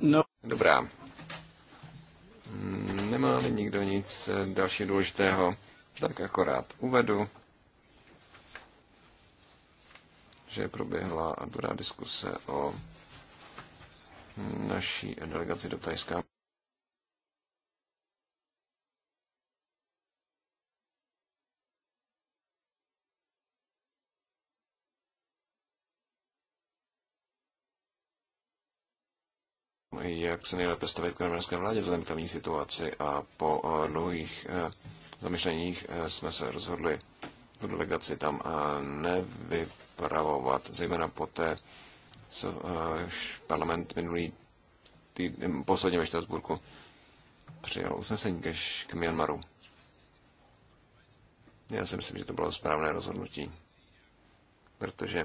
No. Dobrá. Nemá-li nikdo nic eh, dalšího důležitého, tak akorát uvedu, že proběhla dobrá diskuse o naší delegaci do Tajska. jak se nejlépe stavit k arménské vládě vzhledem k tamní situaci a po eh, dlouhých eh, zamyšleních eh, jsme se rozhodli tu delegaci tam nevypravovat, zejména poté, co parlament minulý týden, posledně ve Štrasburku přijal usnesení k, k Myanmaru. Já si myslím, že to bylo správné rozhodnutí, protože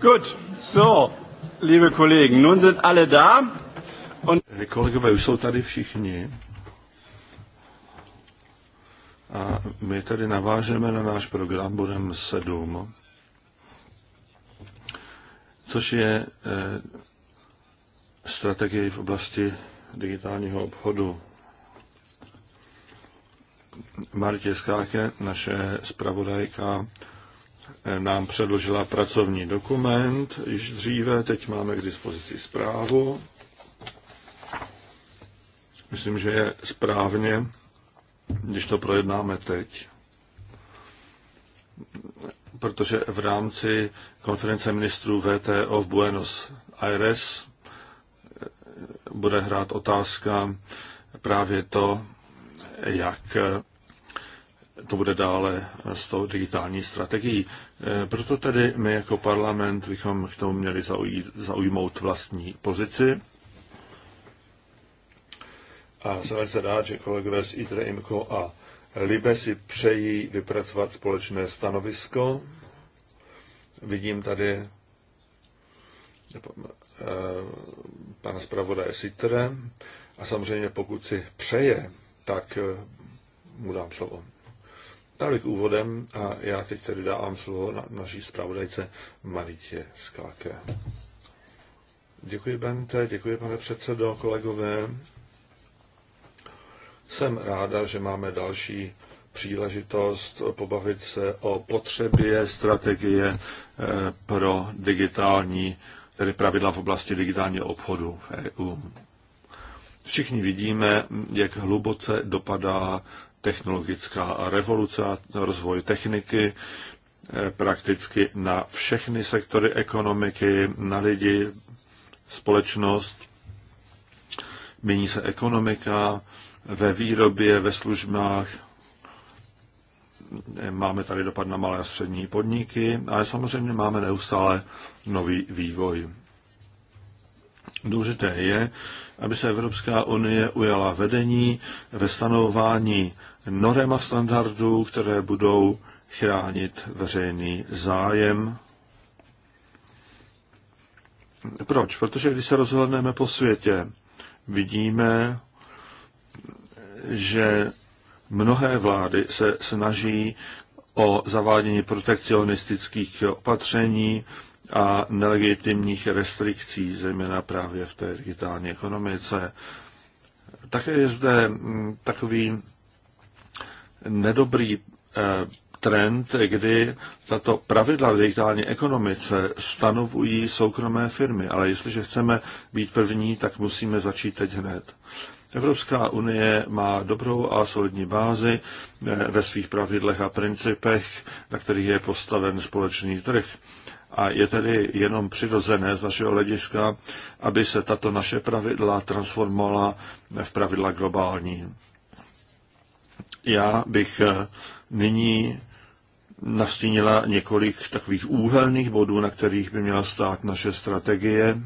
Gut, so, liebe Kollegen, nun sind alle da. Und eh, Kolegové, už jsou tady všichni. A my tady navážeme na náš program bodem 7, což je e, strategie v oblasti digitálního obchodu. Martě Skáke, naše zpravodajka, nám předložila pracovní dokument již dříve, teď máme k dispozici zprávu. Myslím, že je správně, když to projednáme teď, protože v rámci konference ministrů VTO v Buenos Aires bude hrát otázka právě to, jak to bude dále s tou digitální strategií. Eh, proto tedy my jako parlament bychom k tomu měli zaujmout vlastní pozici. A jsem velice rád, že kolegové z ITRE, IMCO a LIBE si přejí vypracovat společné stanovisko. Vidím tady eh, pana zpravodaje ITRE a samozřejmě pokud si přeje, tak eh, mu dám slovo. Tolik úvodem a já teď tedy dávám slovo na naší zpravodajce Maritě Skáke. Děkuji, Bente, děkuji, pane předsedo, kolegové. Jsem ráda, že máme další příležitost pobavit se o potřebě strategie eh, pro digitální, tedy pravidla v oblasti digitálního obchodu v EU. Všichni vidíme, jak hluboce dopadá technologická revoluce a rozvoj techniky eh, prakticky na všechny sektory ekonomiky, na lidi, společnost. Mění se ekonomika ve výrobě, ve službách. Máme tady dopad na malé a střední podniky, ale samozřejmě máme neustále nový vývoj. Důležité je, aby se Evropská unie ujala vedení ve stanovování norem a standardů, které budou chránit veřejný zájem. Proč? Protože když se rozhodneme po světě, vidíme, že mnohé vlády se snaží o zavádění protekcionistických opatření a nelegitimních restrikcí, zejména právě v té digitální ekonomice. Také je zde takový nedobrý eh, trend, kdy tato pravidla v digitální ekonomice stanovují soukromé firmy, ale jestliže chceme být první, tak musíme začít teď hned. Evropská unie má dobrou a solidní bázi eh, ve svých pravidlech a principech, na kterých je postaven společný trh. A je tedy jenom přirozené z našeho hlediska, aby se tato naše pravidla transformovala v pravidla globální. Já bych eh, nyní nastínila několik takových úhelných bodů, na kterých by měla stát naše strategie.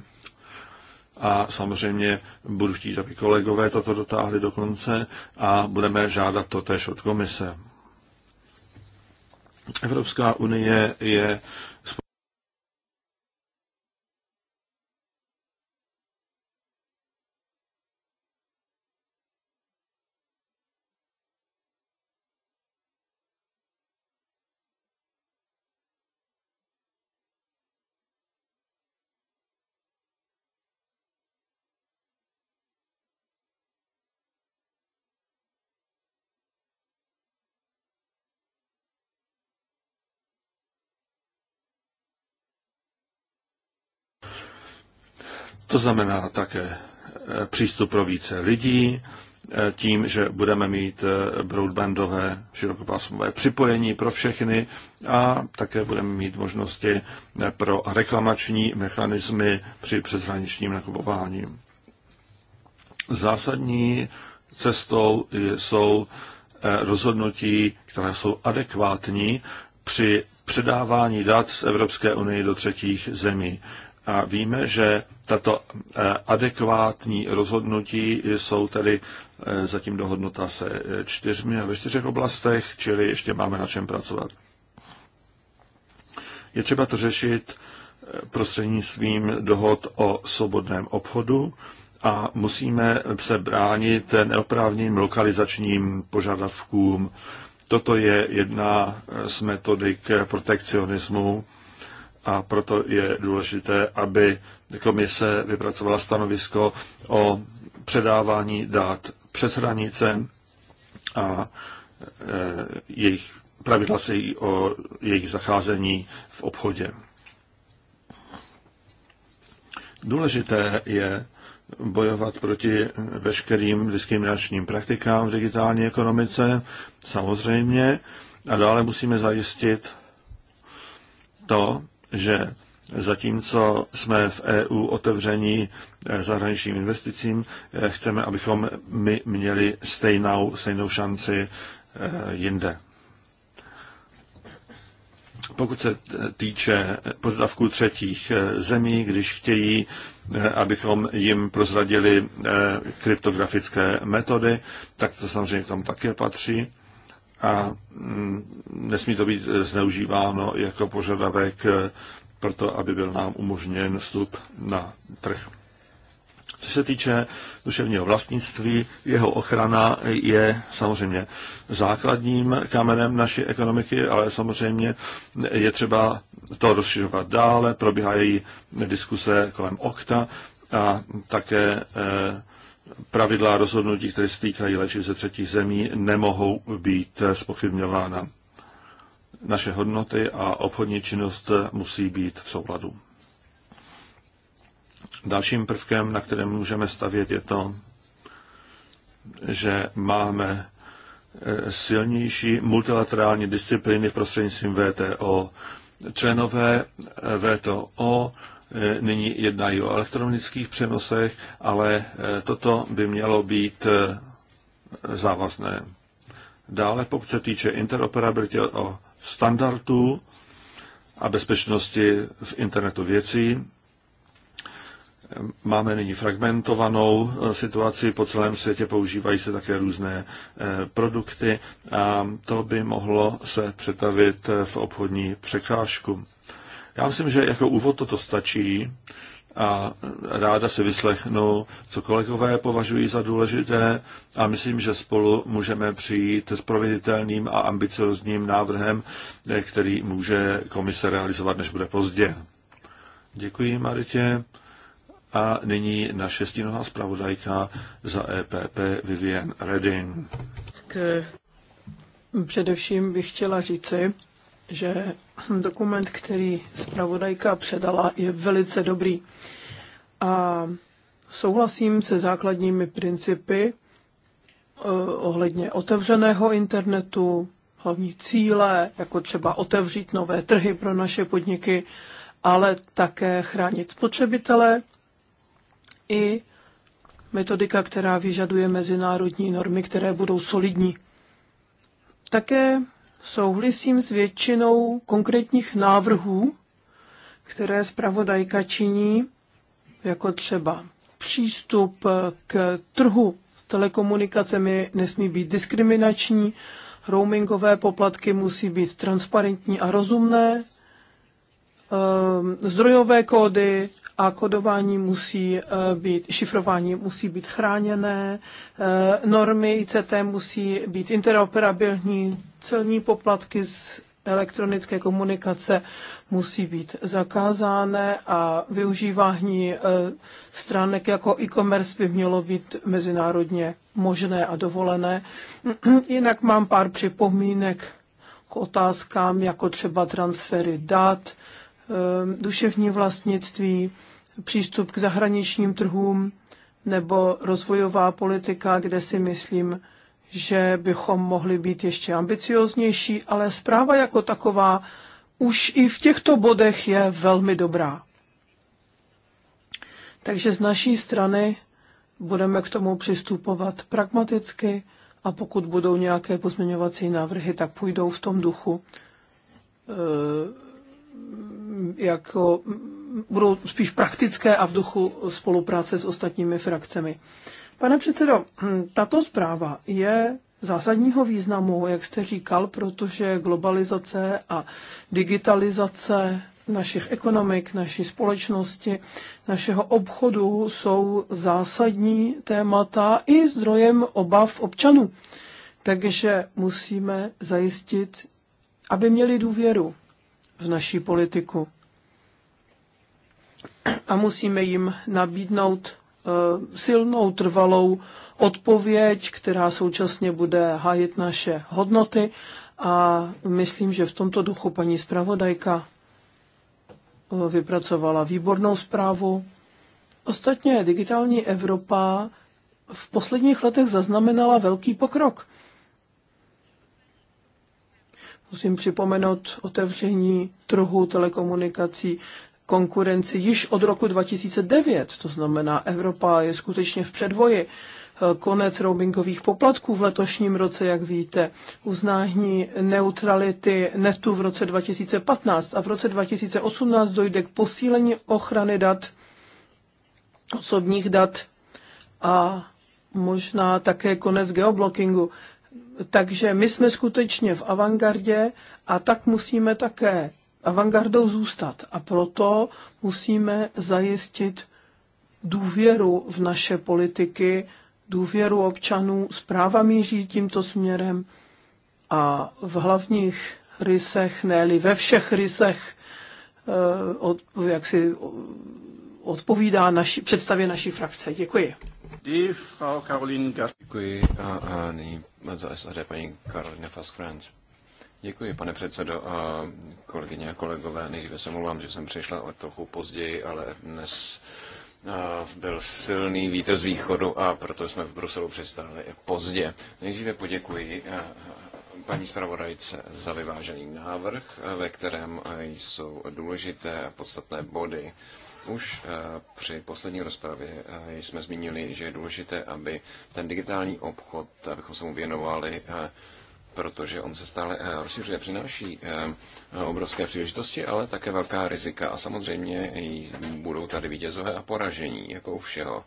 A samozřejmě budu chtít, aby kolegové toto dotáhli do konce a budeme žádat to též od komise. Evropská unie je To znamená také e, přístup pro více lidí, e, tím, že budeme mít e, broadbandové širokopásmové připojení pro všechny a také budeme mít možnosti pro reklamační mechanismy při přeshraničním nakupování. Zásadní cestou jsou rozhodnutí, která jsou adekvátní při předávání dat z Evropské unie do třetích zemí. A víme, že tato eh, adekvátní rozhodnutí jsou tedy eh, zatím dohodnuta se eh, čtyřmi ve čtyřech oblastech, čili ještě máme na čem pracovat. Je třeba to řešit prostřednictvím dohod o svobodném obchodu a musíme se bránit neoprávněným lokalizačním požadavkům. Toto je jedna z metodik protekcionismu a proto je důležité, aby komise vypracovala stanovisko o předávání dát přes hranice a e, jejich pravidla se o jejich zacházení v obchodě. Důležité je bojovat proti veškerým diskriminačním praktikám v digitální ekonomice, samozřejmě, a dále musíme zajistit to, že Zatímco jsme v EU otevření eh, zahraničním investicím, eh, chceme, abychom my měli stejnou, stejnou šanci eh, jinde. Pokud se týče požadavků třetích zemí, když chtějí, abychom jim prozradili kryptografické metody, tak to samozřejmě k tomu také patří a mm, nesmí to být zneužíváno jako požadavek proto, aby byl nám umožněn vstup na trh. Co se týče duševního vlastnictví, jeho ochrana je samozřejmě základním kamenem naší ekonomiky, ale samozřejmě je třeba to rozšiřovat dále. Probíhají diskuse kolem okta a také eh, pravidla rozhodnutí, které se týkají léčiv ze třetích zemí, nemohou být spochybňována naše hodnoty a obchodní činnost musí být v souladu. Dalším prvkem, na kterém můžeme stavět, je to, že máme eh, silnější multilaterální disciplíny v prostřednictvím VTO. Členové eh, VTO eh, nyní jednají o elektronických přenosech, ale toto by mělo být závazné. Dále, pokud se týče interoperability o standardů a bezpečnosti v internetu věcí. Máme nyní fragmentovanou eh, situaci, po celém světě používají se také různé eh, produkty a to by mohlo se přetavit eh, v obchodní překážku. Já myslím, že jako úvod toto stačí a ráda si vyslechnu, co kolegové považují za důležité a myslím, že spolu můžeme přijít s proveditelným a ambiciozním návrhem, který může komise realizovat, než bude pozdě. Děkuji, Maritě. A nyní na šestinová zpravodajka za EPP Vivian Redding. Eh, především bych chtěla říci, že dokument, který zpravodajka předala, je velice dobrý. A souhlasím se základními principy eh, ohledně otevřeného internetu, hlavní cíle, jako třeba otevřít nové trhy pro naše podniky, ale také chránit spotřebitele i metodika, která vyžaduje mezinárodní normy, které budou solidní. Také souhlasím s většinou konkrétních návrhů, které zpravodajka činí, jako třeba přístup k trhu s telekomunikacemi nesmí být diskriminační, roamingové poplatky musí být transparentní a rozumné, ehm, zdrojové kódy, a kodování musí eh, být, šifrování musí být chráněné, eh, normy ICT musí být interoperabilní, celní poplatky z elektronické komunikace musí být zakázány a využívání eh, stránek jako e-commerce by mělo být mezinárodně možné a dovolené. Jinak mám pár připomínek k otázkám, jako třeba transfery dat, Ehm, duševní vlastnictví, přístup k zahraničním trhům nebo rozvojová politika, kde si myslím, že bychom mohli být ještě ambicioznější, ale zpráva jako taková už i v těchto bodech je velmi dobrá. Takže z naší strany budeme k tomu přistupovat pragmaticky a pokud budou nějaké pozměňovací návrhy, tak půjdou v tom duchu ehm, jako budou spíš praktické a v duchu spolupráce s ostatními frakcemi. Pane předsedo, tato zpráva je zásadního významu, jak jste říkal, protože globalizace a digitalizace našich ekonomik, naší společnosti, našeho obchodu jsou zásadní témata i zdrojem obav občanů. Takže musíme zajistit, aby měli důvěru v naší politiku. A musíme jim nabídnout eh, silnou, trvalou odpověď, která současně bude hájit naše hodnoty. A myslím, že v tomto duchu paní zpravodajka eh, vypracovala výbornou zprávu. Ostatně digitální Evropa v posledních letech zaznamenala velký pokrok. Musím připomenout otevření trhu telekomunikací konkurenci již od roku 2009. To znamená, Evropa je skutečně v předvoji. Eh, konec roamingových poplatků v letošním roce, jak víte, uznání neutrality netu v roce 2015 a v roce 2018 dojde k posílení ochrany dat, osobních dat a možná také konec geoblockingu. Takže my jsme skutečně v avantgardě a tak musíme také avantgardou zůstat. A proto musíme zajistit důvěru v naše politiky, důvěru občanů. Zpráva míří tímto směrem a v hlavních rysech, ne ve všech rysech, eh, od, jak si odpovídá naši, představě naší frakce. Děkuji. Děkuji a, a nyní za SAD paní Karolina Faskranc. Děkuji, pane předsedo a kolegyně a kolegové. Nejdříve se mluvám, že jsem přišla o trochu později, ale dnes byl silný vítr z východu a proto jsme v Bruselu přistáli pozdě. Nejdříve poděkuji paní zpravodajce za vyvážený návrh, ve kterém jsou důležité a podstatné body už eh, při poslední rozpravě eh, jsme zmínili, že je důležité, aby ten digitální obchod, abychom se mu věnovali, eh, protože on se stále rozšiřuje, přináší obrovské příležitosti, ale také velká rizika. A samozřejmě budou tady vítězové a poražení, jako u všeho.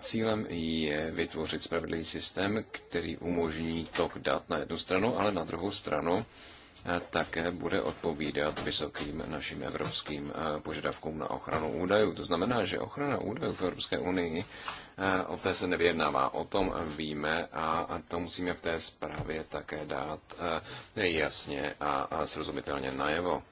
Cílem je vytvořit spravedlivý systém, který umožní tok dat na jednu stranu, ale na druhou stranu také bude odpovídat vysokým našim evropským eh, požadavkům na ochranu údajů. To znamená, že ochrana údajů v Evropské unii, eh, o té se nevyjednává, o tom víme a to musíme v té zprávě také dát eh, jasně a srozumitelně najevo.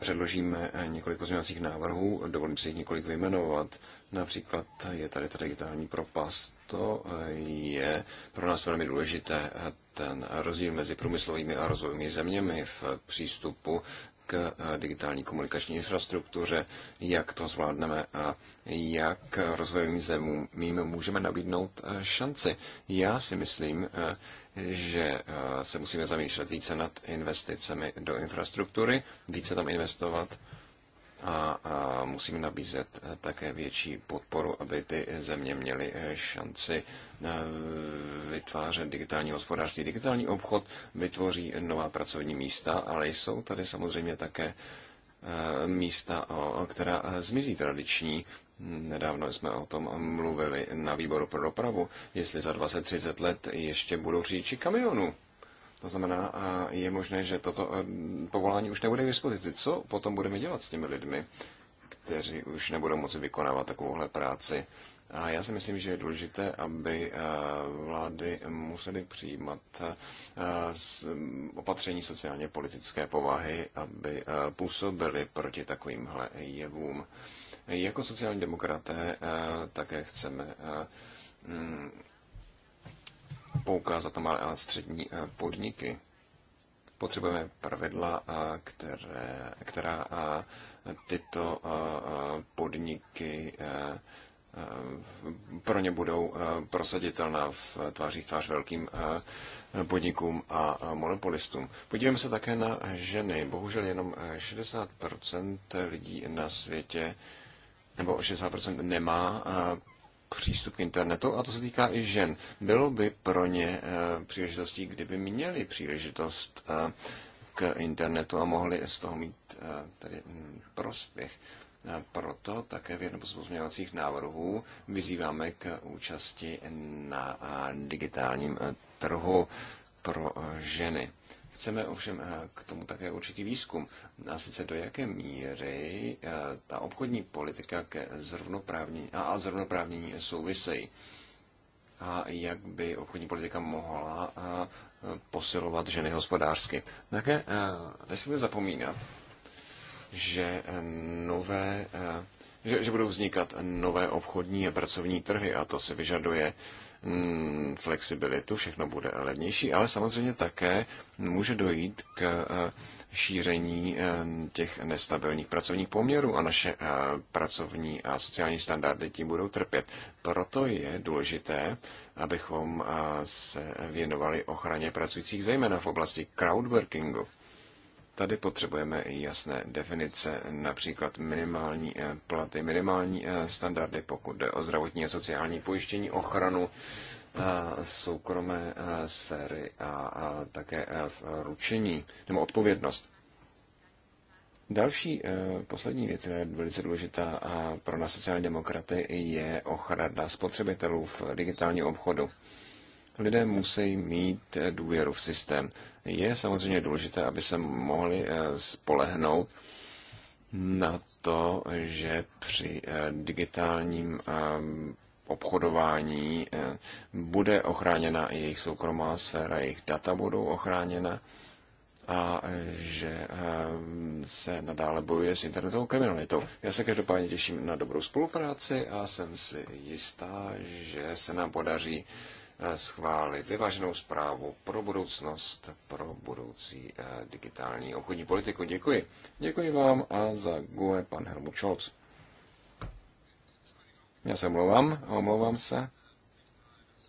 Předložíme několik pozměňovacích návrhů, dovolím si jich několik vyjmenovat. Například je tady ta digitální propast to je pro nás velmi důležité, ten rozdíl mezi průmyslovými a rozvojovými zeměmi v přístupu k digitální komunikační infrastruktuře, jak to zvládneme a jak rozvojovým zemím můžeme nabídnout šanci. Já si myslím, že se musíme zamýšlet více nad investicemi do infrastruktury, více tam investovat a, a musíme nabízet eh, také větší podporu, aby ty země měly eh, šanci eh, vytvářet digitální hospodářství. Digitální obchod vytvoří nová pracovní místa, ale jsou tady samozřejmě také místa, která zmizí tradiční. Nedávno jsme o tom mluvili na výboru pro dopravu, jestli za 20-30 let ještě budou řidiči kamionů. To znamená, a je možné, že toto eh, povolání už nebude k dispozici. Co potom budeme dělat s těmi lidmi, kteří už nebudou moci vykonávat takovouhle práci? A já si myslím, že je důležité, aby eh, vlády musely přijímat eh, opatření sociálně politické povahy, aby působily proti takovýmhle jevům. Jako sociální demokraté také chceme mm, poukázat na malé a střední eh, podniky. Potřebujeme pravidla, eh, které, která eh, tyto podniky pro ně budou prosaditelná v tváří tvář velkým podnikům a monopolistům. Podívejme se také na ženy. Bohužel jenom 60% lidí na světě nebo 60% nemá přístup k internetu a to se týká i žen. Bylo by pro ně eh, příležitostí, kdyby měli příležitost eh, k internetu a mohli z toho mít eh, tedy hm, prospěch. Proto také v jednom z pozměňovacích návrhů vyzýváme k účasti na digitálním trhu pro ženy. Chceme ovšem eh, k tomu také určitý výzkum. A sice do jaké míry eh, ta obchodní politika ke zrovnoprávnění a zrovnoprávnění souvisejí. A jak by obchodní politika mohla eh, posilovat ženy hospodářsky. No také nesmíme zapomínat, že nové že, že budou vznikat nové obchodní a pracovní trhy a to se vyžaduje uh, Mm, flexibilitu, všechno bude levnější, ale samozřejmě také může dojít k eh, šíření eh, těch nestabilních pracovních poměrů a naše eh, pracovní a sociální standardy tím budou trpět. Proto je důležité, abychom se věnovali ochraně pracujících, zejména v oblasti crowdworkingu tady potřebujeme jasné definice, například minimální eh, platy, minimální eh, standardy, pokud jde o zdravotní a sociální pojištění, ochranu eh, soukromé sféry a také v ručení nebo odpovědnost. Další poslední věc, která je velice důležitá pro nás sociální demokraty, je ochrana spotřebitelů v digitálním obchodu. Lidé musí mít eh, důvěru v systém. Je samozřejmě důležité, aby se mohli eh, spolehnout na to, že při eh, digitálním obchodování bude ochráněna i jejich soukromá sféra, jejich data budou ochráněna a že se nadále bojuje s internetovou kriminalitou. Já se každopádně těším na dobrou spolupráci a jsem si jistá, že se nám podaří Eh, schválit vyváženou zprávu pro budoucnost, pro budoucí eh, digitální obchodní politiku. Děkuji. Děkuji vám a za GUE pan Helmut Scholz. Já se omlouvám, omlouvám se.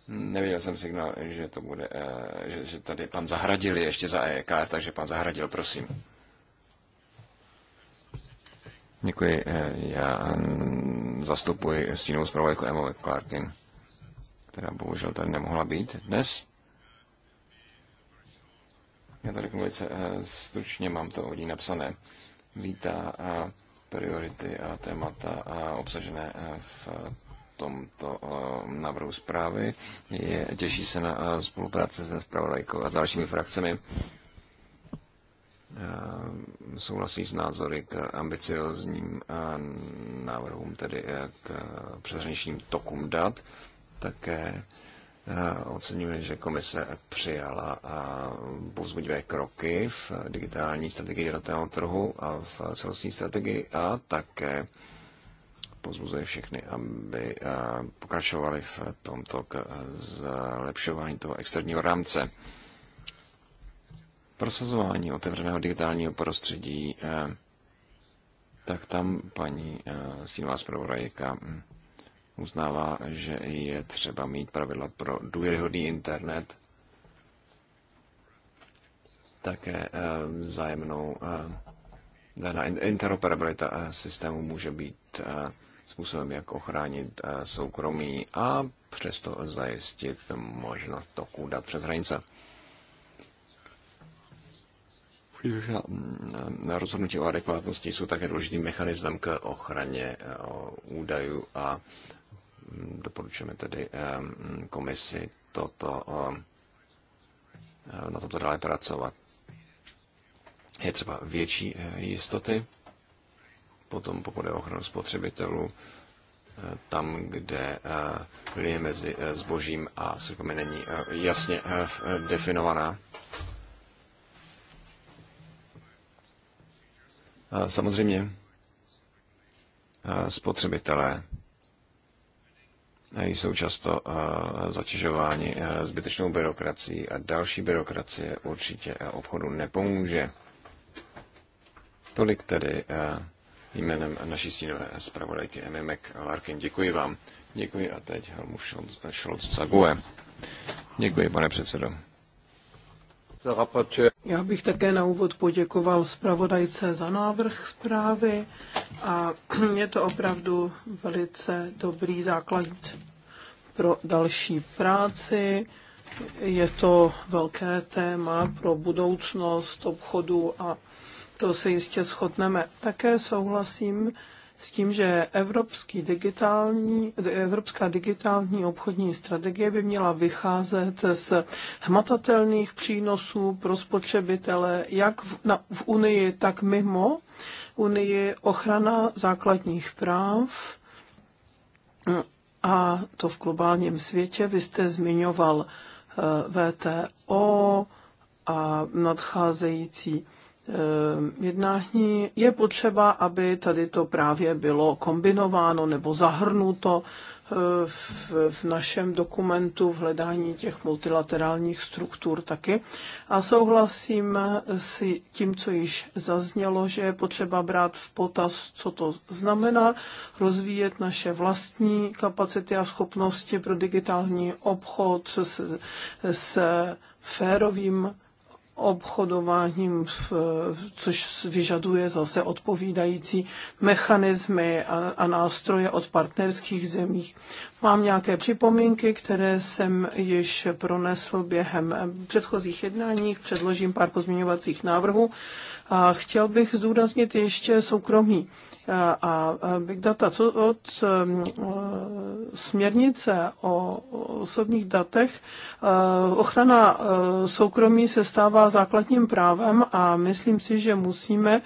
Neviděl jsem signál, že to bude, eh, že, že tady pan Zahradil je ještě za EKR, takže pan Zahradil, prosím. Děkuji. Já mm, zastupuji stínovou jako Emily Clarkin která bohužel tady nemohla být dnes. Já tady velice eh, stručně mám to od napsané. Vítá a eh, priority a témata a eh, obsažené v tomto návrhu zprávy. Je, těší se na spolupráci se zpravodajkou a s dalšími frakcemi. Souhlasí s názory k ambiciozním návrhům, tedy k přeshraničním tokům dat také eh, oceňuje, že komise přijala eh, povzbudivé kroky v digitální strategii jednotného trhu a v celostní strategii a také pozbuzuje všechny, aby eh, pokračovali v tomto k zlepšování toho externího rámce. Prosazování otevřeného digitálního prostředí, tak tam paní stínová zpravodajka hm, uznává, že je třeba mít pravidla pro důvěryhodný internet, také eh, vzájemnou eh, interoperabilita eh, systému může být způsobem, jak ochránit soukromí a přesto zajistit možnost toku dat přes hranice. Na Rozhodnutí o adekvátnosti jsou také důležitým mechanismem k ochraně údajů a doporučujeme tedy komisi toto, na tomto dále pracovat. Je třeba větší eh, jistoty, potom pokud je ochranu spotřebitelů, eh, tam, kde eh, linie mezi zbožím a službami není jasně definovaná. Samozřejmě spotřebitelé jsou často eh, zatěžováni eh, zbytečnou byrokracií a další byrokracie určitě eh, obchodu nepomůže. Tolik tedy jménem naší stínové zpravodajky Emmy McLarkin. Děkuji vám. Děkuji a teď Helmu Scholz-Zague. Děkuji, pane předsedo. Já bych také na úvod poděkoval zpravodajce za návrh zprávy a je to opravdu velice dobrý základ pro další práci. Je to velké téma pro budoucnost obchodu a to se jistě shodneme. Také souhlasím s tím, že evropský digitální, evropská digitální obchodní strategie by měla vycházet z hmatatelných přínosů pro spotřebitele jak v, na, v Unii, tak mimo Unii ochrana základních práv a to v globálním světě. Vy jste zmiňoval eh, VTO a nadcházející Ehm, jednání, je potřeba, aby tady to právě bylo kombinováno nebo zahrnuto eh, v, v našem dokumentu v hledání těch multilaterálních struktur taky. A souhlasím s tím, co již zaznělo, že je potřeba brát v potaz, co to znamená, rozvíjet naše vlastní kapacity a schopnosti pro digitální obchod s, s férovým obchodováním, což vyžaduje zase odpovídající mechanismy a, a nástroje od partnerských zemích. Mám nějaké připomínky, které jsem již pronesl během předchozích jednání, předložím pár pozměňovacích návrhů. A chtěl bych zdůraznit ještě soukromý a big data. Co od um, směrnice o osobních datech uh, ochrana uh, soukromí se stává základním právem a myslím si, že musíme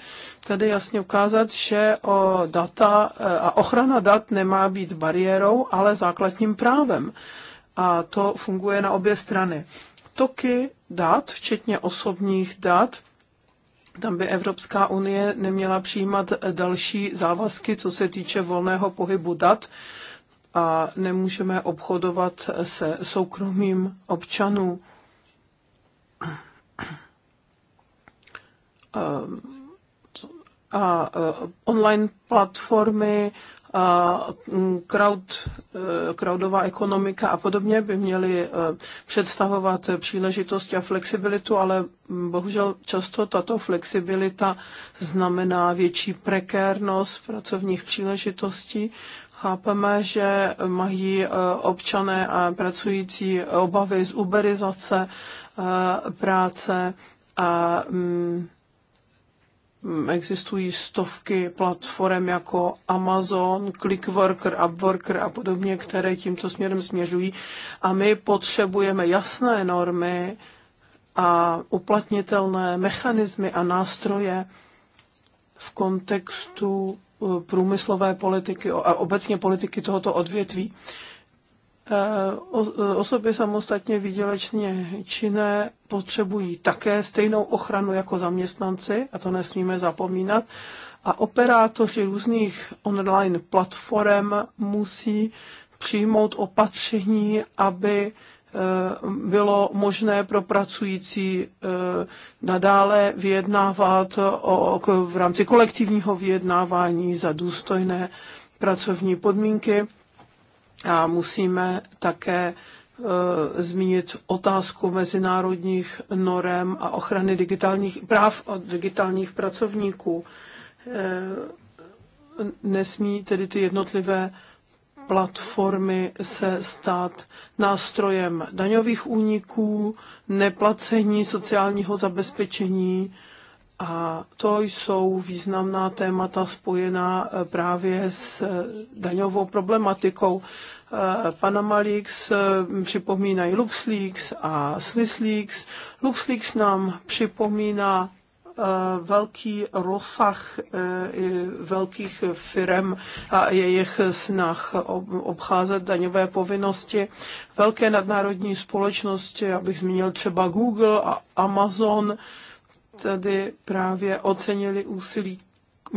tady jasně ukázat, že o data uh, a ochrana dat nemá být bariérou, ale základním právem. A to funguje na obě strany. Toky dat, včetně osobních dat, tam by Evropská unie neměla přijímat další závazky, co se týče volného pohybu dat a nemůžeme obchodovat se soukromým občanů. A online platformy Mm, crowd, eh, crowdová ekonomika a podobně by měly eh, představovat příležitosti a flexibilitu, ale mm, bohužel často tato flexibilita znamená větší prekérnost pracovních příležitostí. Chápeme, že mají eh, občané a pracující obavy z uberizace práce a mm, existují stovky platform jako Amazon, Clickworker, Upworker a podobně, které tímto směrem směřují. A my potřebujeme jasné normy a uplatnitelné mechanismy a nástroje v kontextu eh, průmyslové politiky a obecně politiky tohoto odvětví. Eh, eh, osoby samostatně výdělečně činné potřebují také stejnou ochranu jako zaměstnanci, a to nesmíme zapomínat. A operátoři různých online platform musí přijmout opatření, aby eh, bylo možné pro pracující nadále vyjednávat o, v rámci kolektivního vyjednávání za důstojné pracovní podmínky a musíme také e, zmínit otázku mezinárodních norem a ochrany digitálních práv od digitálních pracovníků. E, nesmí tedy ty jednotlivé platformy se stát nástrojem daňových úniků, neplacení sociálního zabezpečení a to jsou významná témata spojená eh, právě s eh, daňovou problematikou. Eh, Panama Leaks připomínají LuxLeaks a SwissLeaks. LuxLeaks nám připomíná velký rozsah velkých firm a jejich snah obcházet daňové povinnosti. Velké nadnárodní společnosti, abych zmínil třeba Google a Amazon, tady právě ocenili úsilí,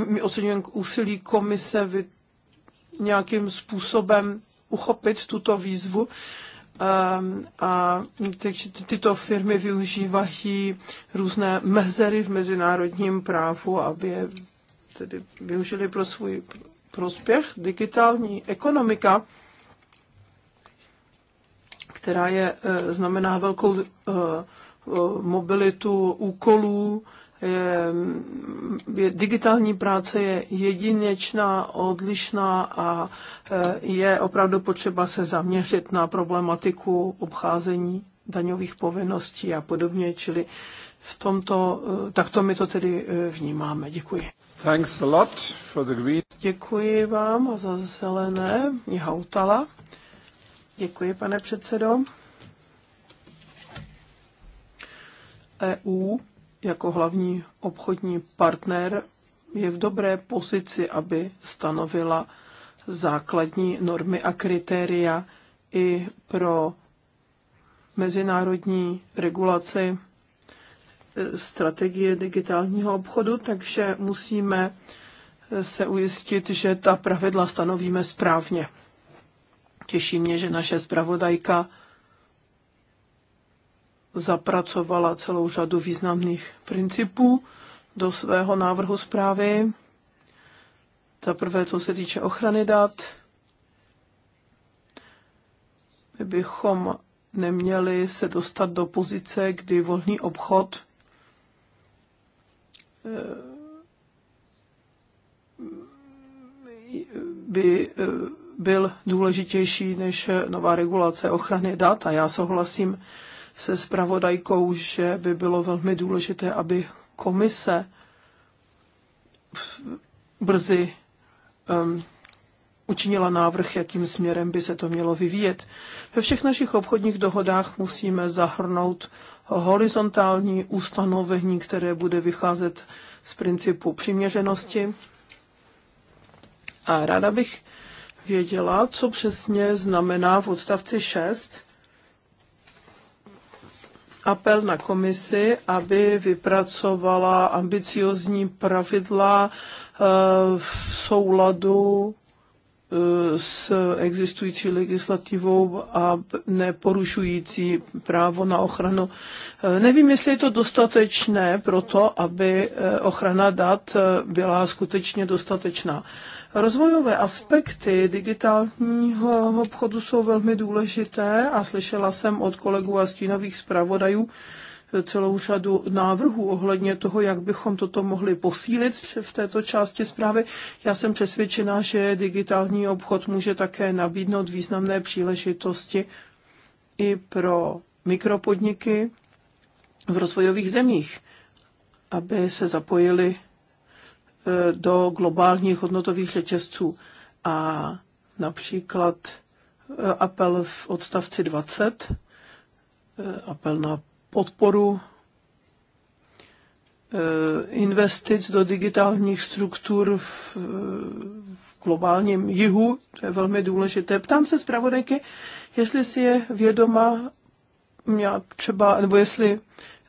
my oceňujeme úsilí komise vy, nějakým způsobem uchopit tuto výzvu ehm, a takže tyto firmy využívají různé mezery v mezinárodním právu, aby je tedy využili pro svůj prospěch. Digitální ekonomika, která je, eh, znamená velkou eh, mobilitu úkolů. Je, je, digitální práce je jedinečná, odlišná a e, je opravdu potřeba se zaměřit na problematiku obcházení daňových povinností a podobně, čili v tomto, e, to my to tedy e, vnímáme. Děkuji. Thanks a lot for the green. Děkuji vám za zelené, Hautala. Děkuji, pane předsedo. EU jako hlavní obchodní partner je v dobré pozici, aby stanovila základní normy a kritéria i pro mezinárodní regulaci e, strategie digitálního obchodu, takže musíme e, se ujistit, že ta pravidla stanovíme správně. Těší mě, že naše zpravodajka zapracovala celou řadu významných principů do svého návrhu zprávy. Za prvé, co se týče ochrany dat, my bychom neměli se dostat do pozice, kdy volný obchod eh, by eh, byl důležitější než nová regulace ochrany dat. A já souhlasím se spravodajkou, že by bylo velmi důležité, aby komise brzy um, učinila návrh, jakým směrem by se to mělo vyvíjet. Ve všech našich obchodních dohodách musíme zahrnout horizontální ustanovení, které bude vycházet z principu přiměřenosti. A ráda bych věděla, co přesně znamená v odstavci 6 apel na komisi, aby vypracovala ambiciozní pravidla eh, v souladu eh, s existující legislativou a neporušující právo na ochranu. Eh, nevím, jestli je to dostatečné pro to, aby ochrana dat byla skutečně dostatečná. Rozvojové aspekty digitálního obchodu jsou velmi důležité a slyšela jsem od kolegů a stínových zpravodajů celou řadu návrhů ohledně toho, jak bychom toto mohli posílit v této části zprávy. Já jsem přesvědčena, že digitální obchod může také nabídnout významné příležitosti i pro mikropodniky v rozvojových zemích, aby se zapojili E, do globálních hodnotových řetězců. A například e, apel v odstavci 20, e, apel na podporu investic do digitálních struktur v, globálním jihu, to je velmi důležité. Ptám se zpravodajky, jestli si je vědoma měla třeba, nebo jestli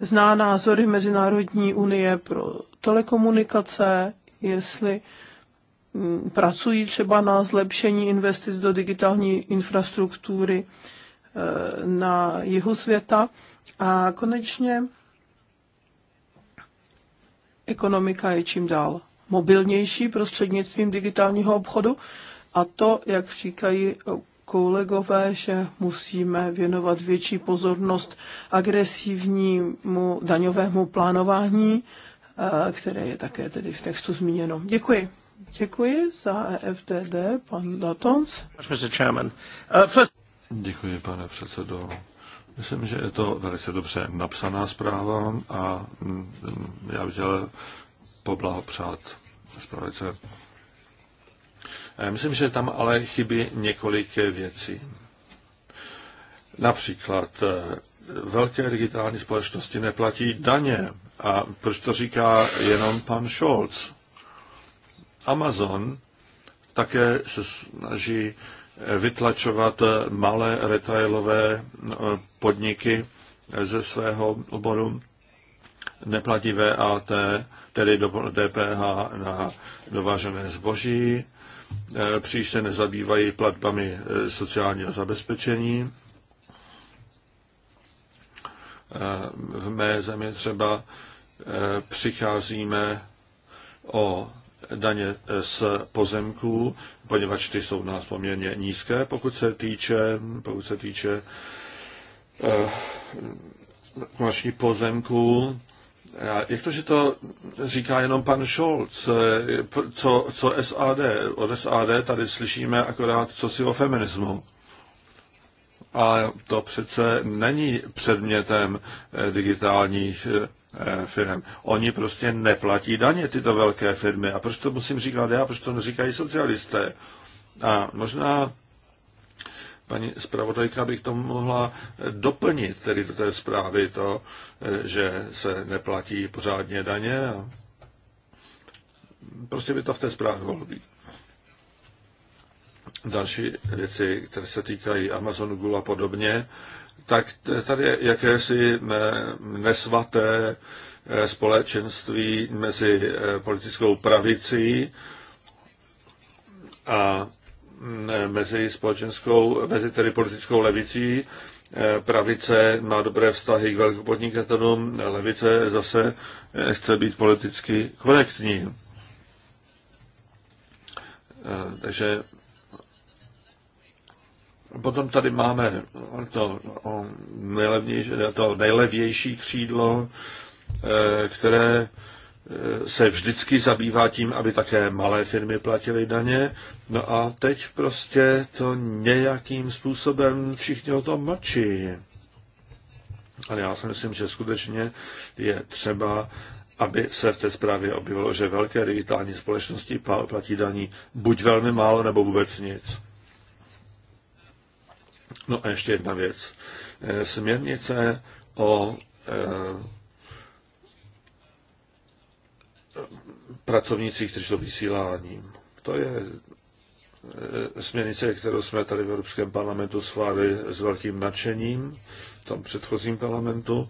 zná názory Mezinárodní unie pro telekomunikace, jestli mm, pracují třeba na zlepšení investic do digitální infrastruktury e, na jihu světa. A konečně ekonomika je čím dál mobilnější prostřednictvím digitálního obchodu a to, jak říkají kolegové, že musíme věnovat větší pozornost agresivnímu daňovému plánování které je také tedy v textu zmíněno. Děkuji. Děkuji za e FDD, pan Datons. Uh, Děkuji, pane předsedo. Myslím, že je to velice dobře napsaná zpráva a mm, já bych chtěl poblahopřát zpravice. E, myslím, že tam ale chybí několik věcí. Například e, velké digitální společnosti neplatí daně a proč to říká jenom pan Scholz? Amazon také se snaží eh, vytlačovat eh, malé retailové eh, podniky ze svého oboru neplatí VAT, tedy DPH na dovážené zboží, příliš se nezabývají platbami sociálního zabezpečení. V mé zemi třeba Eh, přicházíme o daně z pozemků, poněvadž ty jsou u nás poměrně nízké, pokud se týče, pokud se týče eh, komerčních pozemků. Jak to, že to říká jenom pan Scholz, eh, co, co SAD? Od SAD tady slyšíme akorát co si o feminismu. Ale to přece není předmětem eh, digitálních Eh, firm. Oni prostě neplatí daně, tyto velké firmy. A proč to musím říkat já, proč to neříkají socialisté? A možná paní zpravodajka bych to mohla eh, doplnit, tedy do té zprávy to, eh, že se neplatí pořádně daně. Prostě by to v té zprávě mohlo být. Další věci, které se týkají Amazonu, Google a podobně, tak tady je jakési eh, nesvaté eh, společenství mezi eh, politickou pravicí a mm, mezi společenskou, mezi tedy politickou levicí. Pravice má dobré vztahy k velkopodnikatelům, levice zase chce být politicky korektní. Takže Potom tady máme to, nejlevnější, to nejlevější křídlo, eh, které eh, se vždycky zabývá tím, aby také malé firmy platily daně. No a teď prostě to nějakým způsobem všichni o tom mlčí. Ale já si myslím, že skutečně je třeba, aby se v té zprávě objevilo, že velké digitální společnosti platí daní buď velmi málo, nebo vůbec nic. No a ještě jedna věc. Eh, směrnice o eh, pracovnících, kteří jsou vysíláním. To je eh, směrnice, kterou jsme tady v Evropském parlamentu schválili s velkým nadšením, v tom předchozím parlamentu.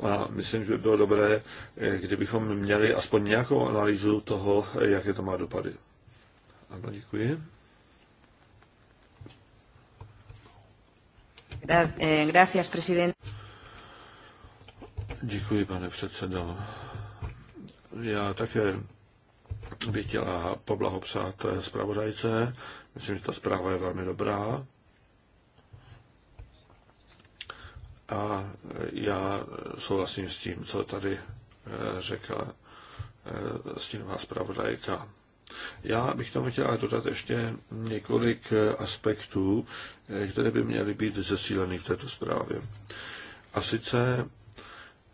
A myslím, že by bylo dobré, kdybychom měli aspoň nějakou analýzu toho, jaké to má dopady. Ano, děkuji. Eh, Děkuji, pane předsedo. Já také bych chtěla poblahopřát zpravodajce. Myslím, že ta zpráva je velmi dobrá. A já souhlasím s tím, co tady eh, řekla eh, stínová zpravodajka. Já bych tomu chtěla dodat ještě několik aspektů, eh, které by měly být zesíleny v této zprávě. A sice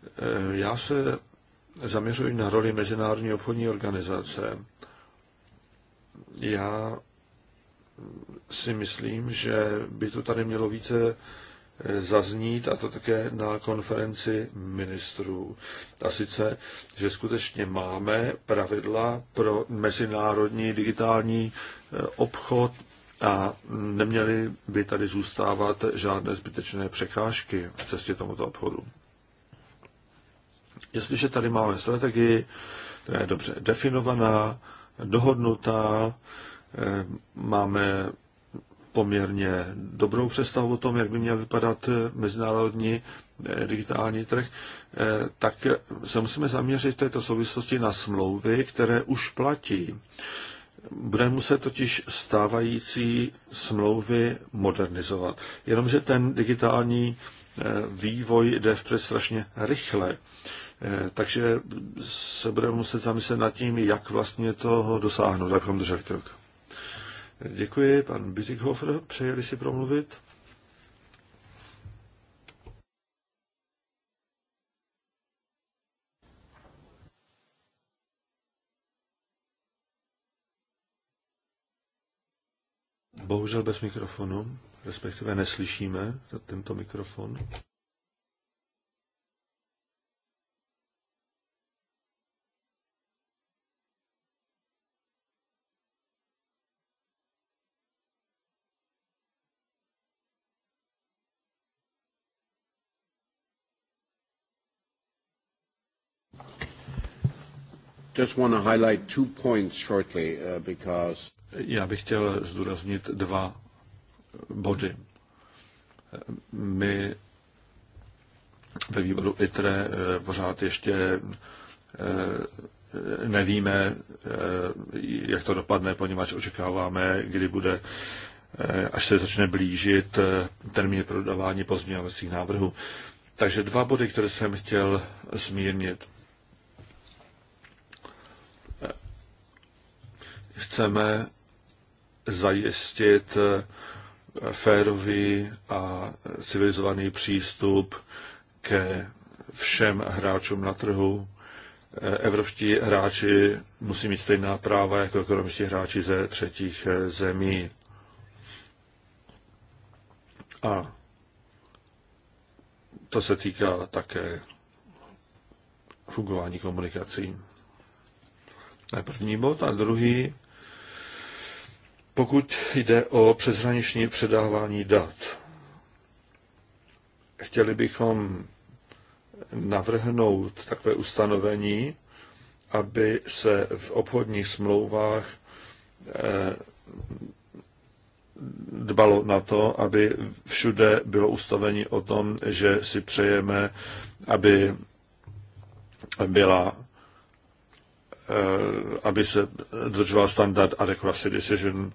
eh, já se zaměřuji na roli Mezinárodní obchodní organizace. Já si myslím, že by to tady mělo více zaznít, a to také na konferenci ministrů. A sice, že skutečně máme pravidla pro mezinárodní digitální e, obchod a neměly by tady zůstávat žádné zbytečné překážky v cestě tomuto obchodu. Jestliže tady máme strategii, která je dobře definovaná, dohodnutá, e, máme poměrně dobrou představu o tom, jak by měl vypadat eh, mezinárodní eh, digitální trh, eh, tak se musíme zaměřit v této souvislosti na smlouvy, které už platí. Bude muset totiž stávající smlouvy modernizovat. Jenomže ten digitální vývoj jde vpřed strašně rychle. Takže se budeme muset zamyslet nad tím, jak vlastně toho dosáhnout, abychom drželi krok. Děkuji, pan Bütikhofer, přejeli si promluvit. Bohužel bez mikrofonu, respektive neslyšíme tento mikrofon. just want to highlight two points shortly, uh, because... Já bych chtěl zdůraznit dva body. My ve výboru ITRE uh, pořád ještě uh, nevíme, uh, jak to dopadne, poněvadž očekáváme, kdy bude, až se začne blížit termín prodávání pozměňovacích návrhů. Takže dva body, které jsem chtěl zmírnit. chceme zajistit férový a civilizovaný přístup ke všem hráčům na trhu. Evropští hráči musí mít stejná práva jako ekonomičtí hráči ze třetích eh, zemí. A to se týká také fungování komunikací. To je první bod. A druhý pokud jde o přeshraniční předávání dat, chtěli bychom navrhnout takové ustanovení, aby se v obchodních smlouvách eh, dbalo na to, aby všude bylo ustavení o tom, že si přejeme, aby byla Eh, aby se držoval standard adequacy decision.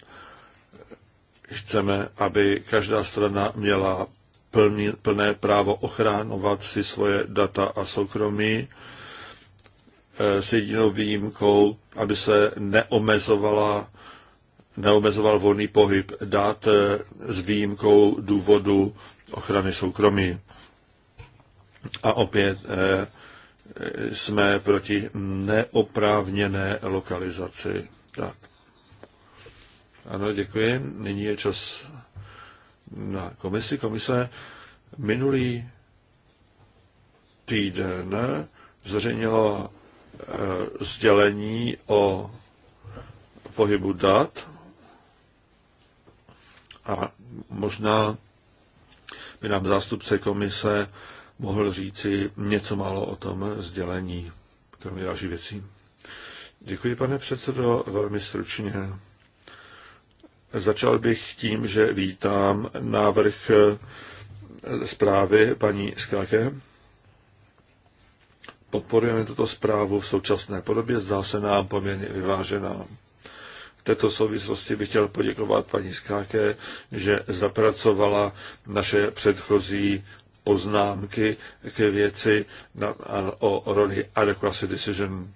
Chceme, aby každá strana měla plný, plné právo ochránovat si svoje data a soukromí eh, s jedinou výjimkou, aby se neomezovala, neomezoval volný pohyb dat eh, s výjimkou důvodu ochrany soukromí. A opět eh, jsme proti neoprávněné lokalizaci. Tak. Ano, děkuji. Nyní je čas na komisi. Komise minulý týden zřejmělo e, sdělení o pohybu dat a možná by nám zástupce komise mohl říci něco málo o tom sdělení, kromě další věcí. Děkuji, pane předsedo, velmi stručně. Začal bych tím, že vítám návrh zprávy paní Skáke. Podporujeme tuto zprávu v současné podobě, zdá se nám poměrně vyvážená. V této souvislosti bych chtěl poděkovat paní Skáke, že zapracovala naše předchozí poznámky k věci na, o roli adequacy decision.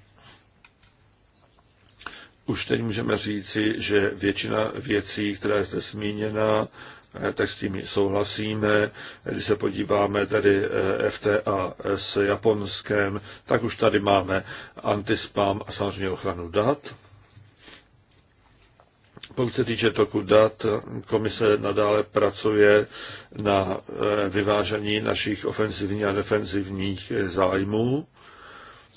Už teď můžeme říci, že většina věcí, která je zde zmíněna, eh, tak s tím souhlasíme. Když se podíváme tady eh, FTA s Japonskem, tak už tady máme antispam a samozřejmě ochranu dat. Pokud se týče toku dat, komise nadále pracuje na eh, vyvážení našich ofenzivních a defenzivních eh, zájmů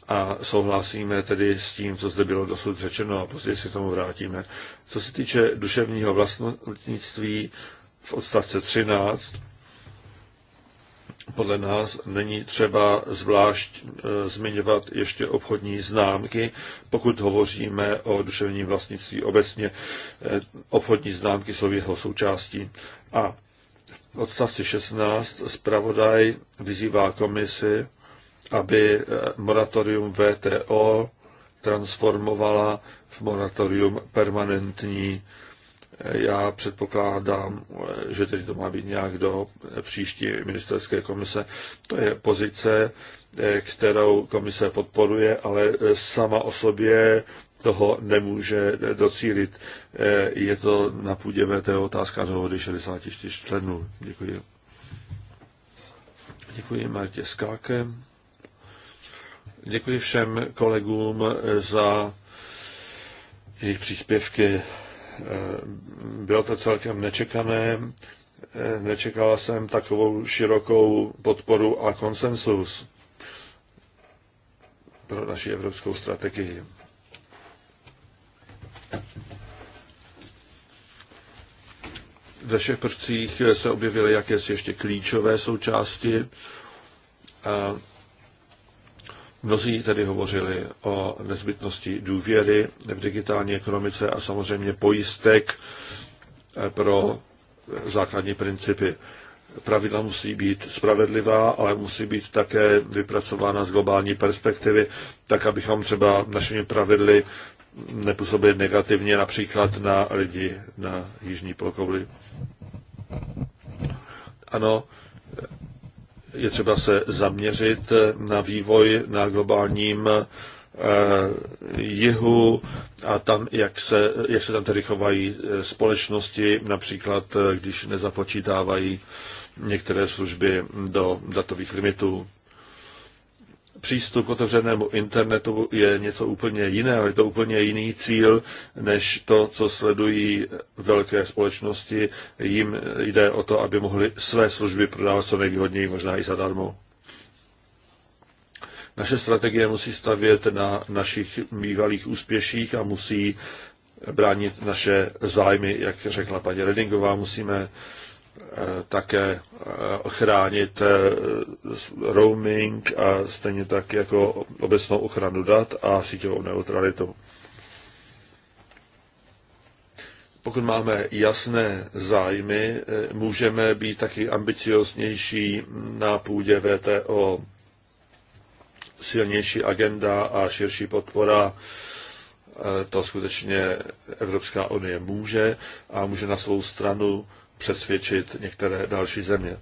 a souhlasíme tedy s tím, co zde bylo dosud řečeno a později se k tomu vrátíme. Co se týče duševního vlastnictví v odstavce 13, podle nás není třeba zvlášť e, zmiňovat ještě obchodní známky, pokud hovoříme o duševním vlastnictví obecně. E, obchodní známky jsou jeho součástí. A v odstavci 16 zpravodaj vyzývá komisi, aby e, moratorium VTO transformovala v moratorium permanentní já předpokládám, že tedy to má být nějak do příští ministerské komise. To je pozice, kterou komise podporuje, ale sama o sobě toho nemůže docílit. Je to na půdě VTO otázka dohody 64 členů. Děkuji. Děkuji Martě Skáke. Děkuji všem kolegům za jejich příspěvky. Eh, bylo to celkem nečekané. Eh, nečekala jsem takovou širokou podporu a konsensus pro naši evropskou strategii. Ve všech prvcích se objevily jakési ještě klíčové součásti. Mnozí tedy hovořili o nezbytnosti důvěry v digitální ekonomice a samozřejmě pojistek eh, pro základní principy. Pravidla musí být spravedlivá, ale musí být také vypracována z globální perspektivy, tak abychom třeba našimi pravidly nepůsobili negativně například na lidi na jižní polokouli. Ano, je třeba se zaměřit na vývoj na globálním eh, jihu a tam, jak se, jak se tam tedy chovají eh, společnosti, například eh, když nezapočítávají některé služby do datových limitů přístup k otevřenému internetu je něco úplně jiného, je to úplně jiný cíl, než to, co sledují velké společnosti. Jim jde o to, aby mohli své služby prodávat co nejvýhodněji, možná i zadarmo. Naše strategie musí stavět na našich bývalých úspěších a musí bránit naše zájmy, jak řekla paní Redingová, musíme Eh, také eh, ochránit eh, roaming a stejně tak jako obecnou ochranu dat a síťovou neutralitu. Pokud máme jasné zájmy, můžeme být taky ambicioznější na půdě VTO. Silnější agenda a širší podpora to skutečně Evropská unie může a může na svou stranu přesvědčit některé další země.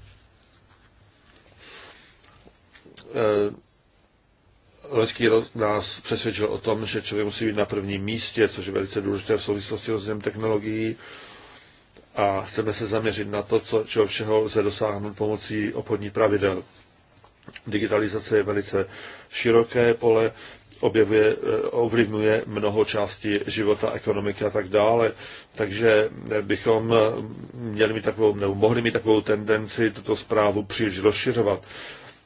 Eh, loňský nás přesvědčil o tom, že člověk musí být na prvním místě, což je velice důležité v souvislosti s rozvojem technologií a chceme se zaměřit na to, co, čeho všeho lze dosáhnout pomocí obchodních pravidel. Digitalizace je velice široké pole, objevuje, eh, ovlivňuje mnoho částí života, ekonomiky a tak dále. Takže eh, bychom eh, měli mít takovou, nebo mohli mít takovou tendenci tuto zprávu příliš rozšiřovat.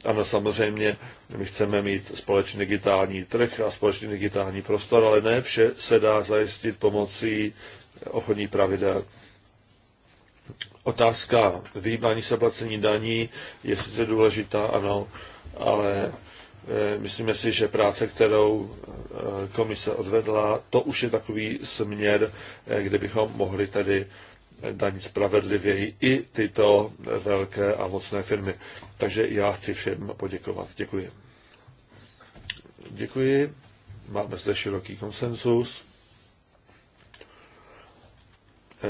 Ano, samozřejmě, my chceme mít společný digitální trh a společný digitální prostor, ale ne vše se dá zajistit pomocí ochodní pravidel. Otázka výbání se placení daní je sice důležitá, ano, ale Eh, myslíme si, že práce, kterou eh, komise odvedla, to už je takový směr, eh, kde bychom mohli tedy daní spravedlivěji i tyto velké a mocné firmy. Takže já chci všem poděkovat. Děkuji. Děkuji. Máme zde široký konsensus.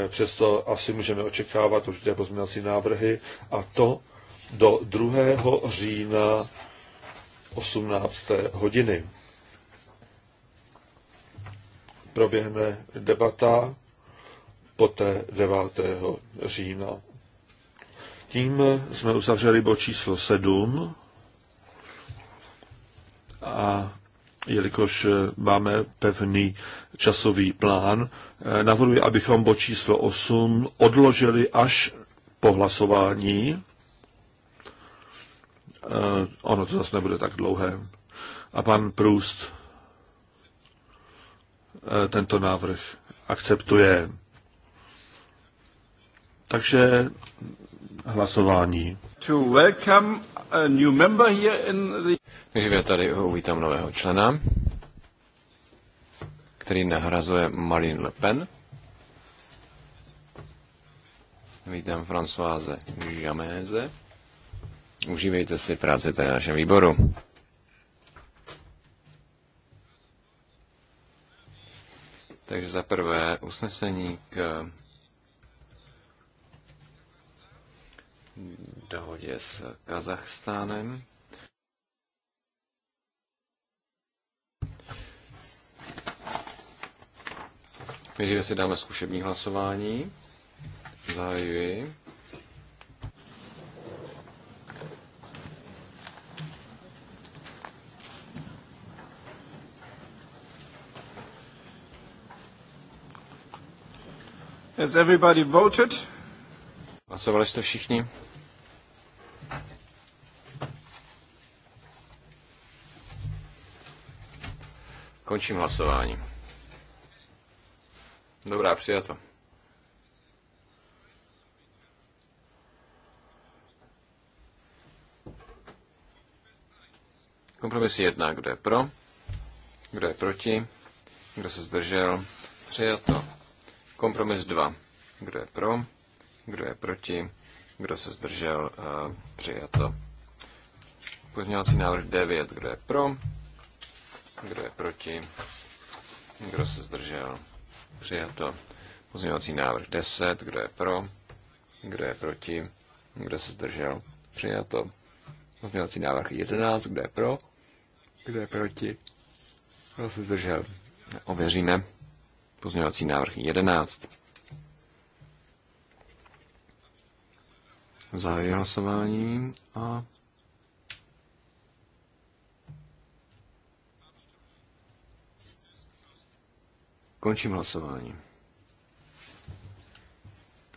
Přesto asi můžeme očekávat určité pozměňovací návrhy a to do 2. října 18. hodiny. Proběhne debata poté 9. října. Tím jsme uzavřeli bod číslo 7 a jelikož máme pevný časový plán, eh, navrhuji, abychom bod číslo 8 odložili až po hlasování Eh, ono to zase nebude tak dlouhé. A pan Proust eh, tento návrh akceptuje. Takže hlasování. To welcome a new member here in the... Takže já tady uvítám nového člena, který nahrazuje Marine Le Pen. Vítám Françoise Jaméze. Užívejte si práci tady na našem výboru. Takže za prvé usnesení k dohodě s Kazachstánem. Nejdříve si dáme zkušební hlasování. Zahajuji. Has everybody voted? Hlasovali jste všichni? Končím hlasování. Dobrá, přijato. Kompromis jedna, kdo je pro, kdo je proti, kdo se zdržel, přijato. Kompromis 2. Eh, Kdo je pro? Kdo je proti? Kdo se zdržel? Přijato. Pozměňovací návrh 9. Kdo je pro? Kdo je proti? Kdo se zdržel? Přijato. Pozměňovací návrh 10. Kdo je pro? Kdo je proti? Kdo se zdržel? Přijato. Pozměňovací návrh 11. Kdo je pro? Kdo je proti? Kdo se zdržel? Ověříme. Pozměňovací návrh 11. Zahajuji hlasování a končím hlasování.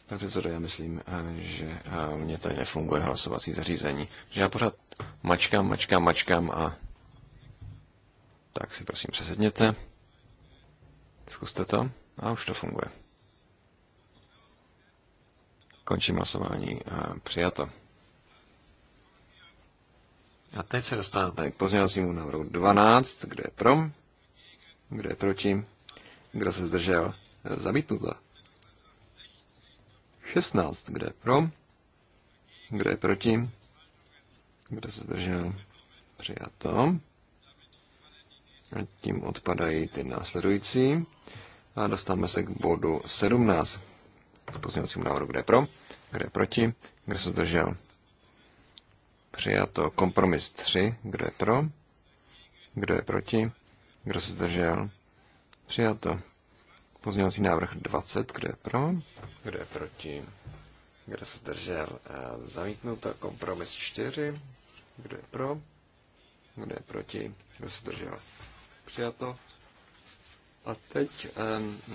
Pane předsedo, já myslím, že eh, mě tady nefunguje hlasovací zařízení. Že já pořád mačkám, mačkám, mačkám a... Tak si prosím přesedněte. Zkuste to. A už to funguje. Končím hlasování. A přijato. A teď se dostáváme k pozměňovacímu návrhu 12. Kdo je pro? Kdo je proti? Kdo se zdržel? Zamítnuto. 16. Kdo je pro? Kdo je proti? Kdo se zdržel? Přijato a tím odpadají ty následující. A dostáváme se k bodu 17. K pozměňovacímu návrhu, kde je pro, kde je proti, kde se zdržel. Přijato kompromis 3, kdo je pro, kdo je proti, kdo se zdržel. Přijato. Pozměňovací návrh 20, kdo je pro, kdo je proti, kdo se zdržel. Zamítnuto kompromis 4, kdo je pro, kdo je proti, kdo se zdržel. Přijato. A teď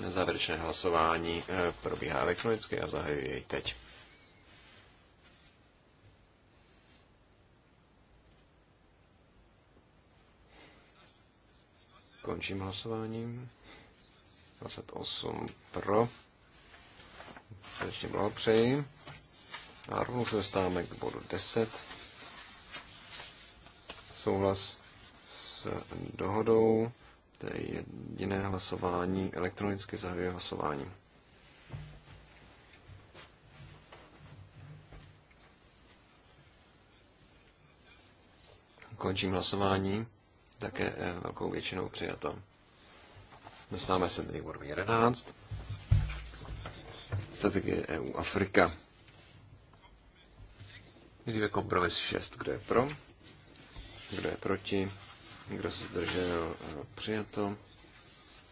závěrečné hlasování eh, probíhá elektronicky a zahajuji jej teď. Končím hlasováním. 28 pro. Srdečně blahopřeji. A rovnou se dostáváme k bodu 10. Souhlas s dohodou. To je jediné hlasování. Elektronicky zahajuje hlasování. Končím hlasování. Také eh, velkou většinou přijato. Dostáváme se tedy k bodu 11. Strategie EU Afrika. Vidíme kompromis 6. Kdo je pro? Kdo je proti? Kdo se zdržel? Přijato.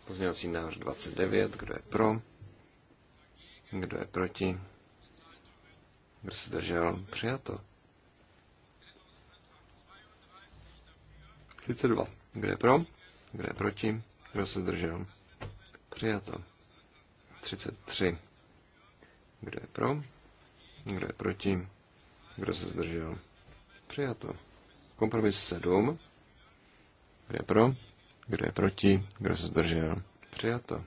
Pozměňovací návrh 29. Kdo je pro? Kdo je proti? Kdo se zdržel? Přijato. 32. Kdo je pro? Kdo je proti? Kdo se zdržel? Přijato. 33. Kdo je pro? Kdo je proti? Kdo se zdržel? Přijato. Kompromis 7. Kdo je pro? Kdo je proti? Kdo se zdržel? Přijato.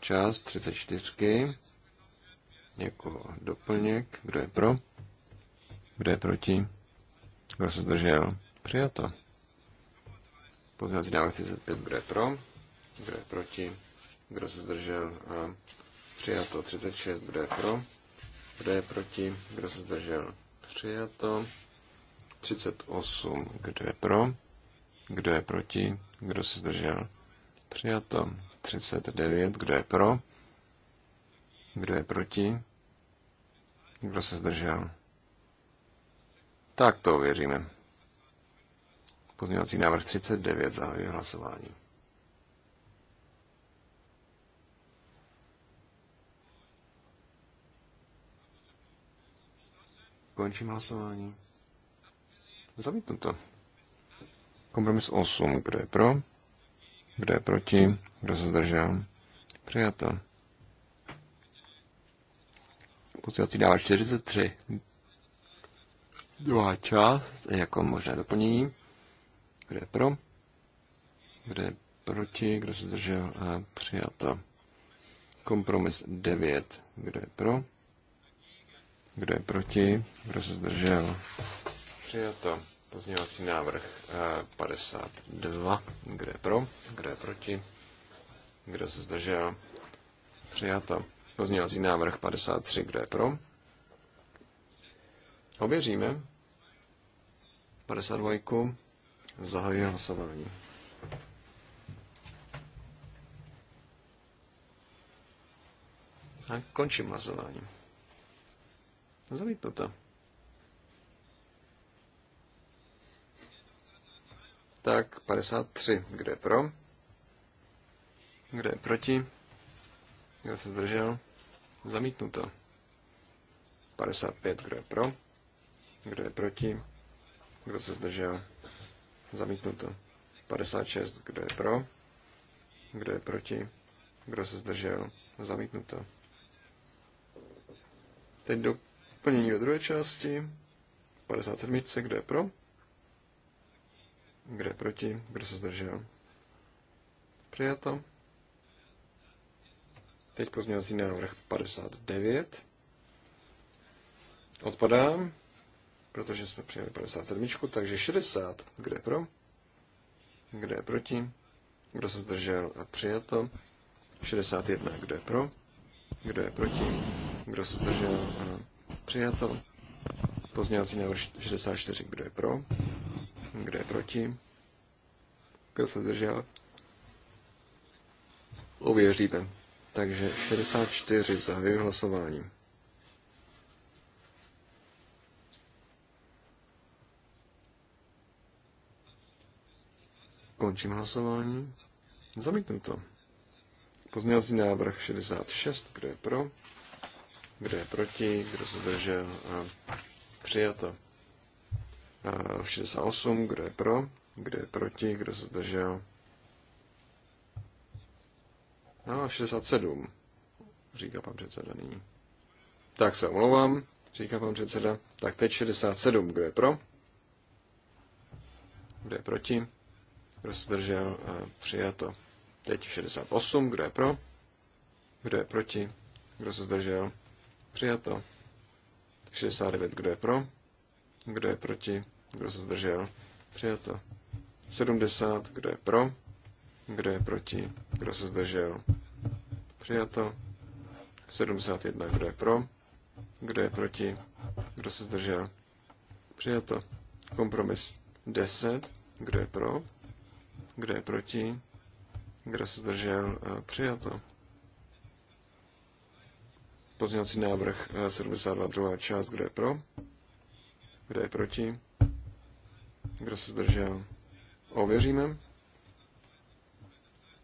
Část 34 jako doplněk. Kdo je pro? Kdo je proti? Kdo se zdržel? Přijato. Pozměňovací návrh 35. Kdo je pro? Kdo je proti? Kdo se zdržel? A přijato 36. Kdo je pro? Kdo je proti? Kdo se zdržel? Přijato. 38. Kdo je pro? Kdo je proti? Kdo se zdržel? Přijato. 39. Kdo je pro? Kdo je proti? Kdo se zdržel? Tak to věříme. Pozměňovací návrh 39 zahajuje hlasování. Končím hlasování. Zamítnuto. Kompromis 8. Kdo je pro? Kdo je proti? Kdo se zdržel? Přijato. Pozvací dává 43. Druhá část jako možné doplnění. Kdo je pro? Kdo je proti? Kdo se zdržel? A přijato. Kompromis 9. Kdo je pro? Kdo je proti? Kdo se zdržel? Přijato. pozněvací návrh 52. Eh, Kdo je pro? Kdo je proti? Kdo se zdržel? Přijato. pozněvací návrh 53. Kdo je pro? Ověříme. 52. zahajuje hlasování. A končím hlasování. Zamítnuto. tak 53. Kdo je pro? Kdo je proti? Kdo se zdržel? Zamítnuto. 55. Kdo je pro? Kdo je proti? Kdo se zdržel? Zamítnuto. 56. Kdo je pro? Kdo je proti? Kdo se zdržel? Zamítnuto. Teď doplnění ve druhé části. 57. Kdo je pro? Kdo je proti? Kdo se zdržel? Přijato. Teď pozměňovací návrh 59. Odpadám, protože jsme přijeli 57, takže 60. Kde je pro? Kde je proti? Kdo se zdržel? A přijato. 61. Kdo je pro? Kdo je proti? Kdo se zdržel? A přijato. Pozměňovací návrh 64. Kdo je pro? Kdo je proti? Kdo se zdržel? Ověříme. Takže 64 zahajuje hlasování. Končím hlasování. Zamítnuto. Pozměňovací návrh 66. Kdo je pro? Kdo je proti? Kdo se zdržel? A přijato. 68, kdo je pro, kdo je proti, kdo se zdržel. No, 67, říká pan předseda nyní. Tak se omlouvám, říká pan předseda. Tak teď 67, eh, kdo je pro, kdo je proti, kdo se zdržel, přijato. Teď 68, kdo je pro, kdo je proti, kdo se zdržel, přijato. 69, kdo je pro, kdo je proti? Kdo se zdržel? Přijato. 70. Kdo je pro? Kdo je proti? Kdo se zdržel? Přijato. 71. Kdo je pro? Kdo je proti? Kdo se zdržel? Přijato. Kompromis 10. Kdo je pro? Kdo je proti? Kdo se zdržel? Eh, přijato. Pozměňovací návrh 72. Eh, druhá část. Kdo je pro? Kdo je proti? Kdo se zdržel? Ověříme.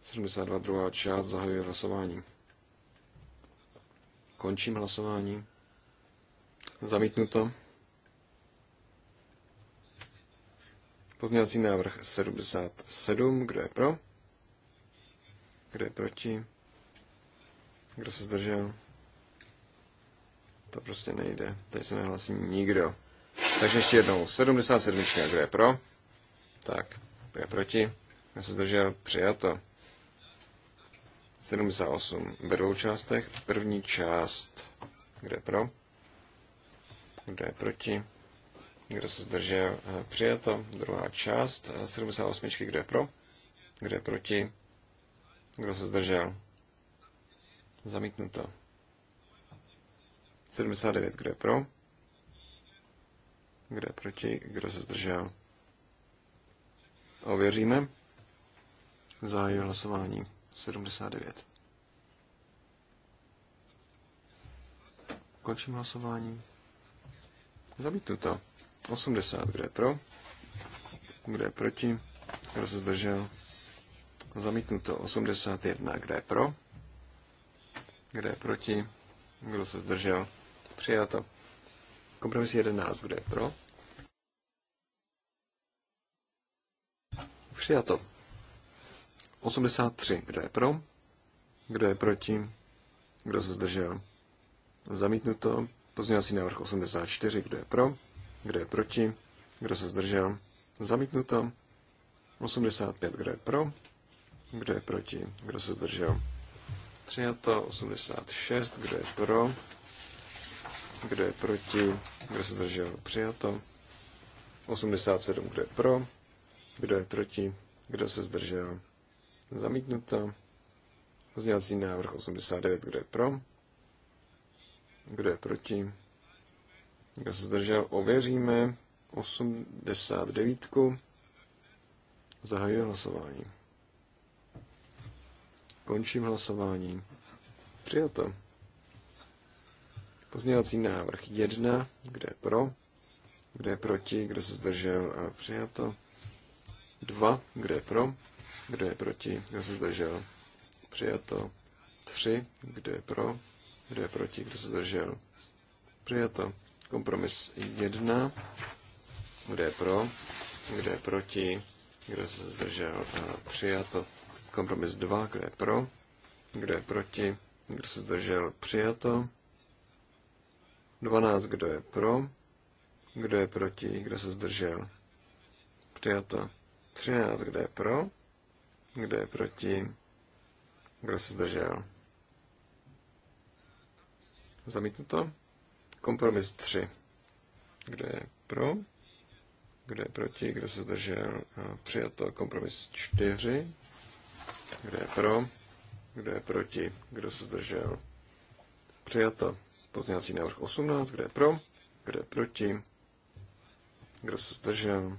72. druhá část zahajuje hlasování. Končím hlasování. Zamítnuto. Pozměňovací návrh 77. Kdo je pro? Kdo je proti? Kdo se zdržel? To prostě nejde. Tady se nehlasí nikdo. Takže ještě jednou, 77. Kdo je pro? Tak, kdo je proti? Já se zdržel? Přijato. 78 ve dvou částech. První část, kdo je pro? Kdo je proti? Kdo se zdržel? Eh, přijato. Druhá část, 78. Eh, kdo je pro? Kdo je proti? Kdo se zdržel? Zamítnuto. 79. Kdo je pro? Kdo je proti? Kdo se zdržel? Ověříme. Zahajuji hlasování 79. Končím hlasování. to 80. Kdo je pro? Kdo je proti? Kdo se zdržel? Zamítnuto. 81. Kdo je pro? Kdo je proti? Kdo se zdržel? Přijato. Kompromis 11, kdo je pro? Přijato. 83, kdo je pro? Kdo je proti? Kdo se zdržel? Zamítnuto. Pozměňovací návrh 84, kdo je pro? Kdo je proti? Kdo se zdržel? Zamítnuto. 85, kdo je pro? Kdo je proti? Kdo se zdržel? Přijato. 86, kdo je pro? kdo je proti, kdo se zdržel, přijato. 87, kdo je pro, kdo je proti, kdo se zdržel, zamítnuto. Pozdělací návrh 89, kdo je pro, kdo je proti, kdo se zdržel, ověříme. 89. zahajuje hlasování. Končím hlasování. Přijato. Pozměňovací návrh 1, kde je pro, kde je proti, kdo se zdržel a přijato. 2, kde je pro, kde je proti, kdo se zdržel, přijato. 3, kde je pro, kde je proti, kdo se zdržel, přijato. Kompromis 1, kde je pro, kde je proti, kdo se zdržel a přijato. Kompromis 2, kdo je pro, kdo je proti, kdo se zdržel, přijato. 12. Kdo je pro? Kdo je proti? Kdo se zdržel? Přijato. 13. Kdo je pro? Kdo je proti? Kdo se zdržel? Zamítnuto. Kompromis 3. Kdo je pro? Kdo je proti? Kdo se zdržel? Přijato. Kompromis 4. Kdo je pro? Kdo je proti? Kdo se zdržel? Přijato. Pozměňovací návrh 18, kde je pro, kde je proti, kdo se zdržel.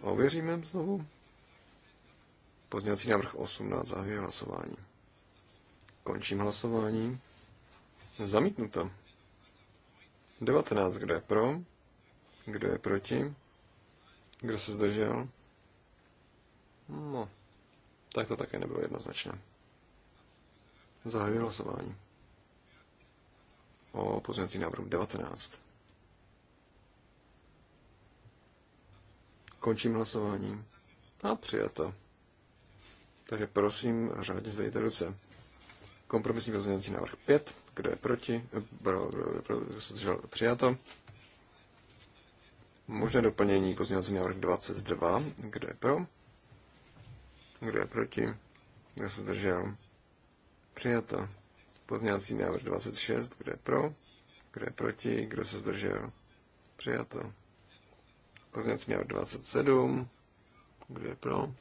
Ověříme znovu. Pozměňovací návrh 18 zahajuje hlasování. Končím hlasování. Zamítnuto. 19, kdo je pro, kdo je proti, kdo se zdržel. No, tak to také nebylo jednoznačné. Zahajuji hlasování o pozměňovací návrhu 19. Končím hlasování. A přijato. Takže prosím, řádně zvedejte ruce. Kompromisní pozměňovací návrh 5. Kdo je proti? Pro, kdo je pro, kdo se držel? Přijato. Možné doplnění pozměňovací návrh 22. Kdo je pro? Kdo je proti? Kdo se zdržel? Přijato. Pozměňovací návrh 26, kdo je pro, kdo je proti, kdo se zdržel. Přijato. Pozměňovací návrh 27, kdo je pro,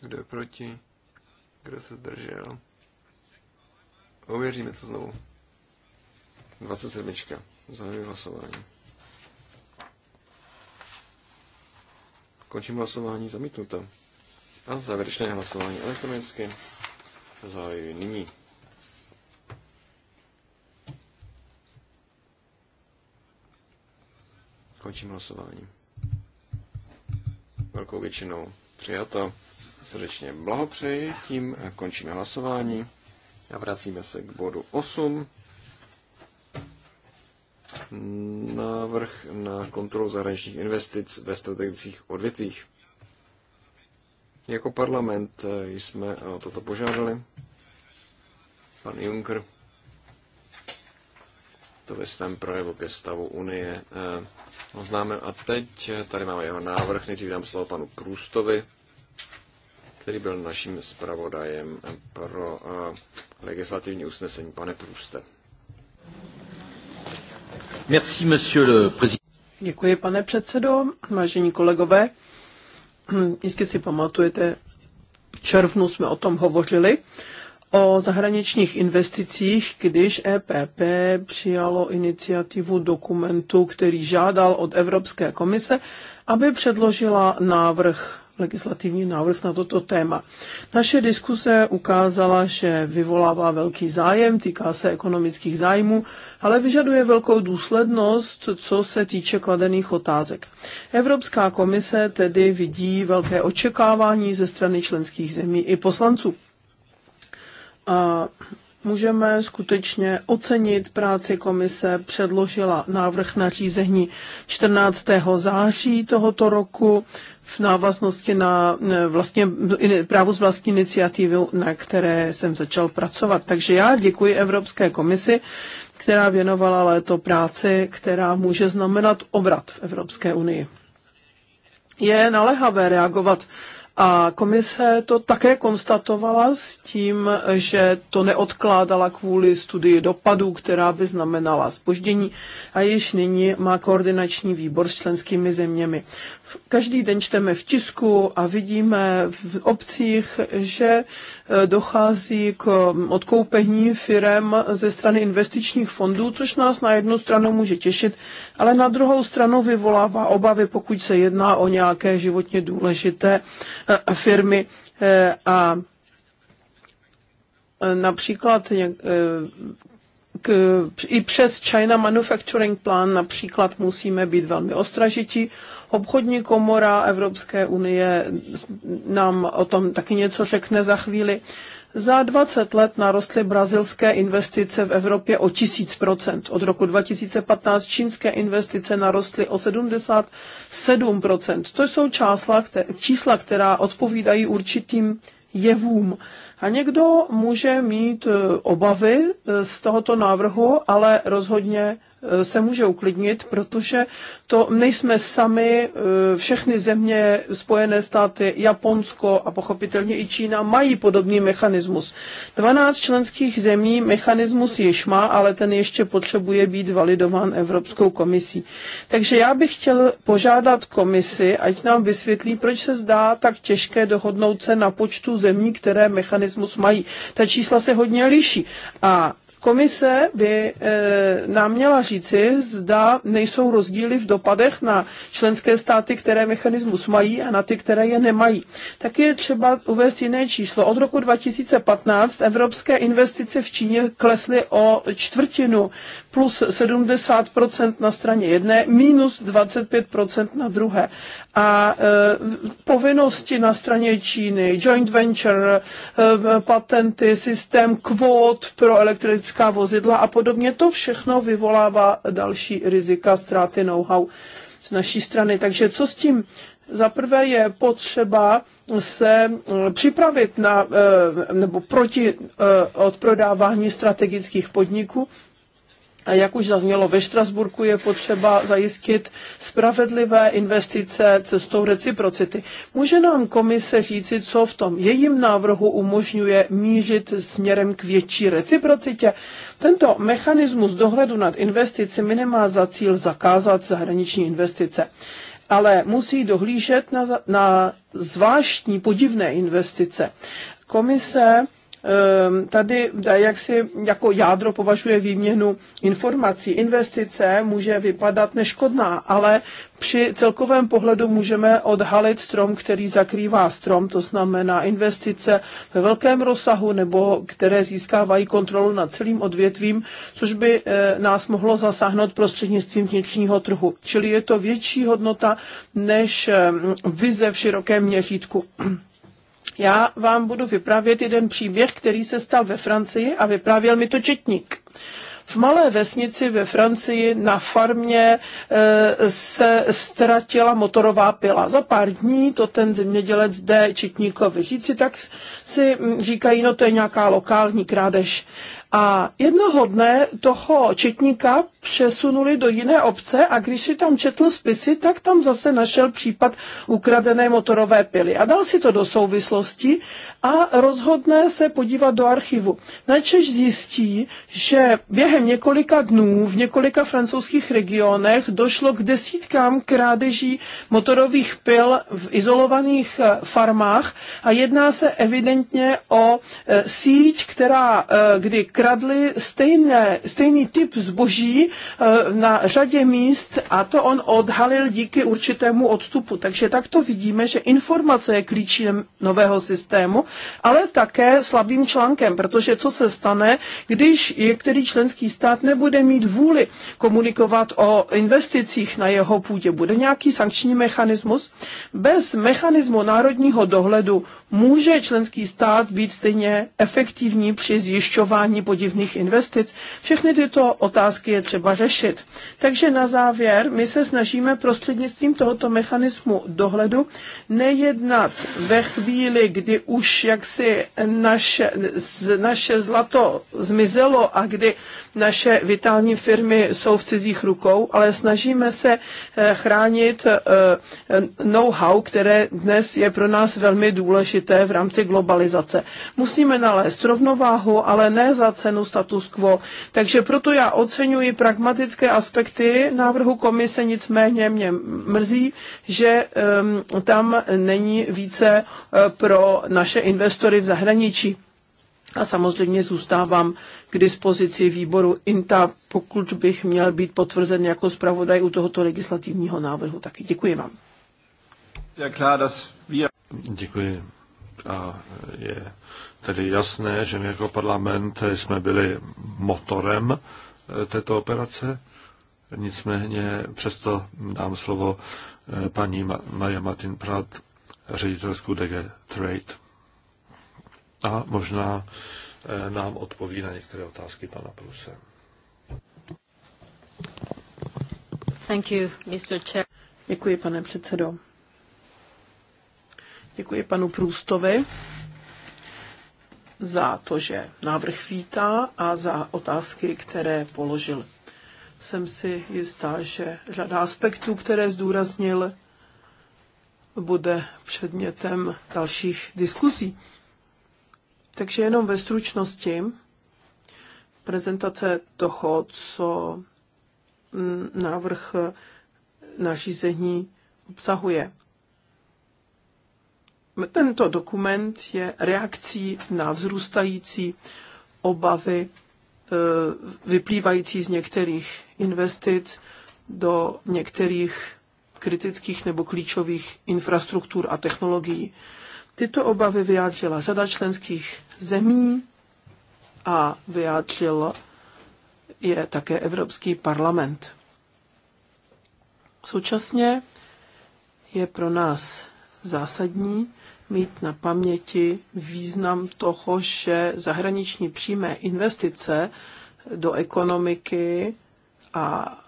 kdo je proti, kdo se zdržel. Ověříme to znovu. 27. Zahajuji hlasování. Končím hlasování zamítnuto. A závěrečné hlasování elektronicky zahajuji nyní. Končím hlasování. Velkou většinou přijato. Srdečně blahopřeji, tím končíme hlasování a vracíme se k bodu 8. Návrh na kontrolu zahraničních investic ve strategických odvětvích. Jako parlament eh, jsme o toto požádali. Pan Juncker to ve svém projevu ke stavu Unie eh, oznámil. A teď eh, tady máme jeho návrh. Nejdřív dám slovo panu Průstovi, který byl naším zpravodajem pro eh, legislativní usnesení. Pane Průste. Merci, monsieur le président. Děkuji, pane předsedo, vážení kolegové. Jistě si pamatujete, v červnu jsme o tom hovořili o zahraničních investicích, když EPP přijalo iniciativu dokumentu, který žádal od Evropské komise, aby předložila návrh legislativní návrh na toto téma. Naše diskuse ukázala, že vyvolává velký zájem, týká se ekonomických zájmů, ale vyžaduje velkou důslednost, co se týče kladených otázek. Evropská komise tedy vidí velké očekávání ze strany členských zemí i poslanců a můžeme skutečně ocenit práci komise. Předložila návrh na řízení 14. září tohoto roku v návaznosti na e, vlastně právu z vlastní iniciativy, na které jsem začal pracovat. Takže já děkuji Evropské komisi, která věnovala léto práci, která může znamenat obrat v Evropské unii. Je naléhavé reagovat a komise to také konstatovala s tím, že to neodkládala kvůli studii dopadů, která by znamenala spoždění a již nyní má koordinační výbor s členskými zeměmi. Každý den čteme v tisku a vidíme v obcích, že e, dochází k mm, odkoupení firem ze strany investičních fondů, což nás na jednu stranu může těšit, ale na druhou stranu vyvolává obavy, pokud se jedná o nějaké životně důležité e, firmy e, a Například k, i přes China Manufacturing Plan například musíme být velmi ostražití. Obchodní komora Evropské unie nám o tom taky něco řekne za chvíli. Za 20 let narostly brazilské investice v Evropě o 1000%. Od roku 2015 čínské investice narostly o 77%. To jsou čísla, čísla která odpovídají určitým jevům. A někdo může mít eh, obavy eh, z tohoto návrhu, ale rozhodně Eh, se může uklidnit, protože to nejsme sami, eh, všechny země, Spojené státy, Japonsko a pochopitelně i Čína mají podobný mechanismus. 12 členských zemí mechanismus již má, ale ten ještě potřebuje být validován Evropskou komisí. Takže já bych chtěl požádat komisi, ať nám vysvětlí, proč se zdá tak těžké dohodnout se na počtu zemí, které mechanismus mají. Ta čísla se hodně liší. A Komise by eh, nám měla říci, zda nejsou rozdíly v dopadech na členské státy, které mechanismus mají a na ty, které je nemají. Taky je třeba uvést jiné číslo. Od roku 2015 evropské investice v Číně klesly o čtvrtinu plus 70% na straně jedné, minus 25% na druhé. A e, povinnosti na straně Číny, joint venture, e, patenty, systém kvót pro elektrická vozidla a podobně, to všechno vyvolává další rizika ztráty know-how z naší strany. Takže co s tím? Za prvé je potřeba se e, připravit na, e, nebo proti e, odprodávání strategických podniků a jak už zaznělo ve Štrasburku, je potřeba zajistit spravedlivé investice cestou reciprocity. Může nám komise říci, co v tom jejím návrhu umožňuje mířit směrem k větší reciprocitě? Tento mechanismus dohledu nad investicemi nemá za cíl zakázat zahraniční investice ale musí dohlížet na, na zvláštní podivné investice. Komise Ehm, tady jak si jako jádro považuje výměnu informací. Investice může vypadat neškodná, ale při celkovém pohledu můžeme odhalit strom, který zakrývá strom, to znamená investice ve velkém rozsahu nebo které získávají kontrolu nad celým odvětvím, což by eh, nás mohlo zasáhnout prostřednictvím vnitřního trhu. Čili je to větší hodnota než ehm, vize v širokém měřítku. Já vám budu vyprávět jeden příběh, který se stal ve Francii a vyprávěl mi to četník. V malé vesnici ve Francii na farmě e, se ztratila motorová pila. Za pár dní to ten zemědělec jde četníkovi říci, tak si říkají, no to je nějaká lokální krádež. A jednoho dne toho četníka přesunuli do jiné obce a když si tam četl spisy, tak tam zase našel případ ukradené motorové pily. A dal si to do souvislosti a rozhodne se podívat do archivu. Načež zjistí, že během několika dnů v několika francouzských regionech došlo k desítkám krádeží motorových pil v izolovaných eh, farmách a jedná se evidentně o eh, síť, která, eh, kdy kradly stejné, stejný typ zboží na řadě míst a to on odhalil díky určitému odstupu. Takže tak to vidíme, že informace je klíčem nového systému ale také slabým článkem, protože co se stane, když některý členský stát nebude mít vůli komunikovat o investicích na jeho půdě, bude nějaký sankční mechanismus? Bez mechanismu národního dohledu může členský stát být stejně efektivní při zjišťování podivných investic? Všechny tyto otázky je třeba řešit. Takže na závěr my se snažíme prostřednictvím tohoto mechanismu dohledu nejednat ve chvíli, kdy už jaksi naše, naše zlato zmizelo a kdy naše vitální firmy jsou v cizích rukou, ale snažíme se eh, chránit eh, know-how, které dnes je pro nás velmi důležité v rámci globalizace. Musíme nalézt rovnováhu, ale ne za cenu status quo. Takže proto já oceňuji pragmatické aspekty návrhu komise, nicméně mě mrzí, že ehm, tam není více eh, pro naše investory v zahraničí. A samozřejmě zůstávám k dispozici výboru INTA, pokud bych měl být potvrzen jako zpravodaj u tohoto legislativního návrhu. Taky děkuji vám. Děkuji. A je tedy jasné, že my jako parlament jsme byli motorem eh, této operace. Nicméně přesto dám slovo eh, paní Maja Martin Prat, ředitelskou DG Trade a možná eh, nám odpoví na některé otázky pana Pruse. Thank you, Mr. Chair. Děkuji, pane předsedo. Děkuji panu Průstovi za to, že návrh vítá a za otázky, které položil. Jsem si jistá, že řada aspektů, které zdůraznil, bude předmětem dalších diskuzí. Takže jenom ve stručnosti prezentace toho, co mm, návrh nařízení obsahuje. Tento dokument je reakcí na vzrůstající obavy e, vyplývající z některých investic do některých kritických nebo klíčových infrastruktur a technologií. Tyto obavy vyjádřila řada členských zemí a vyjádřil je také Evropský parlament. Současně je pro nás zásadní mít na paměti význam toho, že zahraniční přímé investice do ekonomiky a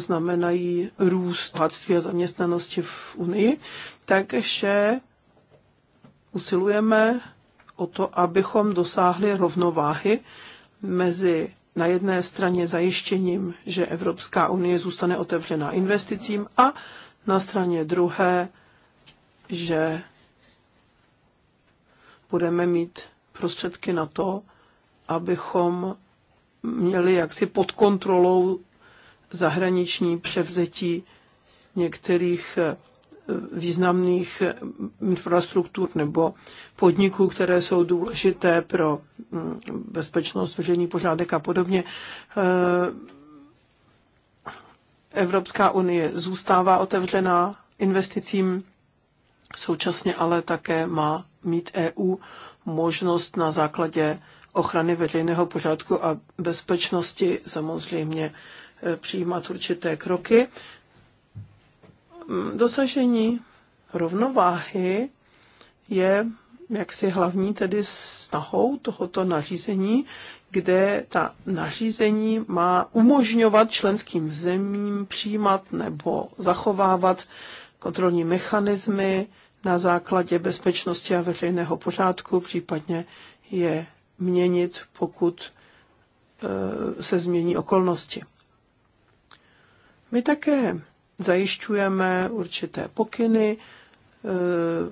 znamenají růst bohatství a zaměstnanosti v Unii, takže usilujeme o to, abychom dosáhli rovnováhy mezi na jedné straně zajištěním, že Evropská unie zůstane otevřená investicím a na straně druhé, že budeme mít prostředky na to, abychom měli jaksi pod kontrolou zahraniční převzetí některých eh, významných eh, infrastruktur nebo podniků, které jsou důležité pro mm, bezpečnost, veřejný pořádek a podobně. Eh, Evropská unie zůstává otevřená investicím, současně ale také má mít EU možnost na základě ochrany veřejného pořádku a bezpečnosti samozřejmě přijímat určité kroky. Mm, dosažení rovnováhy je jaksi hlavní tedy snahou tohoto nařízení, kde ta nařízení má umožňovat členským zemím přijímat nebo zachovávat kontrolní mechanismy na základě bezpečnosti a veřejného pořádku, případně je měnit, pokud e, se změní okolnosti. My také zajišťujeme určité pokyny, e,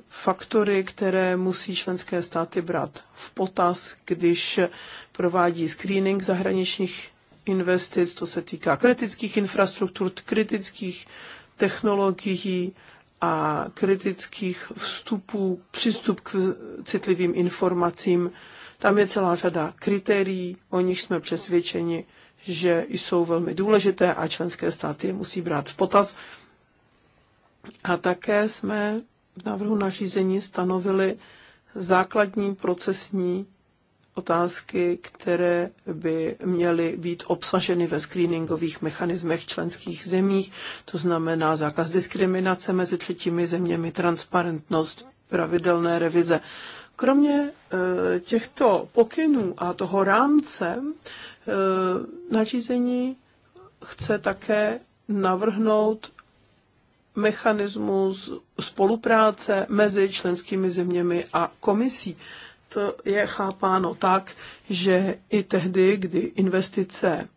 faktory, které musí členské státy brát v potaz, když provádí screening zahraničních investic, to se týká kritických infrastruktur, kritických technologií a kritických vstupů, přístup k citlivým informacím. Tam je celá řada kritérií, o nich jsme přesvědčeni, že jsou velmi důležité a členské státy je musí brát v potaz. A také jsme v návrhu nařízení stanovili základní procesní otázky, které by měly být obsaženy ve screeningových mechanismech členských zemích, to znamená zákaz diskriminace mezi třetími zeměmi, transparentnost, pravidelné revize. Kromě eh, těchto pokynů a toho rámce Eh, nařízení chce také navrhnout mechanismus spolupráce mezi členskými zeměmi a komisí. To je chápáno tak, že i tehdy, kdy investice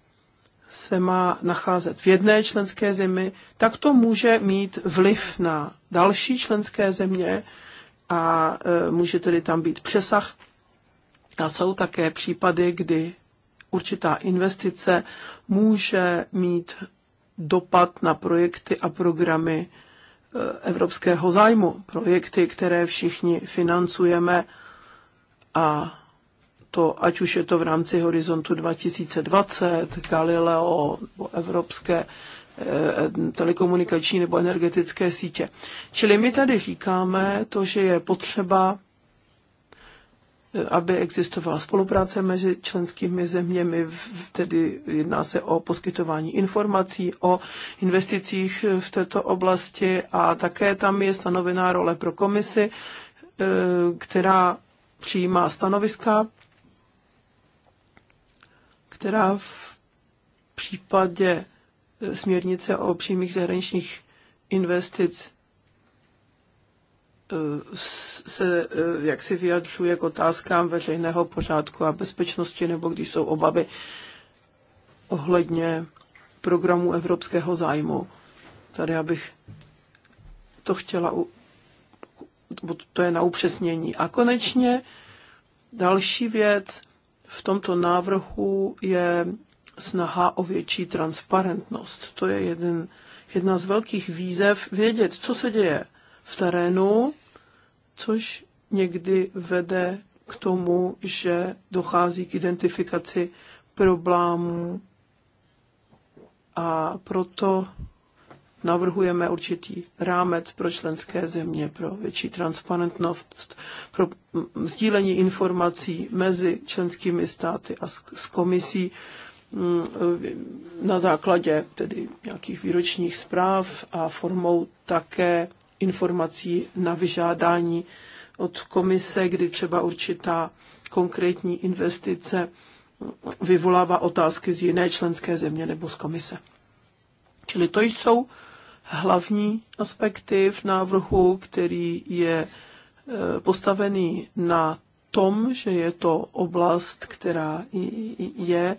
se má nacházet v jedné členské zemi, tak to může mít vliv na další členské země a eh, může tedy tam být přesah. A jsou také případy, kdy určitá investice může mít dopad na projekty a programy eh, evropského zájmu. Projekty, které všichni financujeme a to, ať už je to v rámci Horizontu 2020, Galileo, nebo Evropské eh, telekomunikační nebo energetické sítě. Čili my tady říkáme to, že je potřeba aby existovala spolupráce mezi členskými zeměmi, tedy jedná se o poskytování informací o investicích v této oblasti a také tam je stanovená role pro komisi, e, která přijímá stanoviska, která v případě směrnice o přímých zahraničních investic se eh, jak si vyjadřuje k otázkám veřejného pořádku a bezpečnosti, nebo když jsou obavy ohledně programu evropského zájmu. Tady abych to chtěla, to je na upřesnění. A konečně další věc v tomto návrhu je snaha o větší transparentnost. To je jeden, jedna z velkých výzev vědět, co se děje v terénu, což někdy vede k tomu, že dochází k identifikaci problémů a proto navrhujeme určitý rámec pro členské země, pro větší transparentnost, pro sdílení informací mezi členskými státy a s komisí mm, na základě tedy nějakých výročních zpráv a formou také informací na vyžádání od komise, kdy třeba určitá konkrétní investice vyvolává otázky z jiné členské země nebo z komise. Čili to jsou hlavní aspekty v návrhu, který je eh, postavený na tom, že je to oblast, která je e,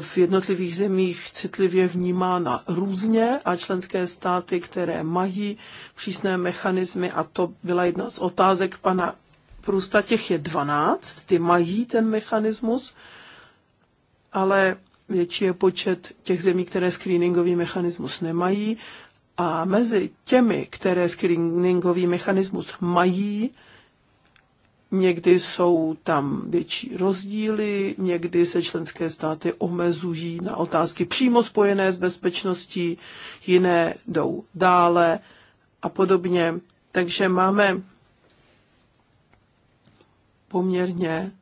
v jednotlivých zemích citlivě vnímána různě a členské státy, které mají přísné mechanismy, a to byla jedna z otázek pana Prusta, těch je 12, ty mají ten mechanismus, ale větší je počet těch zemí, které screeningový mechanismus nemají. A mezi těmi, které screeningový mechanismus mají, Někdy jsou tam větší rozdíly, někdy se členské státy omezují na otázky přímo spojené s bezpečností, jiné jdou dále a podobně. Takže máme poměrně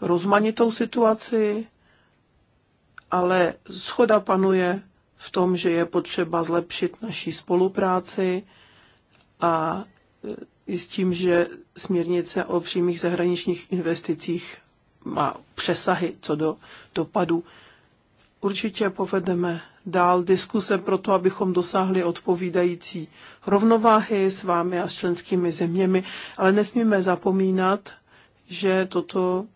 rozmanitou situaci, ale schoda panuje v tom, že je potřeba zlepšit naší spolupráci a i s tím, že směrnice o přímých zahraničních investicích má přesahy co do dopadu. Určitě povedeme dál diskuse pro to, abychom dosáhli odpovídající rovnováhy s vámi a s členskými zeměmi, ale nesmíme zapomínat, že toto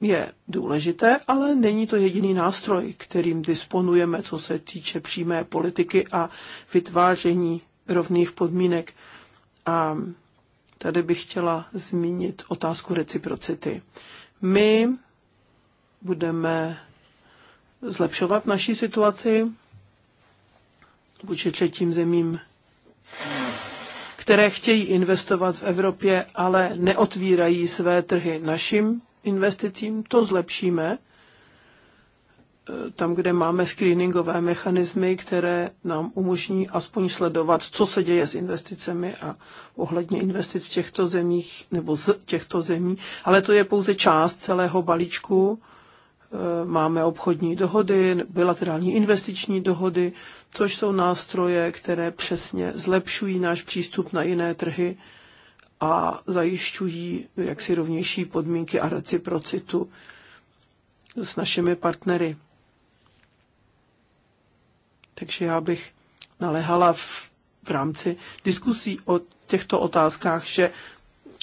je důležité, ale není to jediný nástroj, kterým disponujeme, co se týče přímé politiky a vytváření rovných podmínek. A tady bych chtěla zmínit otázku reciprocity. My budeme zlepšovat naší situaci vůči třetím zemím, které chtějí investovat v Evropě, ale neotvírají své trhy našim investicím. To zlepšíme tam, kde máme screeningové mechanismy, které nám umožní aspoň sledovat, co se děje s investicemi a ohledně investic v těchto zemích nebo z těchto zemí. Ale to je pouze část celého balíčku. Eh, máme obchodní dohody, bilaterální investiční dohody, což jsou nástroje, které přesně zlepšují náš přístup na jiné trhy a zajišťují jaksi rovnější podmínky a reciprocitu s našimi partnery. Takže já bych nalehala v, v rámci diskusí o těchto otázkách, že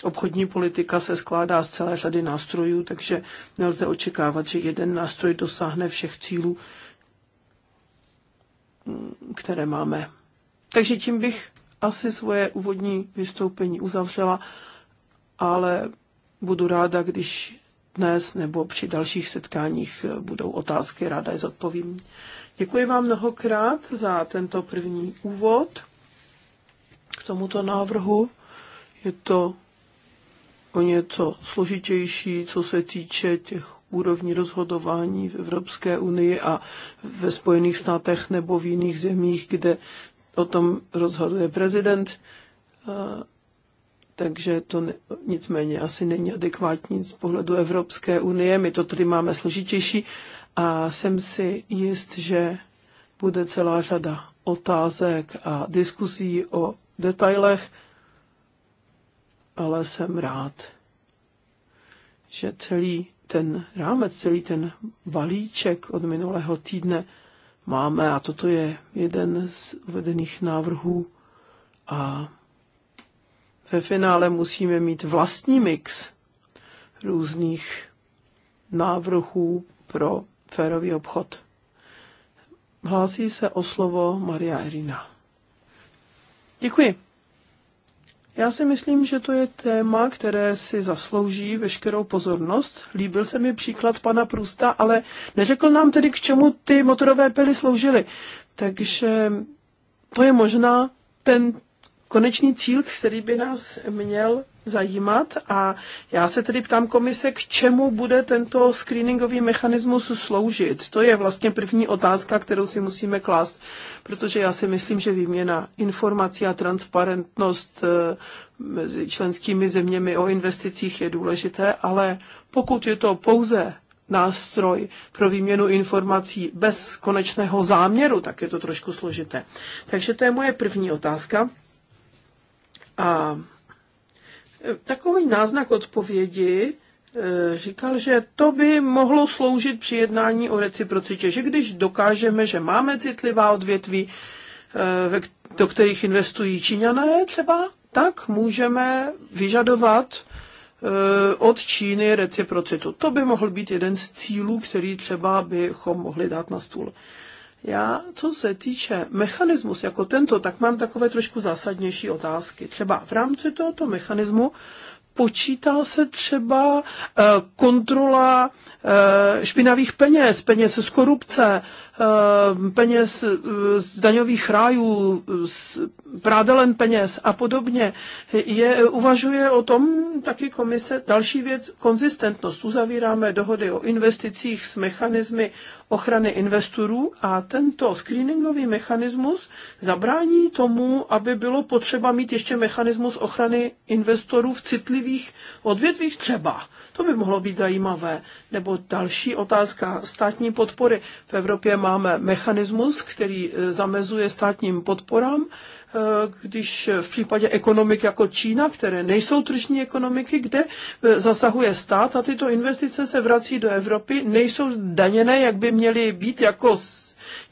obchodní politika se skládá z celé řady nástrojů, takže nelze očekávat, že jeden nástroj dosáhne všech cílů, mm, které máme. Takže tím bych asi svoje úvodní vystoupení uzavřela, ale budu ráda, když dnes nebo při dalších setkáních budou otázky, ráda je zodpovím. Děkuji vám mnohokrát za tento první úvod k tomuto návrhu. Je to o něco složitější, co se týče těch úrovní rozhodování v Evropské unii a ve Spojených státech nebo v jiných zemích, kde o tom rozhoduje prezident. Takže to ne, nicméně asi není adekvátní z pohledu Evropské unie. My to tady máme složitější, a jsem si jist, že bude celá řada otázek a diskuzí o detailech, ale jsem rád, že celý ten rámec, celý ten balíček od minulého týdne máme a toto je jeden z uvedených návrhů a ve finále musíme mít vlastní mix různých návrhů pro férový obchod. Hlásí se o slovo Maria Irina. Děkuji. Já si myslím, že to je téma, které si zaslouží veškerou pozornost. Líbil se mi příklad pana Prusta, ale neřekl nám tedy, k čemu ty motorové pily sloužily. Takže to je možná ten konečný cíl, který by nás měl zajímat a já se tedy ptám komise, k čemu bude tento screeningový mechanismus sloužit. To je vlastně první otázka, kterou si musíme klást, protože já si myslím, že výměna informací a transparentnost eh, mezi členskými zeměmi o investicích je důležité, ale pokud je to pouze nástroj pro výměnu informací bez konečného záměru, tak je to trošku složité. Takže to je moje první otázka. A Takový náznak odpovědi e, říkal, že to by mohlo sloužit při jednání o reciprocitě, že když dokážeme, že máme citlivá odvětví, e, do kterých investují Číňané třeba, tak můžeme vyžadovat e, od Číny reciprocitu. To by mohl být jeden z cílů, který třeba bychom mohli dát na stůl. Já, co se týče mechanismus jako tento, tak mám takové trošku zásadnější otázky. Třeba v rámci tohoto mechanismu počítá se třeba eh, kontrola eh, špinavých peněz, peněz z korupce, Eh, peněz eh, z daňových rájů, z prádelen peněz a podobně, je, uvažuje o tom taky komise další věc, konzistentnost. Uzavíráme dohody o investicích s mechanizmy ochrany investorů a tento screeningový mechanismus zabrání tomu, aby bylo potřeba mít ještě mechanismus ochrany investorů v citlivých odvětvích třeba to by mohlo být zajímavé. Nebo další otázka státní podpory. V Evropě máme mechanismus, který e, zamezuje státním podporám, e, když v případě ekonomik jako Čína, které nejsou tržní ekonomiky, kde e, zasahuje stát a tyto investice se vrací do Evropy, nejsou daněné, jak by měly být jako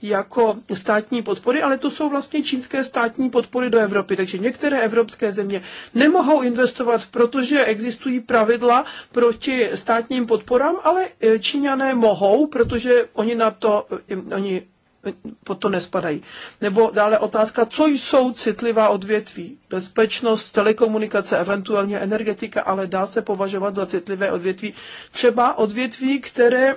jako státní podpory, ale to jsou vlastně čínské státní podpory do Evropy. Takže některé evropské země nemohou investovat, protože existují pravidla proti státním podporám, ale e, Číňané mohou, protože oni na to, e, oni pod to nespadají. Nebo dále otázka, co jsou citlivá odvětví. Bezpečnost, telekomunikace, eventuálně energetika, ale dá se považovat za citlivé odvětví. Třeba odvětví, které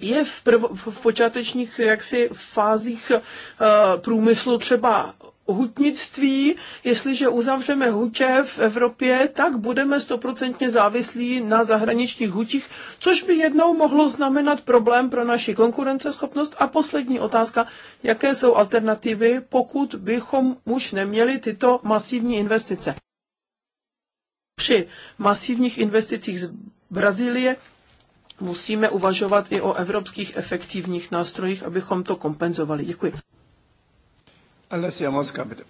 je v, prv, v počátečních jaksi fázích uh, průmyslu třeba hutnictví, jestliže uzavřeme hutě v Evropě, tak budeme stoprocentně závislí na zahraničních hutích, což by jednou mohlo znamenat problém pro naši konkurenceschopnost. A poslední otázka, jaké jsou alternativy, pokud bychom už neměli tyto masivní investice. Při masivních investicích z Brazílie musíme uvažovat i o evropských efektivních nástrojích, abychom to kompenzovali. Děkuji. Alessia Moska, bitte.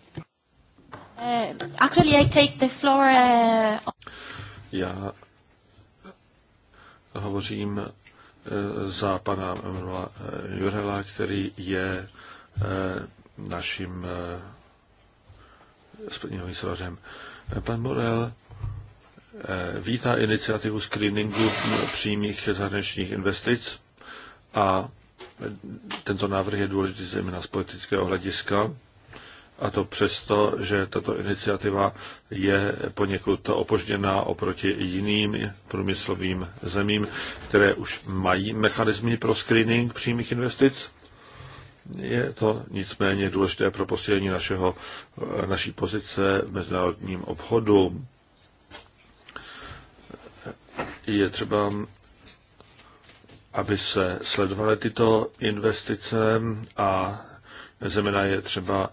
Eh, actually, I take the floor. Eh, Já hovořím eh, za pana Jurela, který je naším splněným výsledem. Pan Morel Eh, vítá iniciativu screeningu přímých zahraničních investic a tento návrh je důležitý zejména z politického hlediska, a to přesto, že tato iniciativa je poněkud opožděná oproti jiným průmyslovým zemím, které už mají mechanismy pro screening přímých investic. Je to nicméně důležité pro posílení našeho, naší pozice v mezinárodním obchodu je třeba, aby se sledovaly tyto investice a zemina je třeba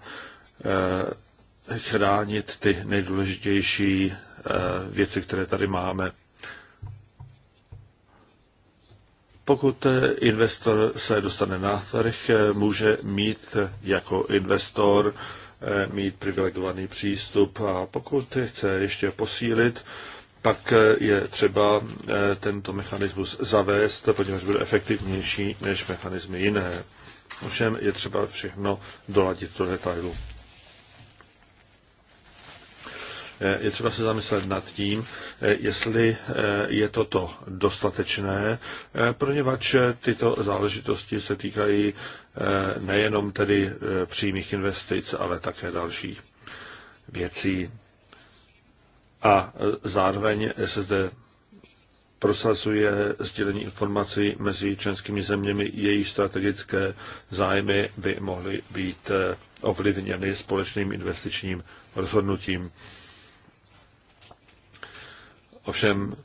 eh, chránit ty nejdůležitější eh, věci, které tady máme. Pokud eh, investor se dostane na trh, může mít jako investor mít privilegovaný přístup a pokud chce ještě posílit pak je třeba eh, tento mechanismus zavést, poněvadž bude efektivnější než mechanismy jiné. Ovšem je třeba všechno doladit do detailu. Eh, je třeba se zamyslet nad tím, eh, jestli je toto dostatečné, poněvadž tyto záležitosti se týkají nejenom tedy přímých investic, ale také dalších věcí. A zároveň se zde prosazuje sdělení informací mezi členskými zeměmi, jejich strategické zájmy by mohly být eh, ovlivněny společným investičním rozhodnutím. Ovšem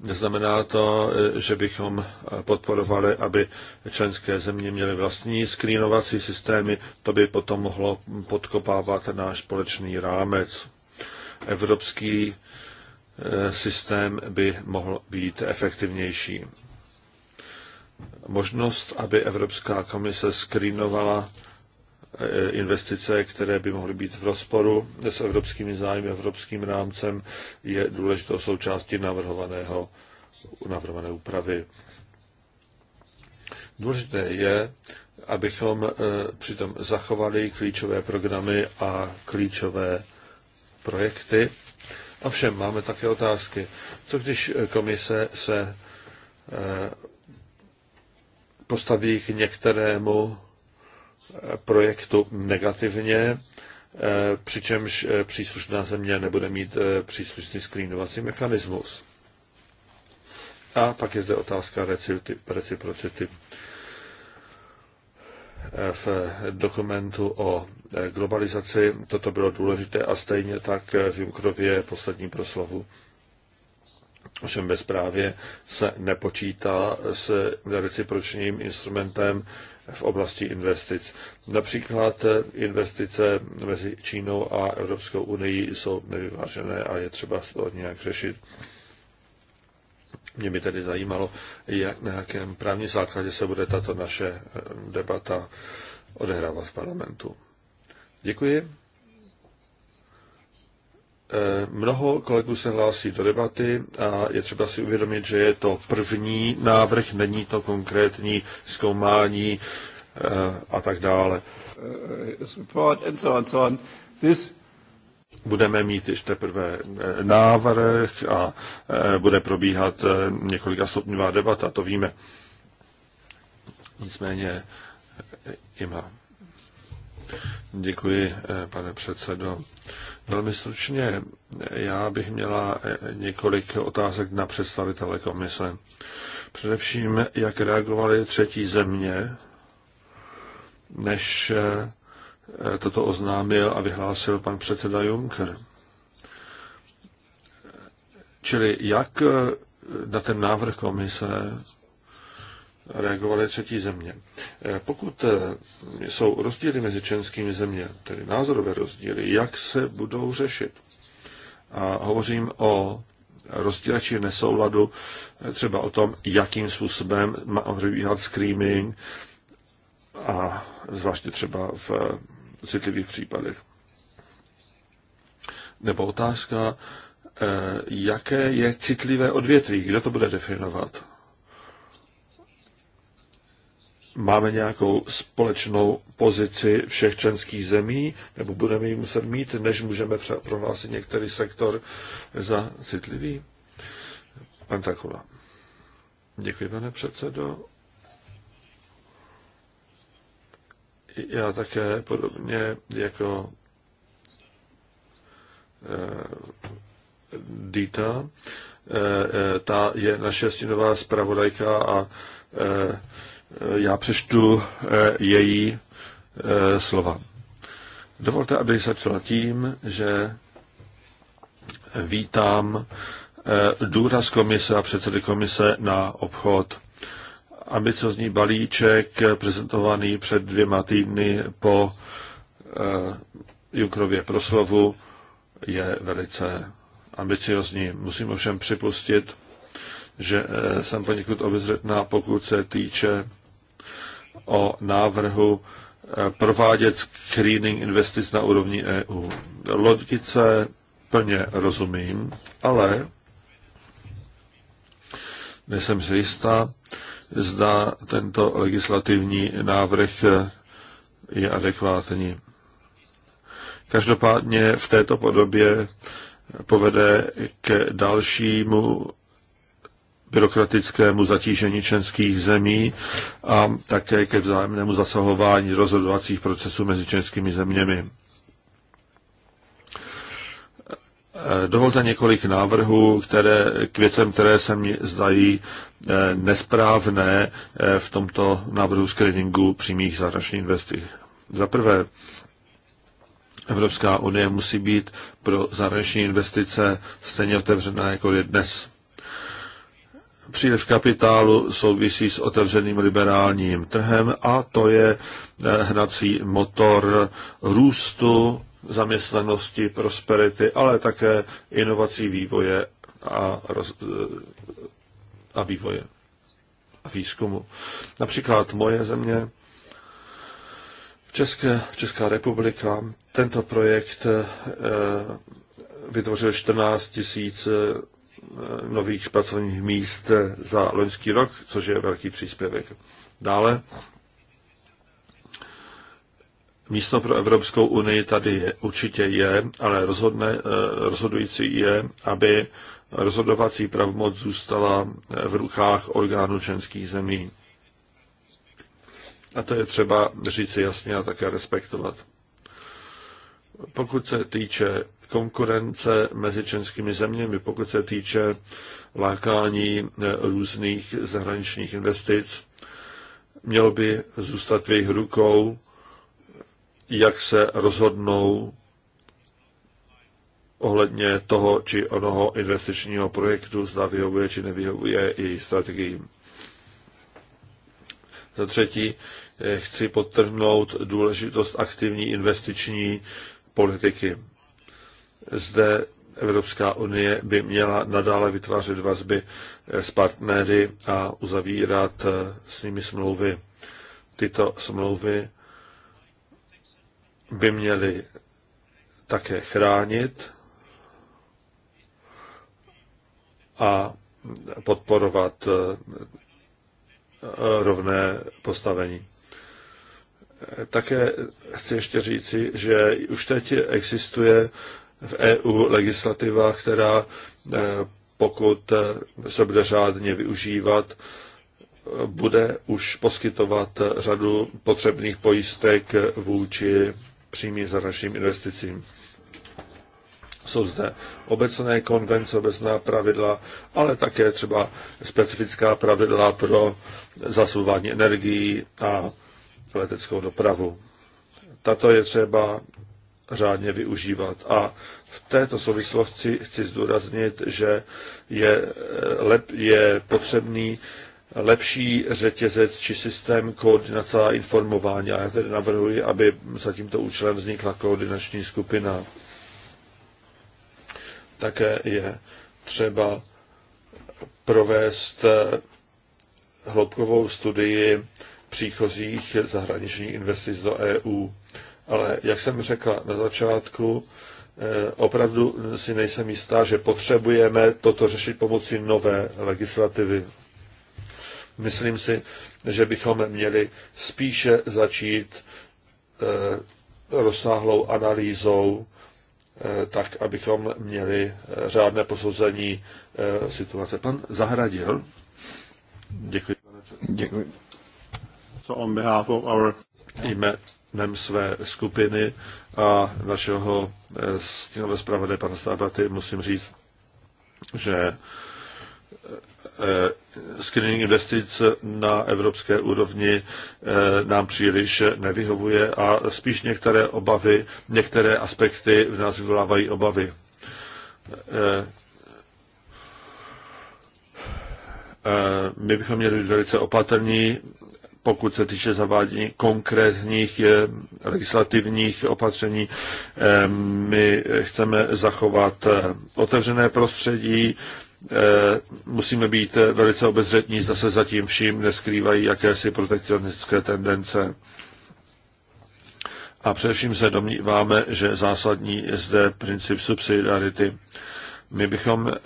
neznamená to, eh, že bychom podporovali, aby členské země měly vlastní skrýnovací systémy, to by potom mohlo podkopávat náš společný rámec evropský eh, systém by mohl být efektivnější. Možnost, aby Evropská komise skrýnovala eh, investice, které by mohly být v rozporu s evropskými zájmy, evropským rámcem, je důležitou součástí navrhovaného, navrhované úpravy. Důležité je, abychom eh, přitom zachovali klíčové programy a klíčové projekty. Ovšem, máme také otázky. Co když eh, komise se eh, postaví k některému eh, projektu negativně, přičemž příslušná země nebude mít příslušný screenovací mechanismus. A pak je zde otázka reciprocity v dokumentu o e, globalizaci. Toto bylo důležité a stejně tak v Junkrově poslední proslovu. Ovšem ve zprávě se nepočítá s recipročním instrumentem v oblasti investic. Například investice mezi Čínou a Evropskou unii jsou nevyvážené a je třeba to nějak řešit. Mě by tedy zajímalo, jak na jakém právním základě se bude tato naše eh, debata odehrávat v parlamentu. Děkuji. Eh, mnoho kolegů se hlásí do debaty a je třeba si uvědomit, že je to první návrh, není to konkrétní zkoumání eh, a tak dále. Uh, This budeme mít ještě teprve eh, návrh a eh, bude probíhat eh, několika stupňová debata, to víme. Nicméně ima. Děkuji, pane předsedo. Velmi stručně, já bych měla několik otázek na představitele komise. Především, jak reagovaly třetí země, než Eh, toto oznámil a vyhlásil pan předseda Juncker. Čili jak eh, na ten návrh komise reagovaly třetí země. Eh, pokud jsou rozdíly mezi členskými země, tedy názorové rozdíly, jak se budou řešit? A hovořím o rozdíle či nesouladu, třeba o tom, jakým způsobem má probíhat screening a zvláště třeba v citlivých případech. Nebo otázka, eh, jaké je citlivé odvětví, kdo to bude definovat. Máme nějakou společnou pozici všech členských zemí, nebo budeme ji muset mít, než můžeme prohlásit některý sektor za citlivý? Pan Takula. Děkuji, pane předsedo. Já také podobně jako eh, Dita, eh, eh, ta je naše stínová zpravodajka a já přečtu její slova. Dovolte, abych začala tím, že vítám důraz komise a předsedy komise na obchod ambiciozní balíček eh, prezentovaný před dvěma týdny po eh, Junkrově proslovu je velice ambiciozní. Musím ovšem připustit, že eh, jsem poněkud obezřetná, pokud se týče o návrhu provádět screening investic na úrovni EU. Logice plně rozumím, ale nejsem si jistá, zda tento legislativní návrh je adekvátní. Každopádně v této podobě povede k dalšímu byrokratickému zatížení členských zemí a také ke vzájemnému zasahování rozhodovacích procesů mezi členskými zeměmi. Dovolte několik návrhů, které, k věcem, které se mi zdají Eh, nesprávné eh, v tomto návrhu screeningu přímých zahraničních investic. Za prvé, Evropská unie musí být pro zahraniční investice stejně otevřená, jako je dnes. Příliv kapitálu souvisí s otevřeným liberálním trhem a to je eh, hnací motor růstu, zaměstnanosti, prosperity, ale také inovací vývoje a a vývoje a výzkumu. Například moje země, České, Česká republika, tento projekt eh, vytvořil 14 tisíc eh, nových pracovních míst eh, za loňský rok, což je velký příspěvek. Dále Místo pro Evropskou unii tady je, určitě je, ale rozhodne, rozhodující je, aby rozhodovací pravmoc zůstala v rukách orgánů členských zemí. A to je třeba říci jasně a také respektovat. Pokud se týče konkurence mezi členskými zeměmi, pokud se týče lákání eh, různých zahraničních investic, mělo by zůstat v jejich rukou, jak se rozhodnou ohledně toho či onoho investičního projektu, zda vyhovuje či nevyhovuje její strategii. Za třetí, eh, chci podtrhnout důležitost aktivní investiční politiky. Zde Evropská unie by měla nadále vytvářet vazby eh, s partnery a uzavírat eh, s nimi smlouvy. Tyto smlouvy by měly také chránit a podporovat eh, rovné postavení. Také chci ještě říci, že už teď existuje v EU legislativa, která eh, pokud eh, se bude řádně využívat, bude už poskytovat řadu potřebných pojistek vůči přímým zahraničním investicím. Jsou zde obecné konvence, obecná pravidla, ale také třeba specifická pravidla pro zasobování energií a leteckou dopravu. Tato je třeba řádně využívat. A v této souvislosti chci zdůraznit, že je, lep, je potřebný lepší řetězec či systém koordinace a informování. A já tedy navrhuji, aby za tímto účelem vznikla koordinační skupina. Také je třeba provést eh, hloubkovou studii příchozích zahraničních investic do EU. Ale jak jsem řekla na začátku, eh, opravdu si nejsem jistá, že potřebujeme toto řešit pomocí nové legislativy. Myslím si, že bychom měli spíše začít eh, rozsáhlou analýzou Eh, tak abychom měli eh, řádné posouzení eh, situace. Pan Zahradil. Děkuji, pane Děkuji. So on behalf of our... Jménem své skupiny a našeho stínové zpravodaje pana Stábaty musím říct, že Eh, screening investic na evropské úrovni eh, nám příliš nevyhovuje a spíš některé obavy, některé aspekty v nás vyvolávají obavy. Eh, my bychom měli být velice opatrní, pokud se týče zavádění konkrétních legislativních opatření. My chceme zachovat otevřené prostředí, Eh, musíme být eh, velice obezřetní, zda se zatím vším neskrývají jakési protekcionistické tendence. A především se domníváme, že zásadní je zde princip subsidiarity. My bychom eh,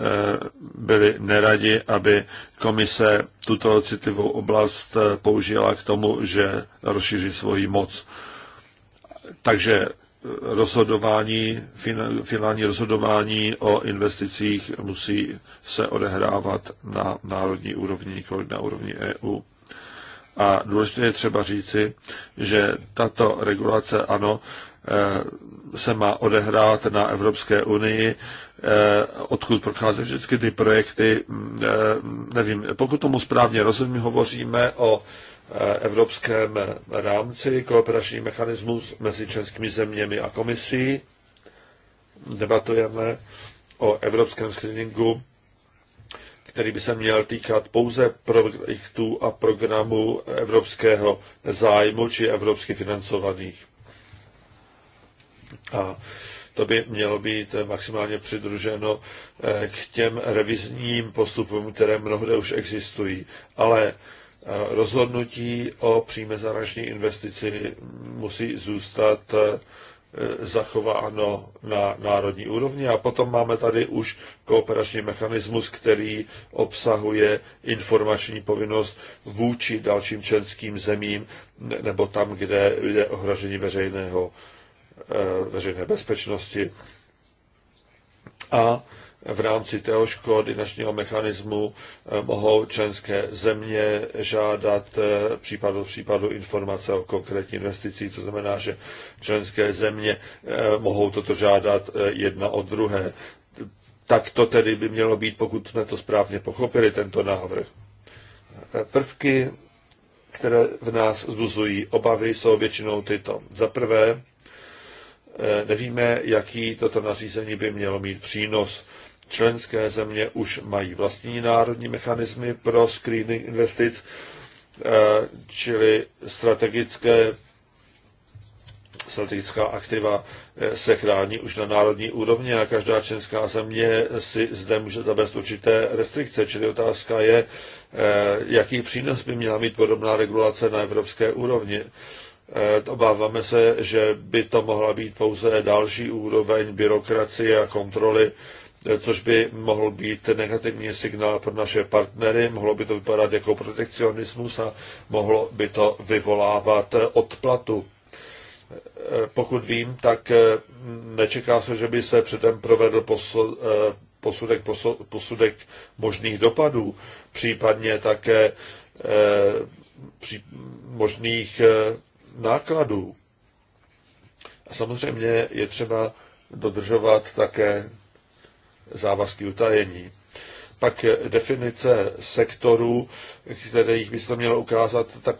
byli neradi, aby komise tuto citlivou oblast použila k tomu, že rozšíří svoji moc. Takže rozhodování, finální rozhodování o investicích musí se odehrávat na národní úrovni, nikoli na úrovni EU. A důležité je třeba říci, že tato regulace, ano, eh, se má odehrát na Evropské unii, eh, odkud procházejí všechny ty projekty, mm, eh, nevím, pokud tomu správně rozumím, hovoříme o evropském rámci kooperační mechanismus mezi českými zeměmi a komisí. Debatujeme o evropském screeningu, který by se měl týkat pouze projektů a programů evropského zájmu či evropsky financovaných. A to by mělo být maximálně přidruženo eh, k těm revizním postupům, které mnohde už existují. Ale rozhodnutí o příjme zahraniční investici musí zůstat e, zachováno na národní úrovni. A potom máme tady už kooperační mechanismus, který obsahuje informační povinnost vůči dalším členským zemím nebo tam, kde je ohrožení veřejného, e, veřejné bezpečnosti. A v rámci téhož koordinačního mechanismu eh, mohou členské země žádat eh, případ od případu informace o konkrétní investicí. To znamená, že členské země eh, mohou toto žádat jedna od druhé. Tak to tedy by mělo být, pokud jsme to správně pochopili, tento návrh. Prvky, které v nás zbuzují obavy, jsou většinou tyto. Za prvé, nevíme, jaký toto nařízení by mělo mít přínos Členské země už mají vlastní národní mechanismy pro screening investic, eh, čili strategické strategická aktiva eh, se chrání už na národní úrovni a každá členská země si zde může zavést určité restrikce. Čili otázka je, eh, jaký přínos by měla mít podobná regulace na evropské úrovni. Obáváme se, že by to mohla být pouze další úroveň byrokracie a kontroly což by mohl být negativní signál pro naše partnery, mohlo by to vypadat jako protekcionismus a mohlo by to vyvolávat odplatu. Pokud vím, tak eh, nečeká se, že by se předem provedl eh, posudek, posudek možných dopadů, případně také eh, možných nákladů. A samozřejmě je třeba dodržovat také závazky utajení. Pak definice sektorů, kterých by se to mělo ukázat, tak,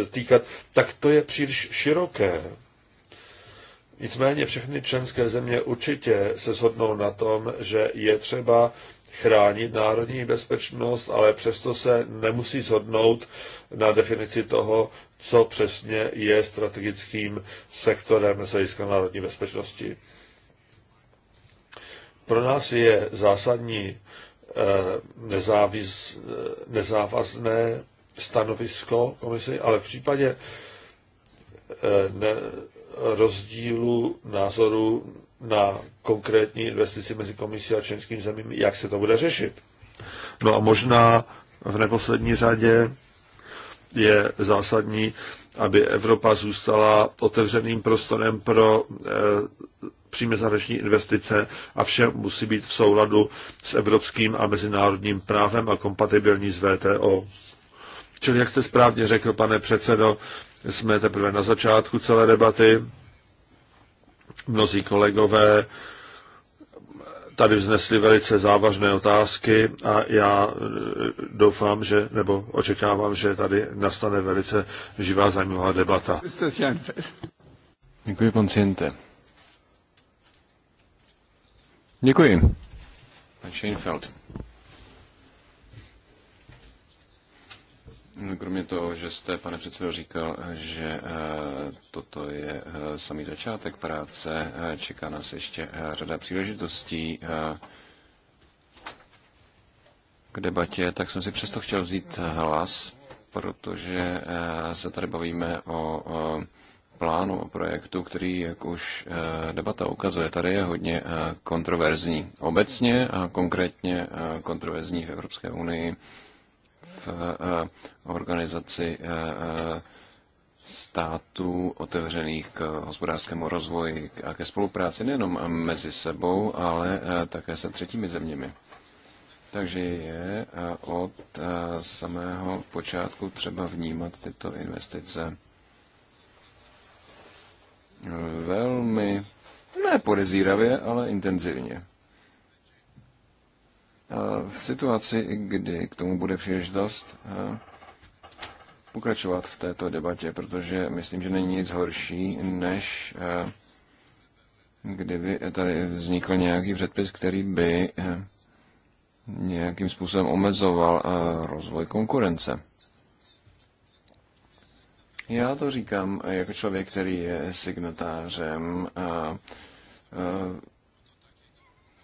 e, týkat, tak to je příliš široké. Nicméně všechny členské země určitě se shodnou na tom, že je třeba chránit národní bezpečnost, ale přesto se nemusí shodnout na definici toho, co přesně je strategickým sektorem z hlediska národní bezpečnosti. Pro nás je zásadní eh, nezáviz, eh, nezávazné stanovisko komise, ale v případě eh, rozdílu názoru na konkrétní investici mezi komisí a členským zemím, jak se to bude řešit. No a možná v neposlední řadě je zásadní, aby Evropa zůstala otevřeným prostorem pro přímé zahraniční investice a vše musí být v souladu s evropským a mezinárodním právem a kompatibilní s VTO. Čili, jak jste správně řekl, pane předsedo, jsme teprve na začátku celé debaty. Mnozí kolegové tady vznesli velice závažné otázky a já e, doufám, že, nebo očekávám, že tady nastane velice živá zajímavá debata. Děkuji, pan Ciente. Děkuji. Pan Scheinfeld. Kromě toho, že jste, pane předsedo, říkal, že eh, toto je eh, samý začátek práce, eh, čeká nás ještě řada příležitostí k debatě, tak jsem si přesto chtěl vzít hlas, protože se tady bavíme o plánu, o projektu, který, jak už eh, debata ukazuje, tady je hodně eh, kontroverzní. Obecně a konkrétně eh, kontroverzní v Evropské unii v organizaci států otevřených k hospodářskému rozvoji a ke spolupráci nejenom mezi sebou, ale také se třetími zeměmi. Takže je od samého počátku třeba vnímat tyto investice velmi, ne podezíravě, ale intenzivně. V situaci, kdy k tomu bude příležitost eh, pokračovat v této debatě, protože myslím, že není nic horší, než eh, kdyby tady vznikl nějaký předpis, který by eh, nějakým způsobem omezoval rozvoj konkurence. Já to říkám jako člověk, který je signatářem a, a,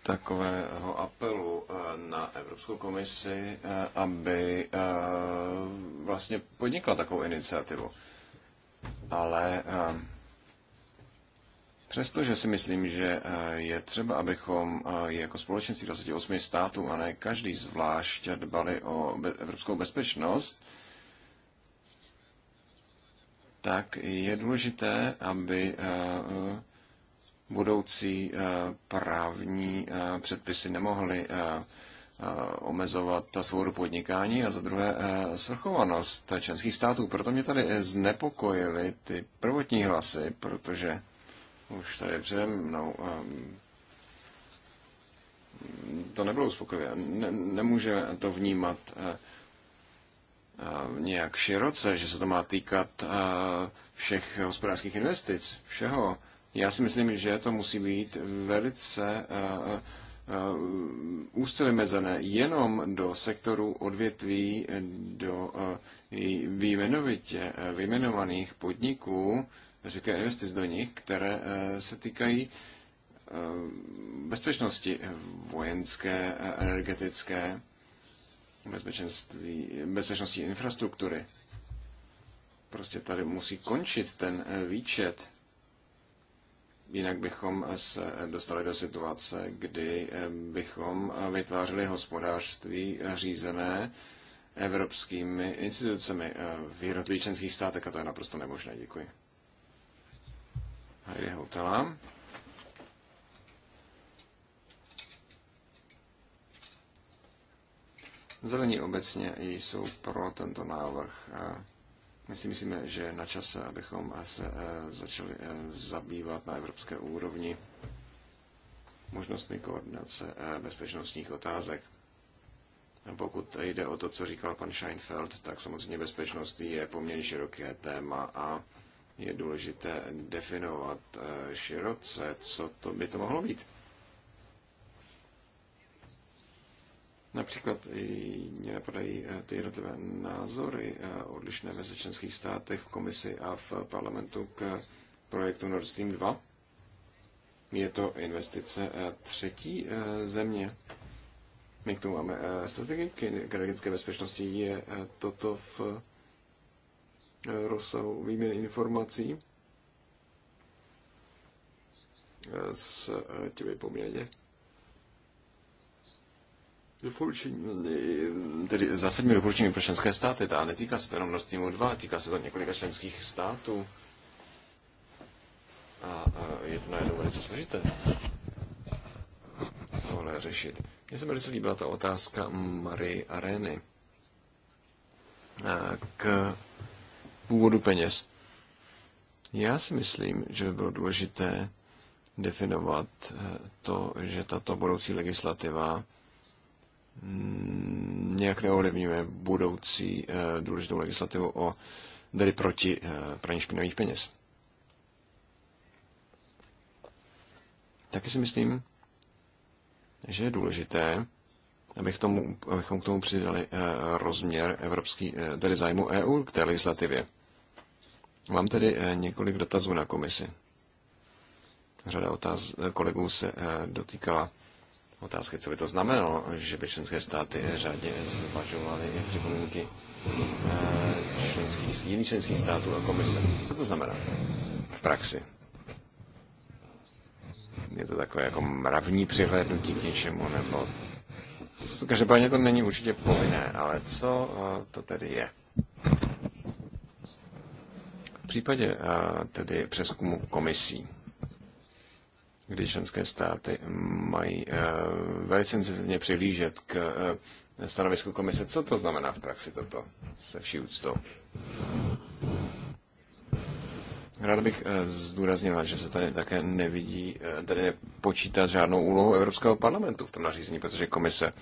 takového apelu na Evropskou komisi, aby vlastně podnikla takovou iniciativu. Ale přestože si myslím, že je třeba, abychom jako společenství 28 států a ne každý zvlášť dbali o evropskou bezpečnost, tak je důležité, aby eh, eh, budoucí eh, právní předpisy nemohly omezovat ta svobodu podnikání a za druhé svrchovanost členských států. Proto mě tady znepokojily ty prvotní hlasy, protože už tady přede mnou ehm, to nebylo uspokojivé. nemůže to vnímat Eh, nějak široce, že se to má týkat eh, všech hospodářských investic, všeho. Já si myslím, že to musí být velice eh, úzce vymezené jenom do sektoru odvětví, do výjmenovitě vyjmenovaných podniků, respektive investic do nich, které se týkají bezpečnosti vojenské, energetické, bezpečenství, bezpečnosti infrastruktury. Prostě tady musí končit ten eh, výčet. Jinak bychom se dostali do situace, kdy eh, bychom vytvářeli hospodářství řízené evropskými institucemi eh, v jednotlivých členských státech a to je naprosto nemožné. Děkuji. Heidi Houtala. Zelení obecně jsou pro tento návrh. My si myslíme, že je na čase, abychom se e, začali e, zabývat na evropské úrovni možnostmi koordinace e, bezpečnostních otázek. Pokud jde o to, co říkal pan Scheinfeld, tak samozřejmě bezpečnost je poměrně široké téma a je důležité definovat široce, co to by to mohlo být. Například mě napadají eh, ty jednotlivé názory eh, odlišné mezi členských státech v komisi a v parlamentu k eh, projektu Nord Stream 2. Je to investice třetí země. My k tomu máme strategii k energetické bezpečnosti. Je toto v rozsahu výměny informací s těmi poměrně tedy zásadní doporučení pro členské státy, ta netýká se to jenom Nord Streamu 2, týká se to několika členských států. A, a je to najednou velice složité tohle řešit. Mně se velice líbila ta otázka Marie Areny k původu peněz. Já si myslím, že by bylo důležité definovat e, to, že tato budoucí legislativa Mm, nějak neovlivňuje budoucí eh, důležitou legislativu o tedy proti eh, praní špinavých peněz. Taky si myslím, že je důležité, aby k tomu, abychom k tomu přidali eh, rozměr evropský, tedy zájmu EU k té legislativě. Mám tedy několik dotazů na komisi. Řada otáz kolegů se dotýkala otázky, co by to znamenalo, že by členské státy řádně zvažovaly připomínky eh, členských, jiných členských států a komise. Co to znamená v praxi? Je to takové jako mravní přihlédnutí k něčemu, nebo... Každopádně to není určitě povinné, ale co eh, to tedy je? V případě eh, tedy přeskumu komisí, kdy členské státy mají eh, velice intenzivně přihlížet k eh, stanovisku komise. Co to znamená v praxi toto se vší úctou? Rád bych eh, zdůraznila, že se tady také nevidí, tady nepočítá žádnou úlohu Evropského parlamentu v tom nařízení, protože komise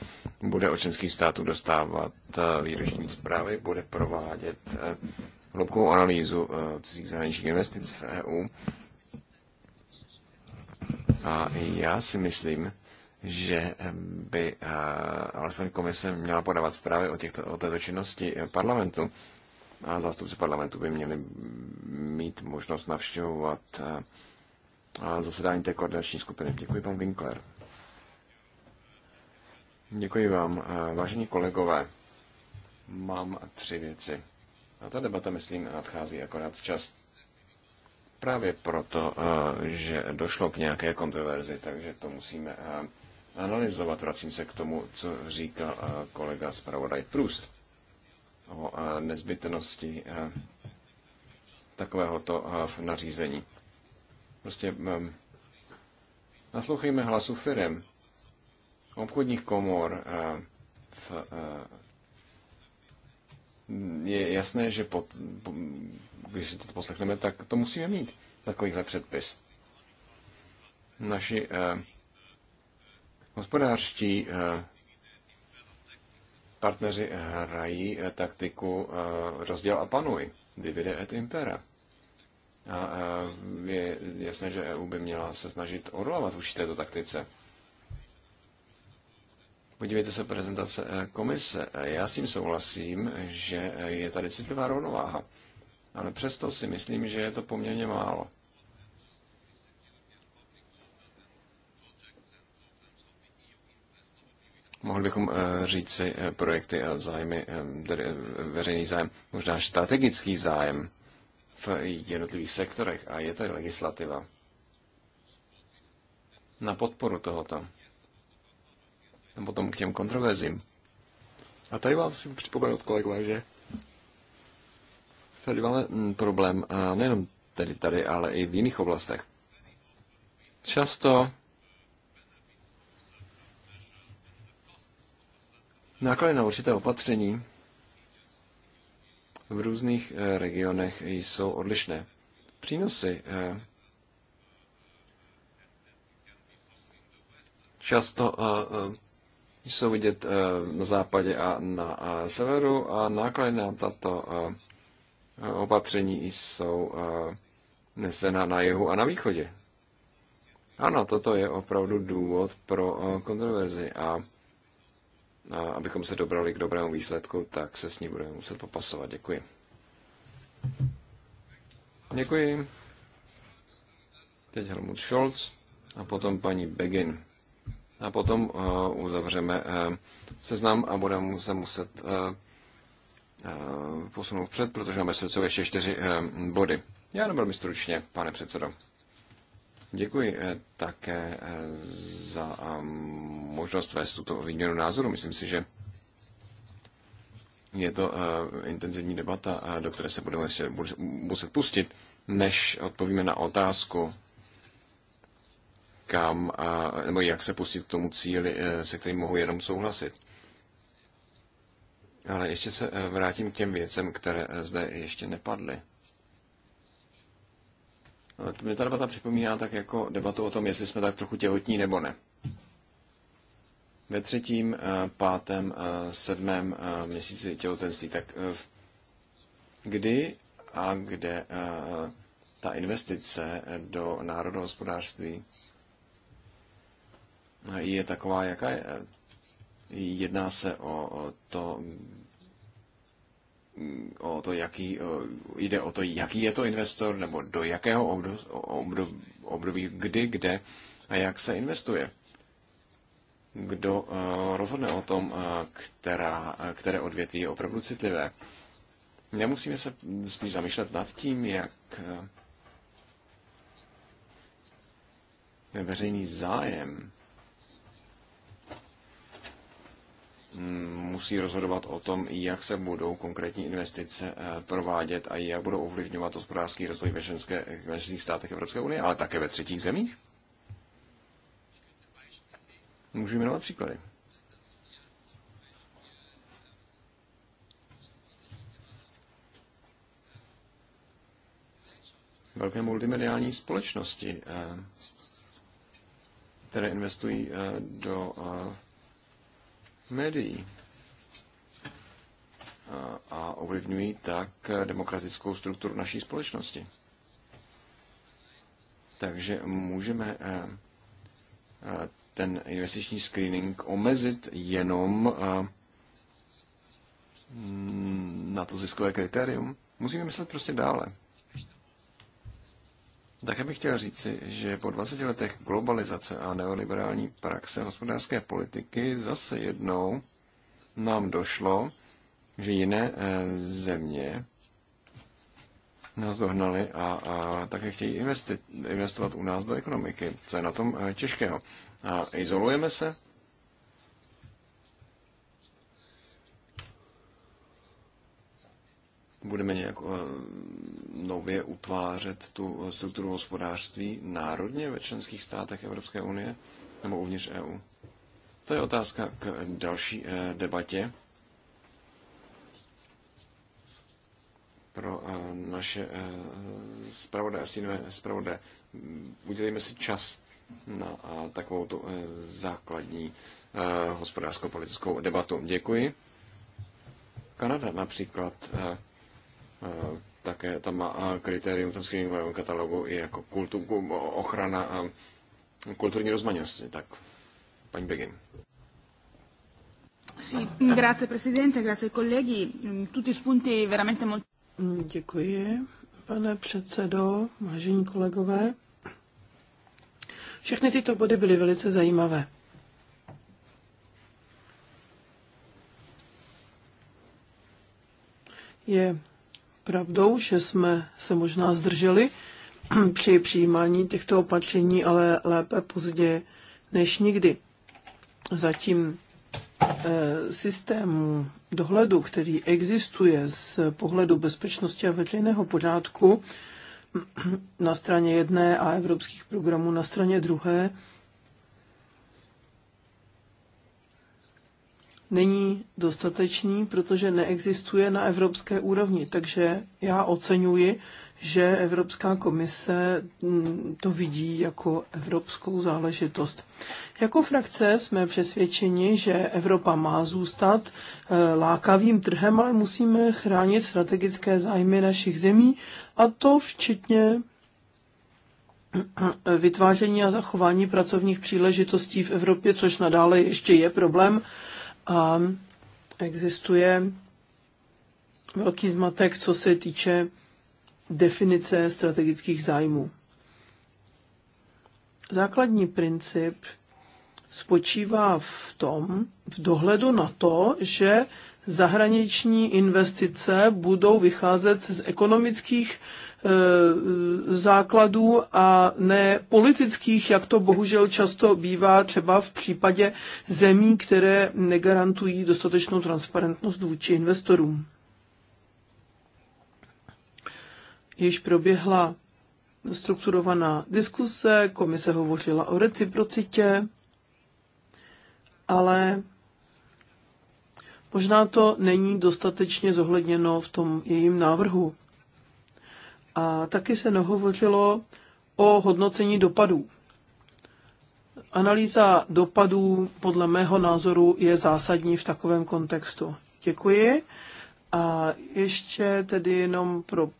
bude o členských států dostávat výroční zprávy, bude provádět hloubkovou analýzu cizích zahraničních investic v EU a já si myslím, že by eh, alespoň komise měla podávat zprávy o, těchto, o této činnosti eh, parlamentu a zástupci parlamentu by měli mít možnost navštěvovat eh, zasedání té koordinační skupiny. Děkuji, pan Winkler. Děkuji vám. Vážení kolegové, mám tři věci. A ta debata, myslím, nadchází akorát včas právě proto, eh, že došlo k nějaké kontroverzi, takže to musíme eh, analyzovat. Vracím se k tomu, co říkal eh, kolega zpravodaj Průst o nezbytnosti takovéhoto nařízení. Prostě ehm, naslouchejme hlasu firm, obchodních komor v je jasné, že pod, když si to poslechneme, tak to musíme mít, takovýhle předpis. Naši eh, hospodářští eh, partneři hrají eh, taktiku eh, rozděl a panuj, divide et impera. A eh, je jasné, že EU by měla se snažit odlávat vůči této taktice. Podívejte se prezentace eh, komise. Já s tím souhlasím, že eh, je tady citlivá rovnováha. Ale přesto si myslím, že je to poměrně málo. Mohli bychom říct, eh, říci eh, projekty a zájmy, eh, veřejný zájem, možná strategický zájem v jednotlivých sektorech a je tady legislativa na podporu tohoto. A potom k těm kontroverzím. A tady vás si připomenout, kolegové, že tady máme mm, problém, a nejenom tedy tady, ale i v jiných oblastech. Často náklady na určité opatření v různých eh, regionech jsou odlišné. Přínosy eh, často eh, jsou vidět na západě a na severu a náklady na tato opatření jsou eh, nesena na jihu a na východě. Ano, toto je opravdu důvod pro eh, kontroverzi a abychom se dobrali k dobrému výsledku, tak se s ní budeme muset popasovat. Děkuji. Děkuji. Teď Helmut Scholz a potom paní Begin. A potom eh, uzavřeme seznam a budeme se muset Eh, posunout před, protože máme srdcově ještě čtyři eh, body. Já jenom velmi stručně, pane předsedo. Děkuji eh, také za možnost vést tuto výměnu názoru. Myslím si, že je to intenzivní debata, do které se budeme muset pustit, než odpovíme na otázku, kam, nebo jak se pustit k tomu cíli, se kterým mohu jenom souhlasit. Ale ještě se eh, vrátím k těm věcem, které eh, zde ještě nepadly. Mě ta debata připomíná tak jako debatu o tom, jestli jsme tak trochu těhotní nebo ne. Ve třetím, eh, pátém, sedmém měsíci těhotenství, tak kdy a kde ta investice do národohospodářství je taková, jaká je. Jedná se o to, o to, jaký, jde o to, jaký je to investor, nebo do jakého období, období kdy, kde a jak se investuje. Kdo eh, rozhodne o tom, eh, která, eh, které odvětví je opravdu citlivé. Nemusíme se spíš zamýšlet nad tím, jak veřejný zájem Mm, musí rozhodovat o tom, jak se budou konkrétní investice eh, provádět a jak budou ovlivňovat hospodářský rozvoj ve, členské, členských státech Evropské unie, ale také ve třetích zemích? Můžu jmenovat příklady. Velké multimediální společnosti, eh, které investují eh, do médií a ovlivňují tak demokratickou strukturu naší společnosti. Takže můžeme eh, eh, ten investiční screening omezit jenom eh, na to ziskové kritérium. Musíme myslet prostě dále. Také bych chtěl říci, že po 20 letech globalizace a neoliberální praxe hospodářské politiky zase jednou nám došlo, že jiné eh, země nás dohnali a, a také chtějí investi, investovat u nás do ekonomiky. Co je na tom eh, těžkého? A izolujeme se? budeme nějak eh, nově utvářet tu eh, strukturu hospodářství národně ve členských státech Evropské unie nebo uvnitř EU? To je otázka k další eh, debatě. pro naše asi nové zpravodaje. Udělejme si čas na takovou tu základní hospodářskou politickou debatu. Děkuji. Kanada například Eh, také tam má eh, kritérium v tom screeningovém katalogu i jako kultu, ochrana a eh, kulturní rozmanitosti. Tak, paní Begin. Sì, grazie Presidente, grazie colleghi, mm, tutti spunti veramente molto... Mm, děkuji, pane předsedo, vážení kolegové. Všechny tyto body byly velice zajímavé. Je pravdou, že jsme se možná zdrželi při přijímání těchto opatření, ale lépe pozdě než nikdy. Zatím eh, systému dohledu, který existuje z pohledu bezpečnosti a veřejného pořádku na straně jedné a evropských programů na straně druhé, není dostatečný, protože neexistuje na evropské úrovni. Takže já oceňuji, že Evropská komise mm, to vidí jako evropskou záležitost. Jako frakce jsme přesvědčeni, že Evropa má zůstat eh, lákavým trhem, ale musíme chránit strategické zájmy našich zemí, a to včetně vytváření a zachování pracovních příležitostí v Evropě, což nadále ještě je problém a existuje velký zmatek, co se týče definice strategických zájmů. Základní princip spočívá v tom, v dohledu na to, že zahraniční investice budou vycházet z ekonomických Eh, základů a ne politických, jak to bohužel často bývá třeba v případě zemí, které negarantují dostatečnou transparentnost vůči investorům. Již proběhla strukturovaná diskuse, komise hovořila o reciprocitě, ale možná to není dostatečně zohledněno v tom jejím návrhu. A taky se nehovořilo o hodnocení dopadů. Analýza dopadů podle mého názoru je zásadní v takovém kontextu. Děkuji. A ještě tedy jenom pro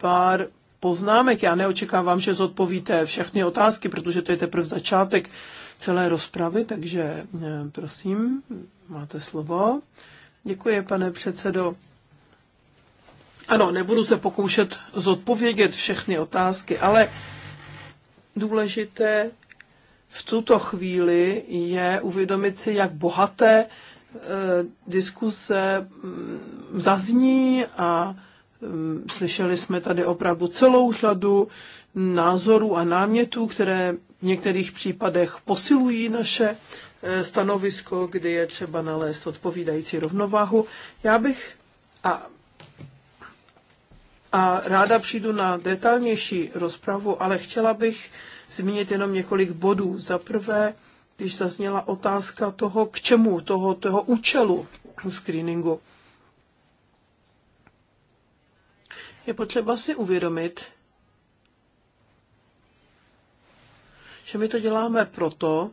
pár poznámek. Já neočekávám, že zodpovíte všechny otázky, protože to je teprve začátek celé rozpravy, takže eh, prosím, máte slovo. Děkuji, pane předsedo. Ano, nebudu se pokoušet zodpovědět všechny otázky, ale důležité v tuto chvíli je uvědomit si, jak bohaté e, diskuse mm, zazní a mm, slyšeli jsme tady opravdu celou řadu názorů a námětů, které v některých případech posilují naše e, stanovisko, kdy je třeba nalézt odpovídající rovnováhu. Já bych, a a ráda přijdu na detailnější rozpravu, ale chtěla bych zmínit jenom několik bodů. Za prvé, když zazněla otázka toho, k čemu, toho, toho účelu screeningu. Je potřeba si uvědomit, že my to děláme proto,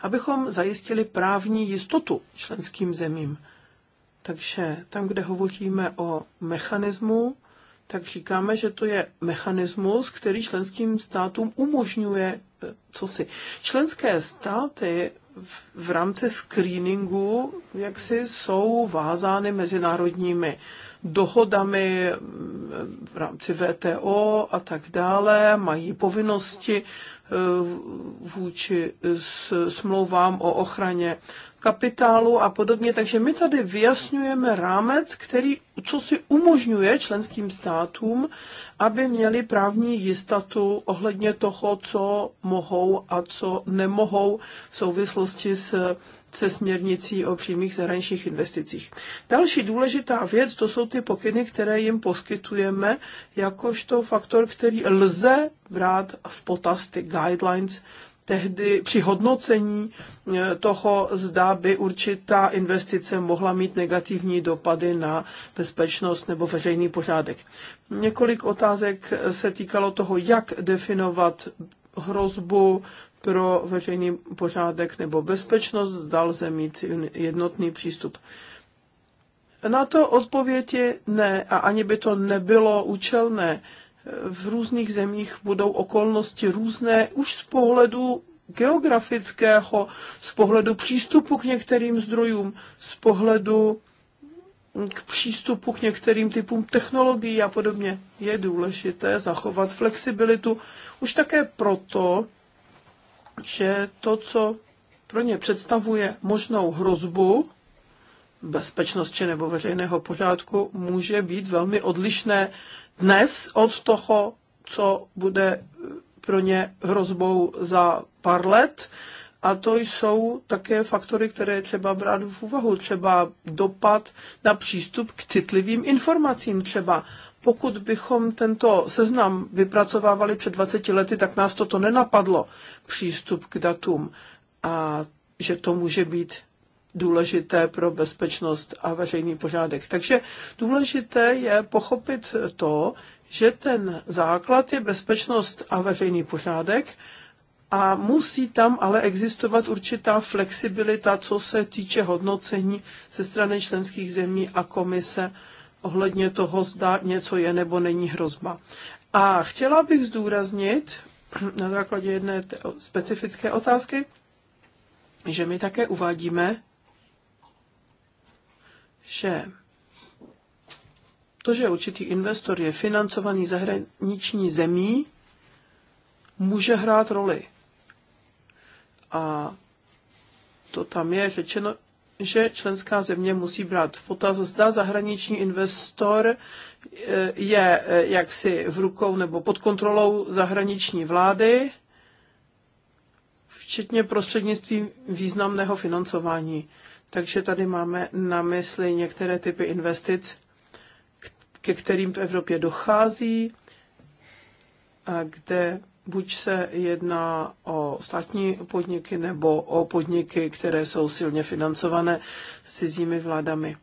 abychom zajistili právní jistotu členským zemím. Takže tam, kde hovoříme o mechanismu, tak říkáme, že to je mechanismus, který členským státům umožňuje eh, co si. Členské státy v, v rámci screeningu jaksi jsou vázány mezinárodními dohodami eh, v rámci VTO a tak dále, mají povinnosti eh, vůči smlouvám o ochraně kapitálu a podobně. Takže my tady vyjasňujeme rámec, který co si umožňuje členským státům, aby měli právní jistotu ohledně toho, co mohou a co nemohou v souvislosti s se směrnicí o přímých zahraničních investicích. Další důležitá věc, to jsou ty pokyny, které jim poskytujeme, jakožto faktor, který lze brát v potaz, ty guidelines, tehdy při hodnocení eh, toho, zda by určitá investice mohla mít negativní dopady na bezpečnost nebo veřejný pořádek. Několik otázek se týkalo toho, jak definovat hrozbu pro veřejný pořádek nebo bezpečnost, zda lze mít jednotný přístup. Na to odpověď je ne a ani by to nebylo účelné v různých zemích budou okolnosti různé už z pohledu geografického, z pohledu přístupu k některým zdrojům, z pohledu k přístupu k některým typům technologií a podobně. Je důležité zachovat flexibilitu už také proto, že to, co pro ně představuje možnou hrozbu bezpečnosti nebo veřejného pořádku, může být velmi odlišné dnes od toho, co bude pro ně hrozbou za pár let. A to jsou také faktory, které je třeba brát v úvahu. Třeba dopad na přístup k citlivým informacím. Třeba pokud bychom tento seznam vypracovávali před 20 lety, tak nás toto nenapadlo. Přístup k datům. A že to může být důležité pro bezpečnost a veřejný pořádek. Takže důležité je pochopit to, že ten základ je bezpečnost a veřejný pořádek a musí tam ale existovat určitá flexibilita, co se týče hodnocení ze strany členských zemí a komise ohledně toho, zda něco je nebo není hrozba. A chtěla bych zdůraznit na základě jedné specifické otázky, že my také uvádíme, že to, že určitý investor je financovaný zahraniční zemí, může hrát roli. A to tam je řečeno, že členská země musí brát v potaz, zda zahraniční investor e, je e, jaksi v rukou nebo pod kontrolou zahraniční vlády, včetně prostřednictvím významného financování. Takže tady máme na mysli některé typy investic, ke kterým v Evropě dochází, a kde buď se jedná o státní podniky nebo o podniky, které jsou silně financované s cizími vládami.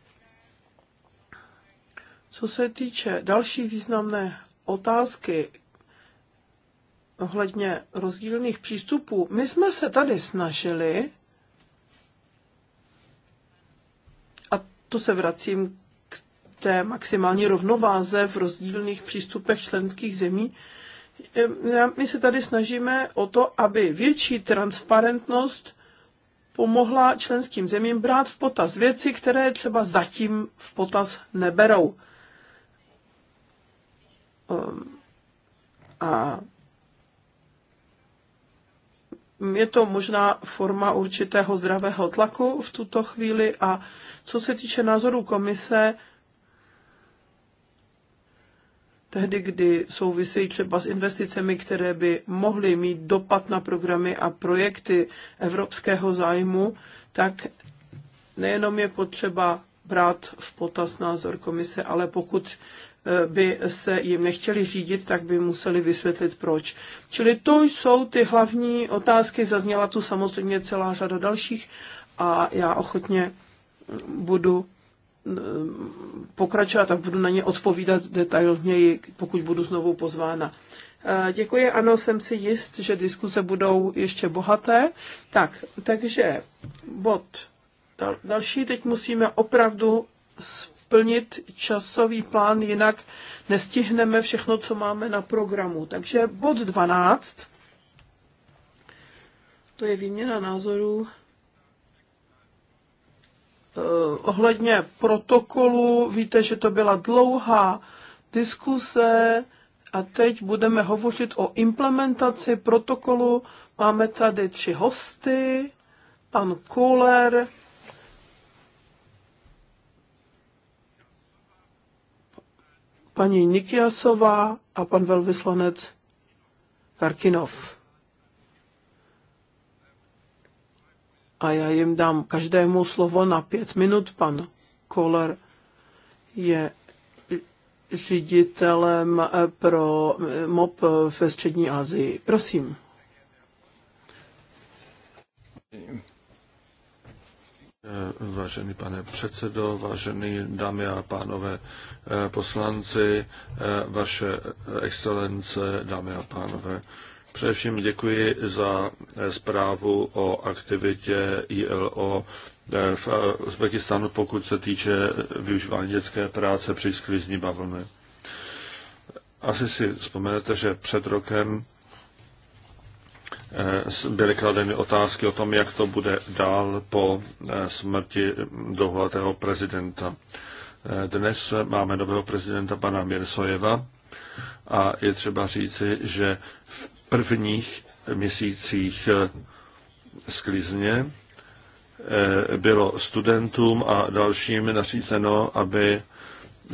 Co se týče další významné otázky ohledně rozdílných přístupů, my jsme se tady snažili to se vracím k té maximální rovnováze v rozdílných přístupech členských zemí. My se tady snažíme o to, aby větší transparentnost pomohla členským zemím brát v potaz věci, které třeba zatím v potaz neberou. Ehm, a je to možná forma určitého zdravého tlaku v tuto chvíli a co se týče názoru komise, tehdy, kdy souvisí třeba s investicemi, které by mohly mít dopad na programy a projekty evropského zájmu, tak nejenom je potřeba brát v potaz názor komise, ale pokud Eh, by se jim nechtěli řídit, tak by museli vysvětlit proč. Čili to jsou ty hlavní otázky, zazněla tu samozřejmě celá řada dalších a já ochotně budu eh, pokračovat a budu na ně odpovídat detailněji, pokud budu znovu pozvána. Eh, děkuji, ano, jsem si jist, že diskuse budou ještě bohaté. Tak, takže bod dal, další, teď musíme opravdu splnit časový plán, jinak nestihneme všechno, co máme na programu. Takže bod 12, to je výměna názorů eh, ohledně protokolu. Víte, že to byla dlouhá diskuse a teď budeme hovořit o implementaci protokolu. Máme tady tři hosty, pan Kohler, paní Nikiasová a pan velvyslanec Karkinov. A já jim dám každému slovo na pět minut. Pan Koller je ředitelem eh, pro eh, MOP ve Střední Asii. Prosím. Eh, vážený pane předsedo, vážený dámy a pánové eh, poslanci, eh, vaše excelence, dámy a pánové, především děkuji za zprávu o aktivitě ILO v Uzbekistánu, pokud se týče využívání dětské práce při sklizní bavlny. Asi si vzpomenete, že před rokem Eh, byly kladeny otázky o tom, jak to bude dál po eh, smrti dlouholetého prezidenta. Eh, dnes máme nového prezidenta pana Mirsojeva a je třeba říci, že v prvních měsících sklizně bylo studentům a dalším nařízeno, aby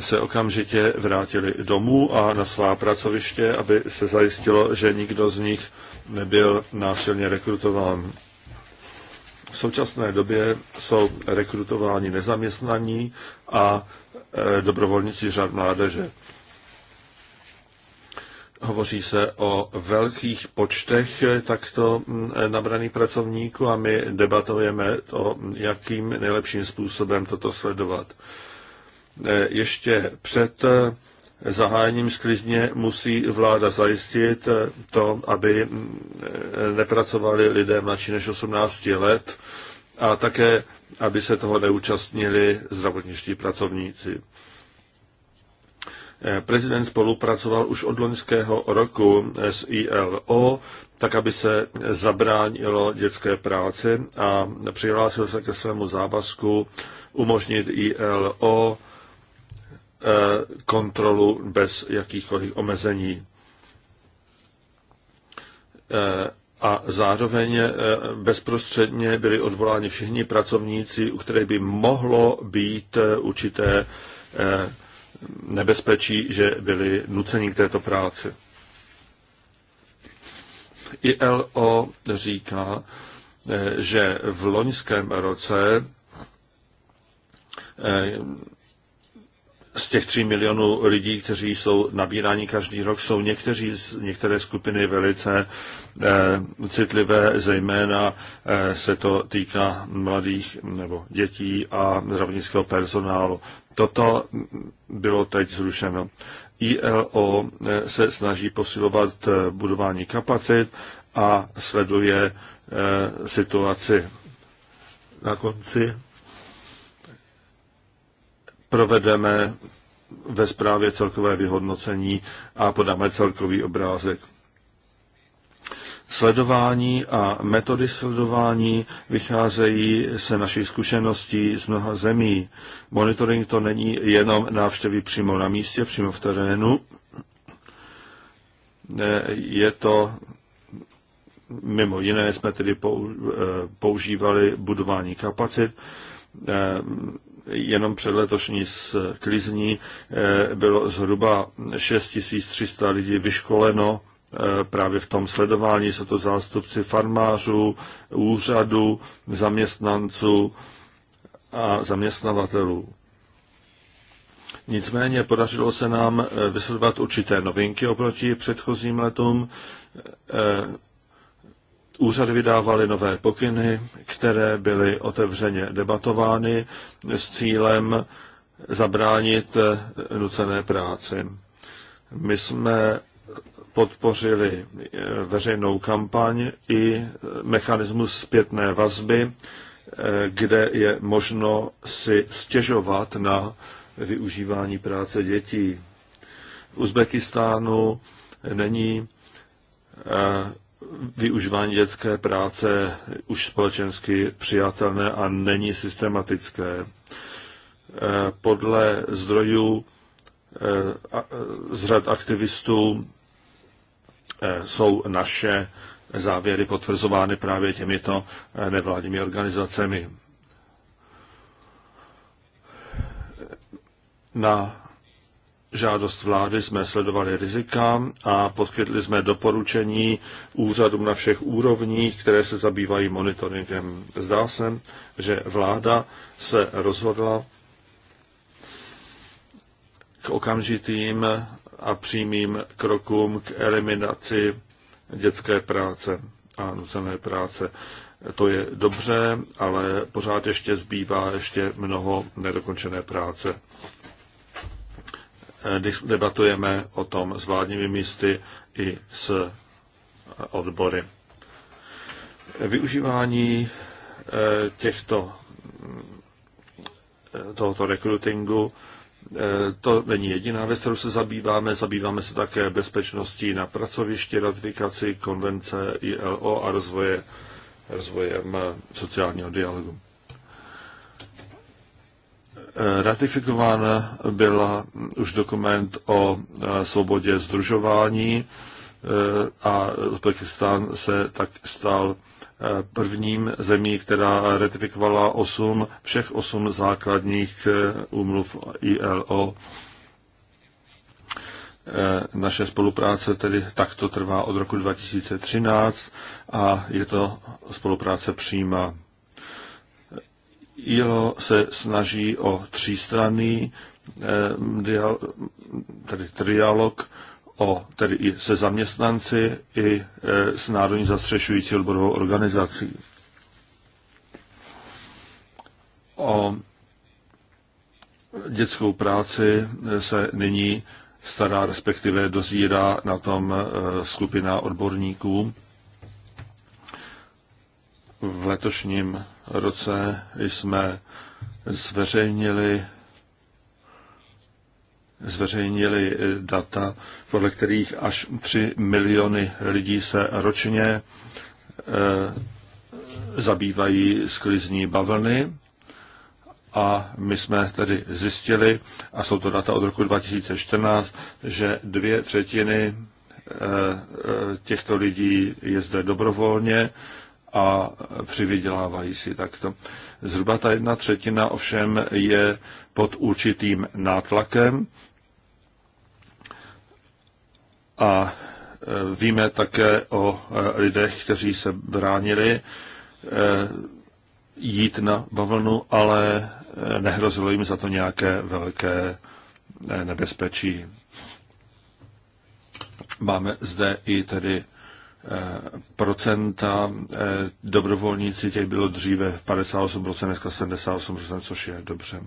se okamžitě vrátili domů a na svá pracoviště, aby se zajistilo, že nikdo z nich nebyl násilně rekrutován. V současné době jsou rekrutováni nezaměstnaní a e, dobrovolníci řad mládeže. Hovoří se o velkých počtech e, takto e, nabraných pracovníků a my debatujeme o jakým nejlepším způsobem toto sledovat. Ještě před zahájením sklizně musí vláda zajistit to, aby nepracovali lidé mladší než 18 let a také, aby se toho neúčastnili zdravotničtí pracovníci. Prezident spolupracoval už od loňského roku s ILO, tak aby se zabránilo dětské práci a přihlásil se ke svému závazku umožnit ILO Eh, kontrolu bez jakýchkoliv omezení. Eh, a zároveň eh, bezprostředně byli odvoláni všichni pracovníci, u kterých by mohlo být určité nebezpečí, že byli nuceni k této práci. ILO říká, že v loňském roce z těch 3 milionů lidí, kteří jsou nabíráni každý rok, jsou někteří, některé skupiny velice eh, citlivé, zejména eh, se to týká mladých nebo dětí a zdravotnického personálu. Toto bylo teď zrušeno. ILO eh, se snaží posilovat eh, budování kapacit a sleduje eh, situaci na konci provedeme ve zprávě celkové vyhodnocení a podáme celkový obrázek. Sledování a metody sledování vycházejí se našich zkušeností z mnoha zemí. Monitoring to není jenom návštěvy přímo na místě, přímo v terénu. Je to mimo jiné jsme tedy eh, používali budování kapacit, eh, jenom předletošní letošní sklizní eh, bylo zhruba 6300 lidí vyškoleno eh, právě v tom sledování. Jsou to zástupci farmářů, úřadů, zaměstnanců a zaměstnavatelů. Nicméně podařilo se nám eh, vysledovat určité novinky oproti předchozím letům. Úřad vydávaly nové pokyny, které byly otevřeně debatovány s cílem zabránit eh, nucené práci. My jsme podpořili eh, veřejnou kampaň i eh, mechanismus zpětné vazby, kde je možno si stěžovat na využívání práce dětí. V Uzbekistánu není využívání dětské práce už společensky přijatelné a není systematické. Eh, podle zdrojů eh, z řad aktivistů eh, jsou naše závěry potvrzovány právě těmito nevládními organizacemi. Na žádost vlády jsme sledovali rizika a poskytli jsme doporučení úřadům na všech úrovních, které se zabývají monitoringem. Zdá se, že vláda se rozhodla k okamžitým a přímým krokům k eliminaci dětské práce a nucené práce. To je dobře, ale pořád ještě zbývá ještě mnoho nedokončené práce debatujeme o tom s vládními místy i s odbory. Využívání e, těchto e, tohoto rekrutingu. E, to není jediná věc, kterou se zabýváme. Zabýváme se také bezpečností na pracovišti, ratifikaci konvence ILO a rozvoje, rozvojem sociálního dialogu ratifikován byl už dokument o e, svobodě združování e, a Uzbekistán se tak stal e, prvním zemí, která ratifikovala osm, všech osm základních úmluv ILO. Naše spolupráce tedy takto trvá od roku 2013 a je to spolupráce přímá. ILO se snaží o třístranný eh, tedy trialog o, tedy i se zaměstnanci, i eh, s Národní zastřešující odborovou organizací. O dětskou práci eh, se nyní stará, respektive dozírá na tom skupina odborníků. V letošním roce jsme zveřejnili zveřejnili data, podle kterých až 3 miliony lidí se ročně e, zabývají sklizní bavlny. A my jsme tedy zjistili, a jsou to data od roku 2014, že dvě třetiny e, těchto lidí je zde dobrovolně, a přivydělávají si takto. Zhruba ta jedna třetina ovšem je pod určitým nátlakem a e, víme také o e, lidech, kteří se bránili e, jít na bavlnu, ale nehrozilo jim za to nějaké velké nebezpečí. Máme zde i tedy procenta. Eh, dobrovolníci těch bylo dříve 58%, dneska 78%, což je dobře.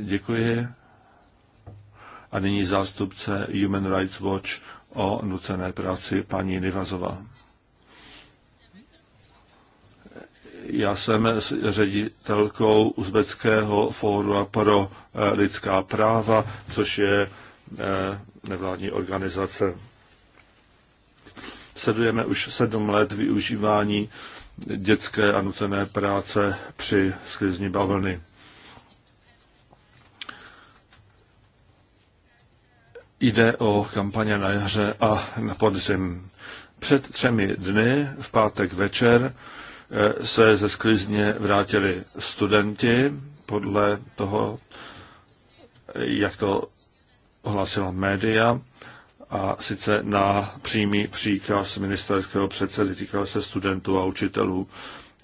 Děkuji. A nyní zástupce Human Rights Watch o nucené práci paní Nivazová. Já jsem s ředitelkou Uzbeckého fóra pro eh, lidská práva, což je eh, nevládní organizace sledujeme už sedm let využívání dětské a nucené práce při sklizni bavlny. Jde o kampaně na jaře a na podzim. Před třemi dny, v pátek večer, eh, se ze sklizně vrátili studenti podle toho, eh, jak to ohlásila média a sice na přímý příkaz ministerského předsedy, týkal se studentů a učitelů.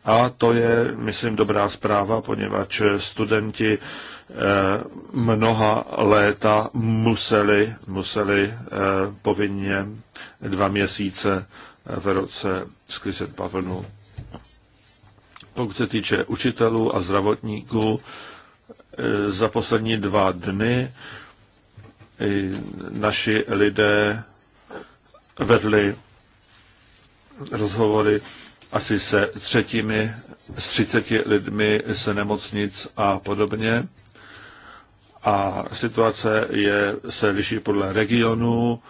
A to je, myslím, dobrá zpráva, poněvadž studenti eh, mnoha léta museli, museli eh, povinně dva měsíce eh, v roce sklizet pavlnu. Pokud se týče učitelů a zdravotníků, za poslední dva dny naši lidé vedli rozhovory asi se třetími, s třiceti lidmi se nemocnic a podobně. A situace je, se liší podle regionu.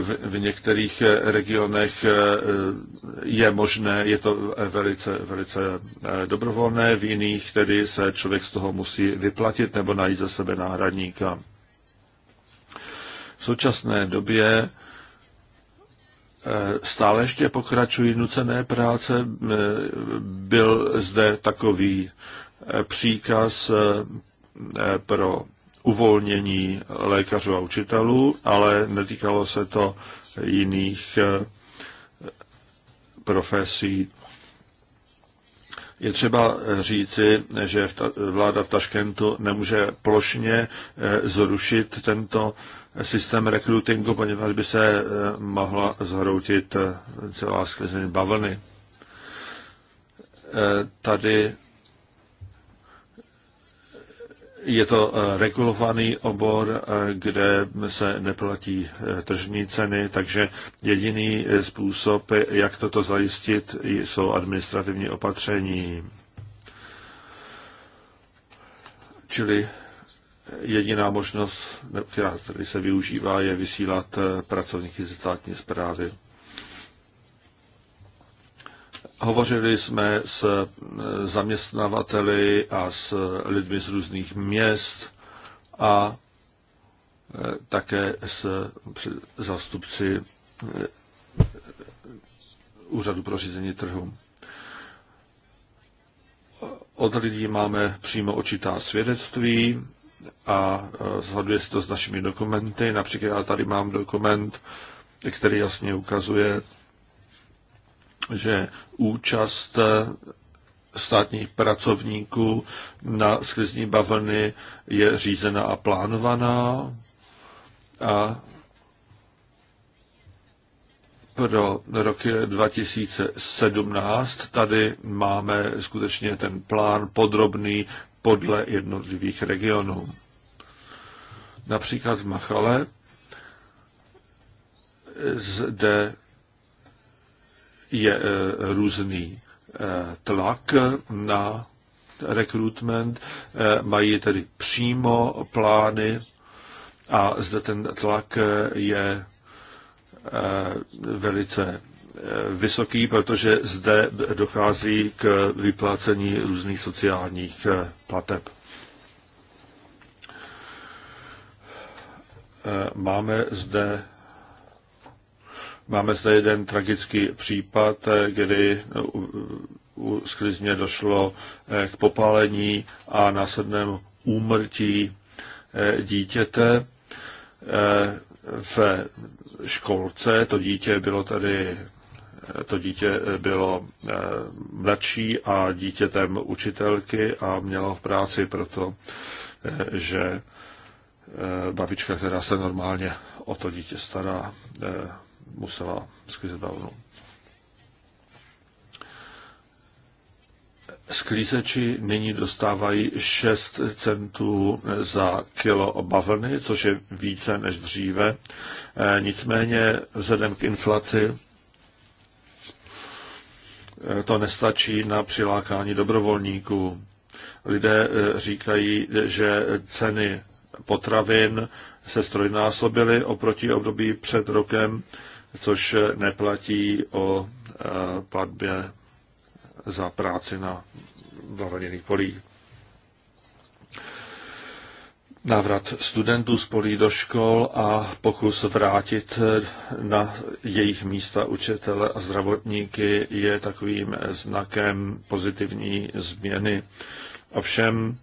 V, v některých regionech e, je možné, je to velice, velice e, dobrovolné, v jiných tedy se člověk z toho musí vyplatit nebo najít za sebe náhradníka. V současné době eh, stále ještě pokračují nucené práce. Eh, byl zde takový eh, příkaz pro uvolnění lékařů a učitelů, ale netýkalo se to jiných profesí. Je třeba říci, že vláda v Taškentu nemůže plošně zrušit tento systém rekrutingu, poněvadž by se eh, mohla zhroutit eh, celá sklizeň bavlny. Eh, tady je to regulovaný obor, kde se neplatí tržní ceny, takže jediný způsob, jak toto zajistit, jsou administrativní opatření. Čili Jediná možnost, která tady se využívá, je vysílat eh, pracovníky ze státní zprávy. Hovořili jsme s eh, zaměstnavateli a s eh, lidmi z různých měst a také s zastupci Úřadu pro řízení trhu. Od lidí máme přímo očitá svědectví a e, shoduje se to s našimi dokumenty. Například já tady mám dokument, který jasně ukazuje, že účast e, státních pracovníků na sklizní bavlny je řízená a plánovaná a pro rok 2017 tady máme skutečně ten plán podrobný podle jednotlivých regionů. Například v Machale zde je e, různý e, tlak na recruitment, e, mají tedy přímo plány a zde ten tlak je velice vysoký, protože zde dochází k vyplácení různých sociálních eh, plateb. Eh, máme zde Máme zde jeden tragický případ, eh, kdy u sklizně došlo k popálení a následnému úmrtí dítěte v školce. To dítě bylo tady to dítě bylo eh, mladší a dítětem učitelky a mělo v práci proto, eh, že eh, babička, která se normálně o to dítě stará, musela sklízet bavlnu. Sklízeči nyní dostávají 6 centů za kilo bavlny, což je více než dříve. Nicméně vzhledem k inflaci to nestačí na přilákání dobrovolníků. Lidé eh, říkají, že ceny potravin se strojnásobily oproti období před rokem, což neplatí o eh, platbě za práci na bavlněných polích návrat studentů z polí do škol a pokus vrátit na jejich místa učitele a zdravotníky je takovým znakem pozitivní změny. Ovšem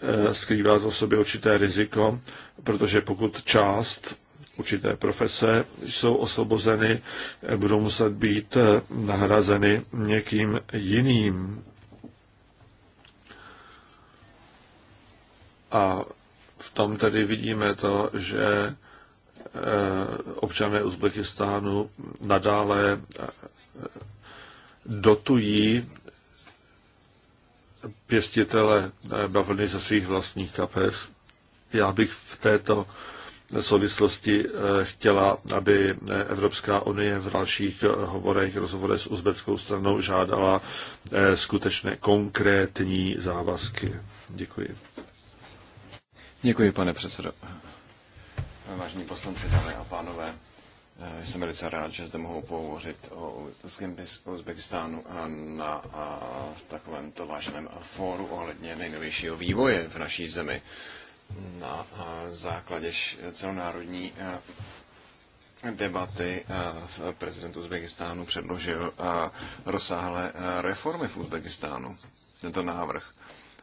eh, skrývá to v sobě určité riziko, protože pokud část určité profese jsou osvobozeny, eh, budou muset být eh, nahrazeny někým jiným. A tom tedy vidíme to, že eh, občané Uzbekistánu nadále eh, dotují pěstitele eh, bavlny ze svých vlastních kapes. Já bych v této souvislosti chtěla, aby Evropská unie v dalších hovorech, rozhovorech s uzbeckou stranou žádala skutečné konkrétní závazky. Děkuji. Děkuji, pane předsedo. Vážení poslanci, dámy a pánové, jsem velice rád, že zde mohu pohovořit o Uzbekistánu na v takovémto váženém fóru ohledně nejnovějšího vývoje v naší zemi na základě celonárodní debaty prezident Uzbekistánu předložil rozsáhlé reformy v Uzbekistánu, tento návrh.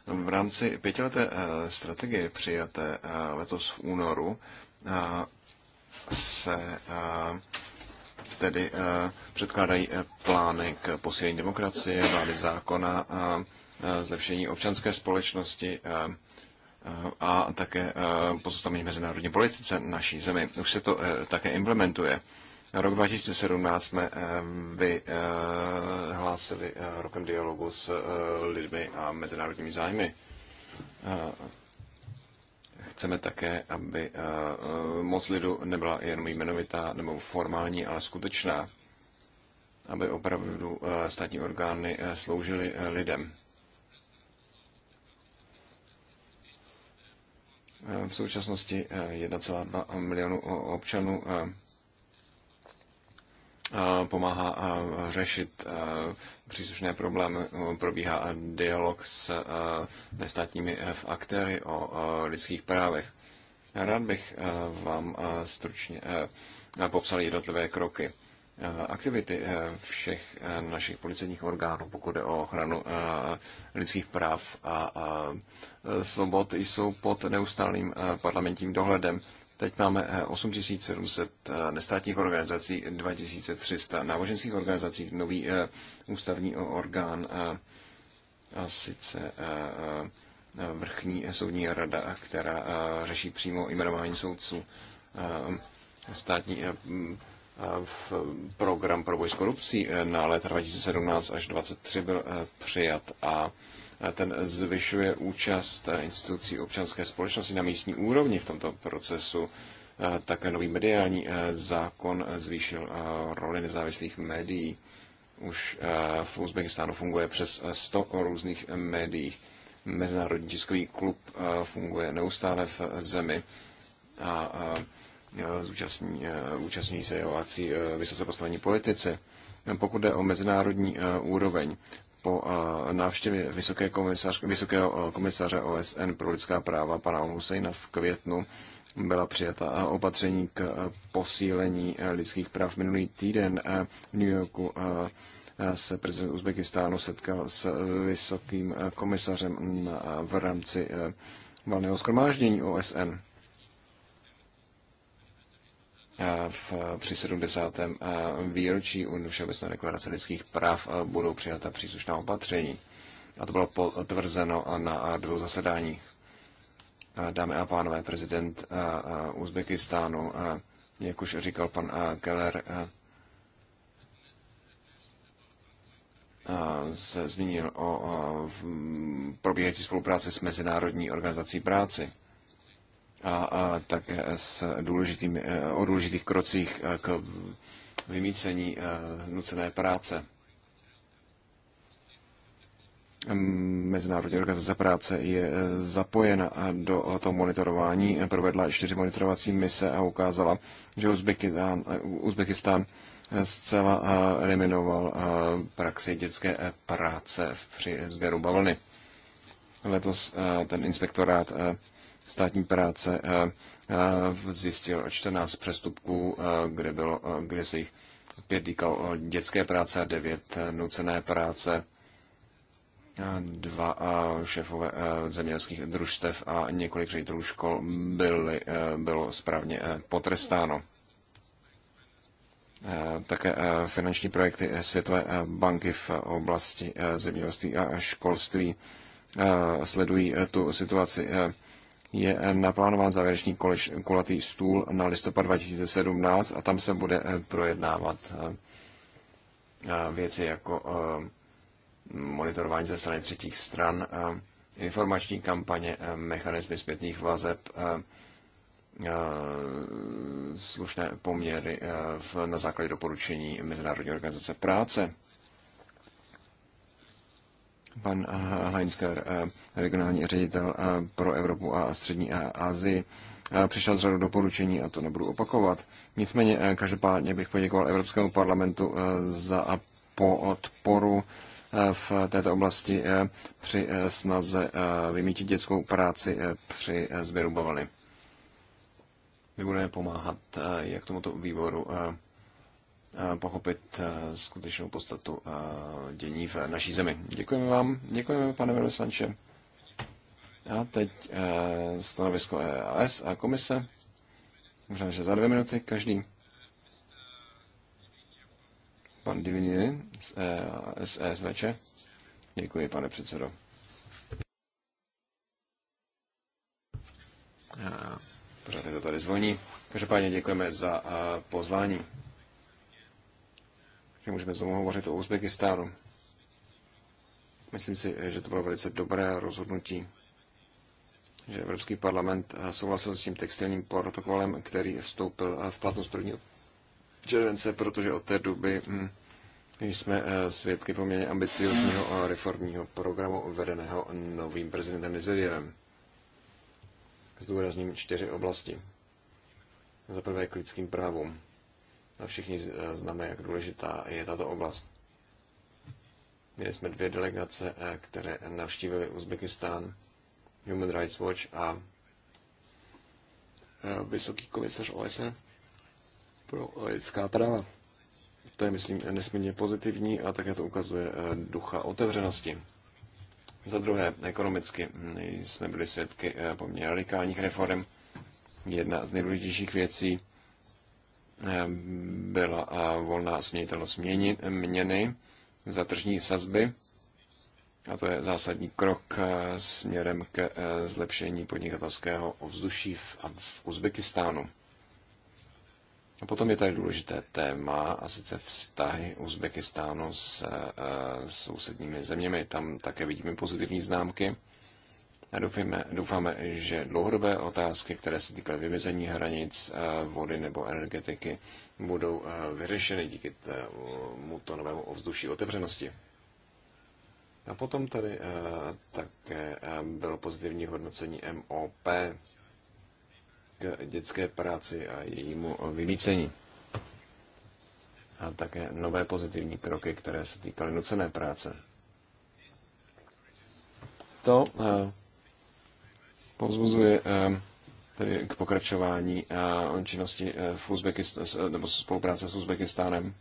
V rámci pětileté eh, strategie přijaté eh, letos v únoru eh, se tedy předkládají plány k posílení demokracie, vlády zákona, zlepšení občanské společnosti, a také pozostavení mezinárodní politice naší zemi. Už se to také implementuje. Rok 2017 jsme vyhlásili eh, eh, rokem dialogu s eh, lidmi a mezinárodními zájmy. Chceme také, aby moc lidu nebyla jenom jmenovitá nebo formální, ale skutečná, aby opravdu státní orgány sloužily lidem. V současnosti 1,2 milionu občanů pomáhá řešit příslušné problémy, probíhá dialog s nestátními aktéry o lidských právech. Rád bych vám stručně popsal jednotlivé kroky. Eh, aktivity eh, všech eh, našich policejních orgánů, pokud je o ochranu lidských práv a svobod, jsou pod neustálým parlamentním dohledem. Teď máme 8700 nestátních organizací, 2300 náboženských organizací, nový ústavní orgán, a sice vrchní soudní rada, která řeší přímo jmenování soudců státní v program pro boj s korupcí na léta 2017 až 2023 byl eh, přijat a eh, ten zvyšuje účast eh, institucí občanské společnosti na místní úrovni v tomto procesu. Také nový mediální zákon zvýšil roli nezávislých médií. Už v Uzbekistánu funguje přes 100 různých médií. Mezinárodní tiskový klub funguje neustále v zemi. A Eh, zúčastní, eh, účastní se jeho akcí eh, vysoce postavení politici. Pokud jde o mezinárodní úroveň, po návštěvě vysoké komisař, vysokého komisaře OSN pro lidská práva pana Husejna v květnu byla přijata opatření k posílení lidských práv. Minulý týden v New Yorku se prezident Uzbekistánu setkal s vysokým komisařem v rámci valného schromáždění OSN v, při 70. výročí Všeobecné deklarace lidských práv budou přijata příslušná opatření. A to bylo potvrzeno na dvou zasedáních. Dámy a pánové, prezident Uzbekistánu, jak už říkal pan Keller, se zmínil o probíhající spolupráci s Mezinárodní organizací práci a, a tak s důležitými, eh, o důležitých krocích eh, k vymícení eh, nucené práce. Mezinárodní organizace práce je zapojena do toho monitorování, provedla čtyři monitorovací mise a ukázala, že Uzbekistán, Uzbekistán zcela eliminoval praxi dětské práce při sběru bavlny. Letos ten inspektorát státní práce eh, eh, zjistil 14 přestupků, eh, kde, bylo, kde se jich pět týkalo dětské práce a devět nucené práce dva šéfové zemědělských družstev a několik ředitelů škol byly, bylo správně potrestáno. Také finanční projekty Světové banky v oblasti zemědělství a školství sledují tu situaci je eh, naplánován závěrečný kulatý stůl na listopad 2017 a tam se bude eh, projednávat eh, věci jako monitorování ze strany třetích stran, informační kampaně, mechanizmy zpětných vazeb, slušné poměry na základě doporučení Mezinárodní organizace práce pan eh, Heinzker, eh, regionální ředitel eh, pro Evropu a střední Asii, přišel z řadu doporučení a to nebudu opakovat. Nicméně každopádně bych poděkoval Evropskému parlamentu za podporu v této oblasti při snaze vymítit dětskou práci při sběru bavlny. My budeme pomáhat jak tomuto výboru Eh, pochopit eh, skutečnou podstatu eh, dění v naší zemi. Děkujeme vám, děkujeme pane velvyslanče. A teď stanovisko EAS a komise. Možná, že za dvě minuty každý. Pan Divinier z ESVČ. E Děkuji, pane předsedo. Pořád to tady zvoní. Každopádně děkujeme za pozvání že můžeme znovu hovořit o Uzbekistánu. Myslím si, že to bylo velice dobré rozhodnutí, že Evropský parlament souhlasil s tím textilním protokolem, který vstoupil v platnost 1. července, protože od té doby hm, jsme eh, svědky poměrně ambiciozního reformního programu vedeného novým prezidentem Nizevěvem. Zdůrazním čtyři oblasti. Za prvé k lidským právům. Všichni eh, známe, jak důležitá je tato oblast. Měli jsme dvě delegace, eh, které navštívily Uzbekistán, Human Rights Watch a eh, Vysoký komisař OSN pro lidská práva. To je, myslím, nesmírně pozitivní a také to ukazuje ducha otevřenosti. Za druhé, ekonomicky hm, jsme byli svědky poměrně radikálních reform. Jedna z nejdůležitějších věcí byla volná změnitelnost měny, měny za tržní sazby. A to je zásadní krok e, směrem k e, zlepšení podnikatelského ovzduší v, v Uzbekistánu. A potom je tady důležité téma, a sice vztahy Uzbekistánu s, e, s sousedními zeměmi. Tam také vidíme pozitivní známky. Doufáme, doufáme, že dlouhodobé otázky, které se týkaly vymezení hranic eh, vody nebo energetiky, budou eh, vyřešeny díky eh, to novému ovzduší otevřenosti. A potom tady také bylo pozitivní hodnocení MOP k dětské práci a jejímu vylícení. A také nové pozitivní kroky, které se týkaly nucené práce. To pozvozuje ehm, tedy k pokračování eh, činnosti eh, v nebo spolupráce s Uzbekistánem.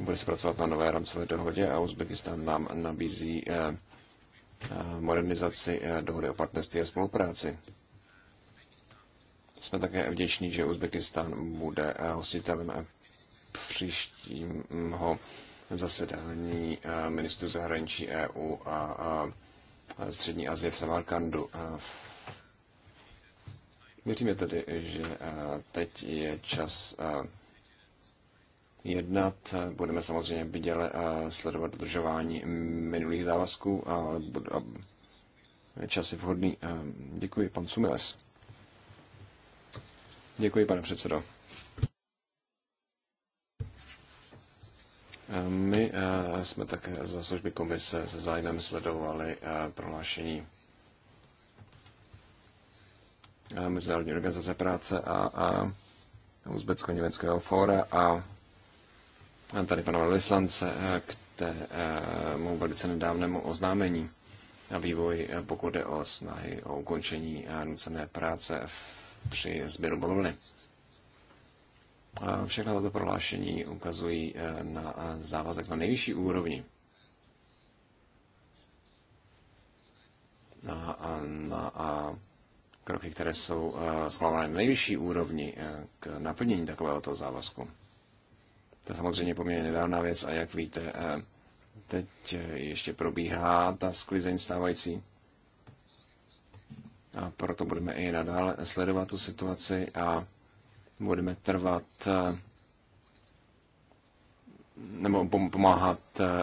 Bude se pracovat na nové rámcové dohodě a Uzbekistán nám nabízí eh, modernizaci dohody o partnerství a spolupráci. Jsme také vděční, že Uzbekistán bude hostitelem příštího zasedání ministrů zahraničí EU a, a střední Asie v Samarkandu. Věříme tedy, že teď je čas jednat. Budeme samozřejmě viděle sledovat dodržování minulých závazků, ale čas je vhodný. Děkuji, pan Sumiles. Děkuji, pane předsedo. My eh, jsme také za služby komise se zájmem sledovali eh, prohlášení eh, Mezinárodní organizace práce a, a Uzbecko-Německého fóra a, tady pana Lislance k tému velice nedávnému oznámení a vývoj, pokud jde o snahy o ukončení nucené práce v, při sběru bolovny. Všechna tato prohlášení ukazují eh, na eh, závazek na nejvyšší úrovni. Na, na, na kroky, které jsou eh, schváleny na nejvyšší úrovni k naplnění takového toho závazku. To je samozřejmě poměrně nedávná věc a jak víte, teď ještě probíhá ta sklizeň stávající. A proto budeme i nadále sledovat tu situaci a budeme trvat eh, nebo pomáhat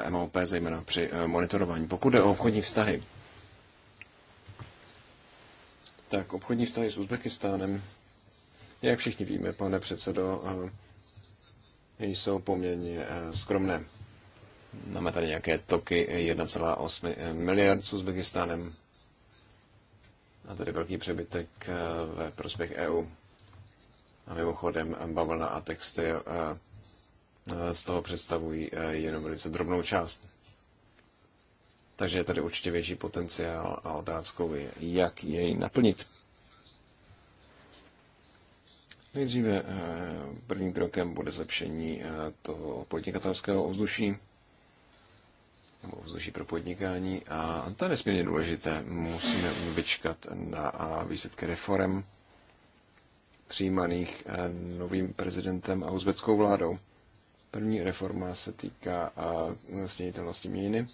eh, MOP zejména při eh, monitorování. Pokud jde o obchodní vztahy, tak obchodní vztahy s Uzbekistánem, jak všichni víme, pane předsedo, jsou poměrně skromné. Máme tady nějaké toky 1,8 miliard s Uzbekistánem a tady velký přebytek ve prospěch EU. A mimochodem bavlna a texty eh, eh, z toho představují eh, jenom velice drobnou část. Takže je tady určitě větší potenciál a otázkou je, jak jej naplnit. Nejdříve prvním krokem bude zlepšení toho podnikatelského ovzduší nebo ovzduší pro podnikání a to je nesmírně důležité. Musíme vyčkat na výsledky reform přijímaných eh, novým prezidentem a uzbeckou vládou. První reforma se týká eh, směnitelnosti měny,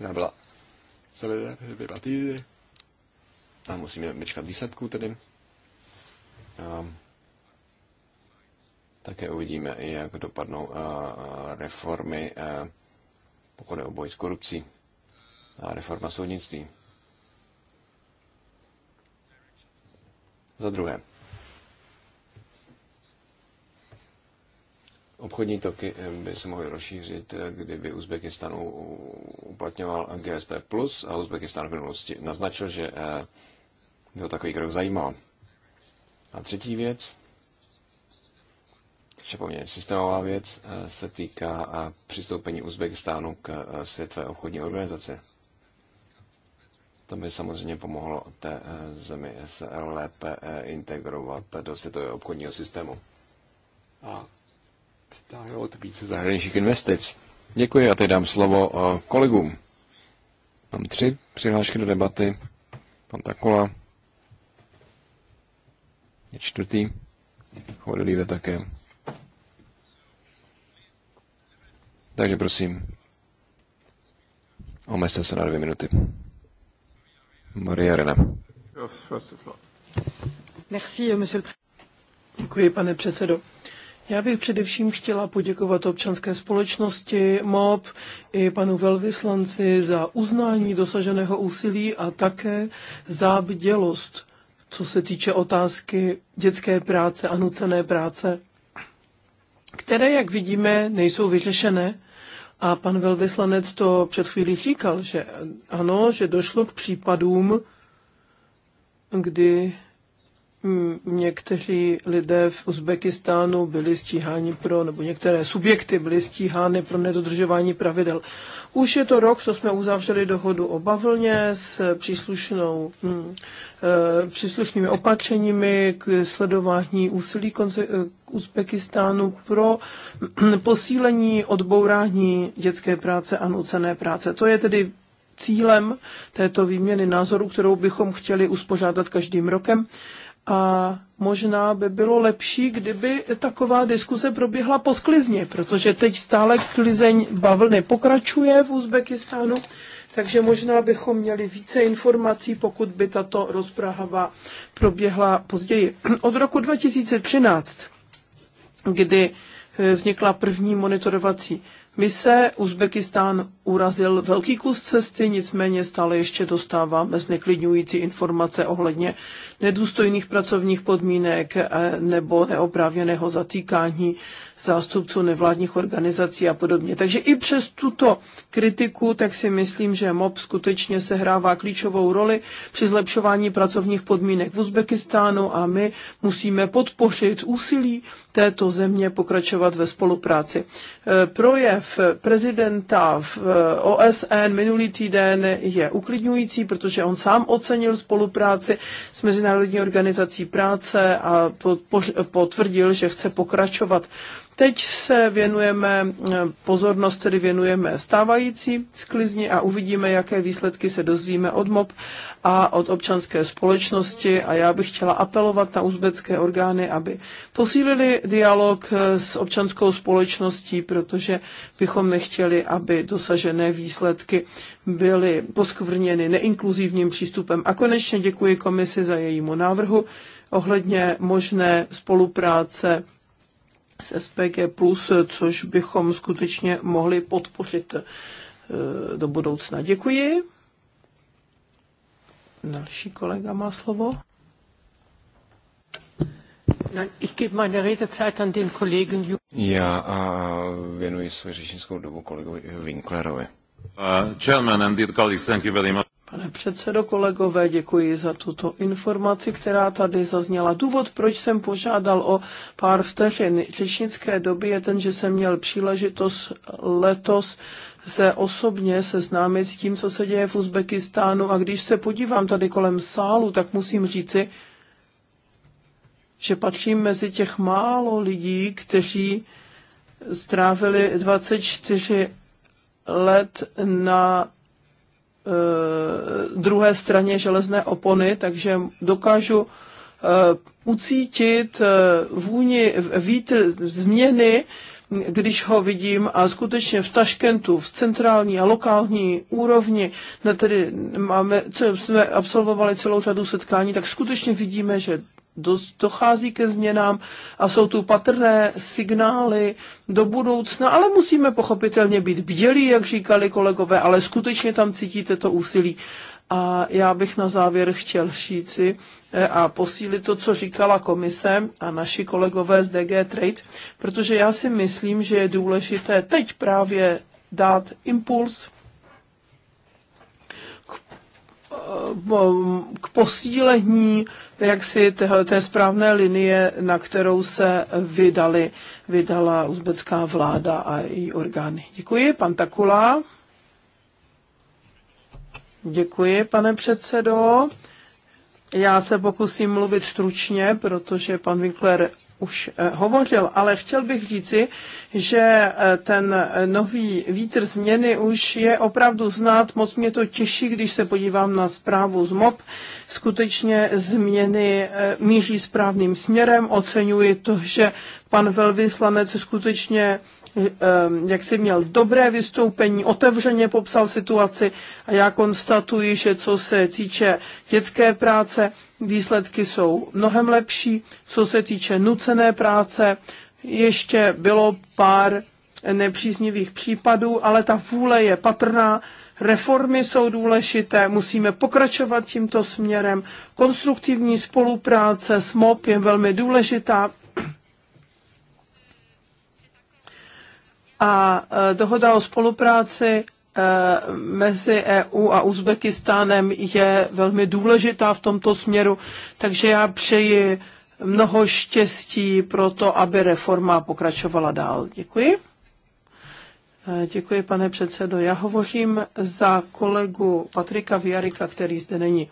Ona byla zavedena dva týdny. A musíme vyčkat výsledků tedy. A také uvidíme, jak dopadnou eh, reformy, pokud je o boj s korupcí a reforma soudnictví. Za druhé. Obchodní toky by se mohly rozšířit, kdyby Uzbekistan uplatňoval GSP+, a Uzbekistan v minulosti naznačil, že eh, by ho takový krok zajímal. A třetí věc, ještě poměrně systémová věc, eh, se týká eh, přistoupení Uzbekistánu k Světové obchodní organizaci. To by samozřejmě pomohlo té zemi se lépe integrovat do světového obchodního systému. A přitáhnout více zahraničních investic. Děkuji a teď dám slovo eh, kolegům. Mám tři přihlášky do debaty. Pan Takola je čtvrtý. Chodilíve také. Takže prosím, omezte se na dvě minuty. Maria Rena. Děkuji, pane předsedo. Já bych především chtěla poděkovat občanské společnosti MOB i panu velvyslanci za uznání dosaženého úsilí a také za bdělost, co se týče otázky dětské práce a nucené práce, které, jak vidíme, nejsou vyřešené. A pan velvyslanec to před chvílí říkal, že ano, že došlo k případům, kdy Mm, někteří lidé v Uzbekistánu byli stíháni pro, nebo některé subjekty byly stíhány pro nedodržování pravidel. Už je to rok, co jsme uzavřeli dohodu o bavlně s příslušnou, mm, eh, příslušnými opatřeními k sledování úsilí konce eh, Uzbekistánu pro mm, posílení odbourání dětské práce a nucené práce. To je tedy cílem této výměny názorů, kterou bychom chtěli uspořádat každým rokem a možná by bylo lepší, kdyby taková diskuse proběhla po sklizni, protože teď stále klizeň bavlny pokračuje v Uzbekistánu, takže možná bychom měli více informací, pokud by tato rozprahava proběhla později. Od roku 2013, kdy eh, vznikla první monitorovací mise, Uzbekistán urazil velký kus cesty, nicméně stále ještě dostáváme zneklidňující informace ohledně nedůstojných pracovních podmínek eh, nebo neoprávněného zatýkání zástupců nevládních organizací a podobně. Takže i přes tuto kritiku, tak si myslím, že MOB skutečně sehrává klíčovou roli při zlepšování pracovních podmínek v Uzbekistánu a my musíme podpořit úsilí této země pokračovat ve spolupráci. Eh, projev prezidenta v eh, OSN minulý týden je uklidňující, protože on sám ocenil spolupráci s mezinárodními Mezinárodní organizací práce a potvrdil, že chce pokračovat Teď se věnujeme, eh, pozornost tedy věnujeme stávající sklizni a uvidíme, jaké výsledky se dozvíme od mob a od občanské společnosti. A já bych chtěla apelovat na uzbecké orgány, aby posílili dialog eh, s občanskou společností, protože bychom nechtěli, aby dosažené výsledky byly poskvrněny neinkluzivním přístupem. A konečně děkuji komisi za jejímu návrhu ohledně možné spolupráce z SPG+, což bychom skutečně mohli podpořit eh, do budoucna. Děkuji. Další kolega má slovo. Já a věnuji svou řečnickou dobu kolegovi Winklerovi. Uh, chairman and dear colleagues, thank you very much. Pane předsedo, kolegové, děkuji za tuto informaci, která tady zazněla. Důvod, proč jsem požádal o pár vteřin řečnické doby, je ten, že jsem měl příležitost letos se osobně seznámit s tím, co se děje v Uzbekistánu. A když se podívám tady kolem sálu, tak musím říci, že patřím mezi těch málo lidí, kteří strávili 24 let na Eh, druhé straně železné opony, takže dokážu eh, ucítit eh, vůni, vítr změny, když ho vidím a skutečně v Taškentu, v centrální a lokální úrovni, na tedy máme, co jsme absolvovali celou řadu setkání, tak skutečně vidíme, že dochází ke změnám a jsou tu patrné signály do budoucna, ale musíme pochopitelně být bdělí, jak říkali kolegové, ale skutečně tam cítíte to úsilí. A já bych na závěr chtěl říci eh, a posílit to, co říkala komise a naši kolegové z DG Trade, protože já si myslím, že je důležité teď právě dát impuls Eh, eh, k posílení jaksi té, té správné linie, na kterou se vydali, vydala uzbecká vláda a její orgány. Děkuji, pan Takula. Děkuji, pane předsedo. Já se pokusím mluvit stručně, protože pan Winkler už eh, hovořil, ale chtěl bych říci, že eh, ten eh, nový vítr změny už je opravdu znát. Moc mě to těší, když se podívám na zprávu z MOB. Skutečně změny míří správným směrem. Oceňuji to, že pan velvyslanec skutečně Ehm, jak si měl dobré vystoupení, otevřeně popsal situaci a já konstatuji, že co se týče dětské práce, výsledky jsou mnohem lepší. Co se týče nucené práce, ještě bylo pár nepříznivých případů, ale ta vůle je patrná. Reformy jsou důležité, musíme pokračovat tímto směrem. Konstruktivní spolupráce s MOP je velmi důležitá a e, dohoda o spolupráci e, mezi EU a Uzbekistánem je velmi důležitá v tomto směru, takže já přeji mnoho štěstí pro to, aby reforma pokračovala dál. Děkuji. E, děkuji, pane předsedo. Já hovořím za kolegu Patrika Viarika, který zde není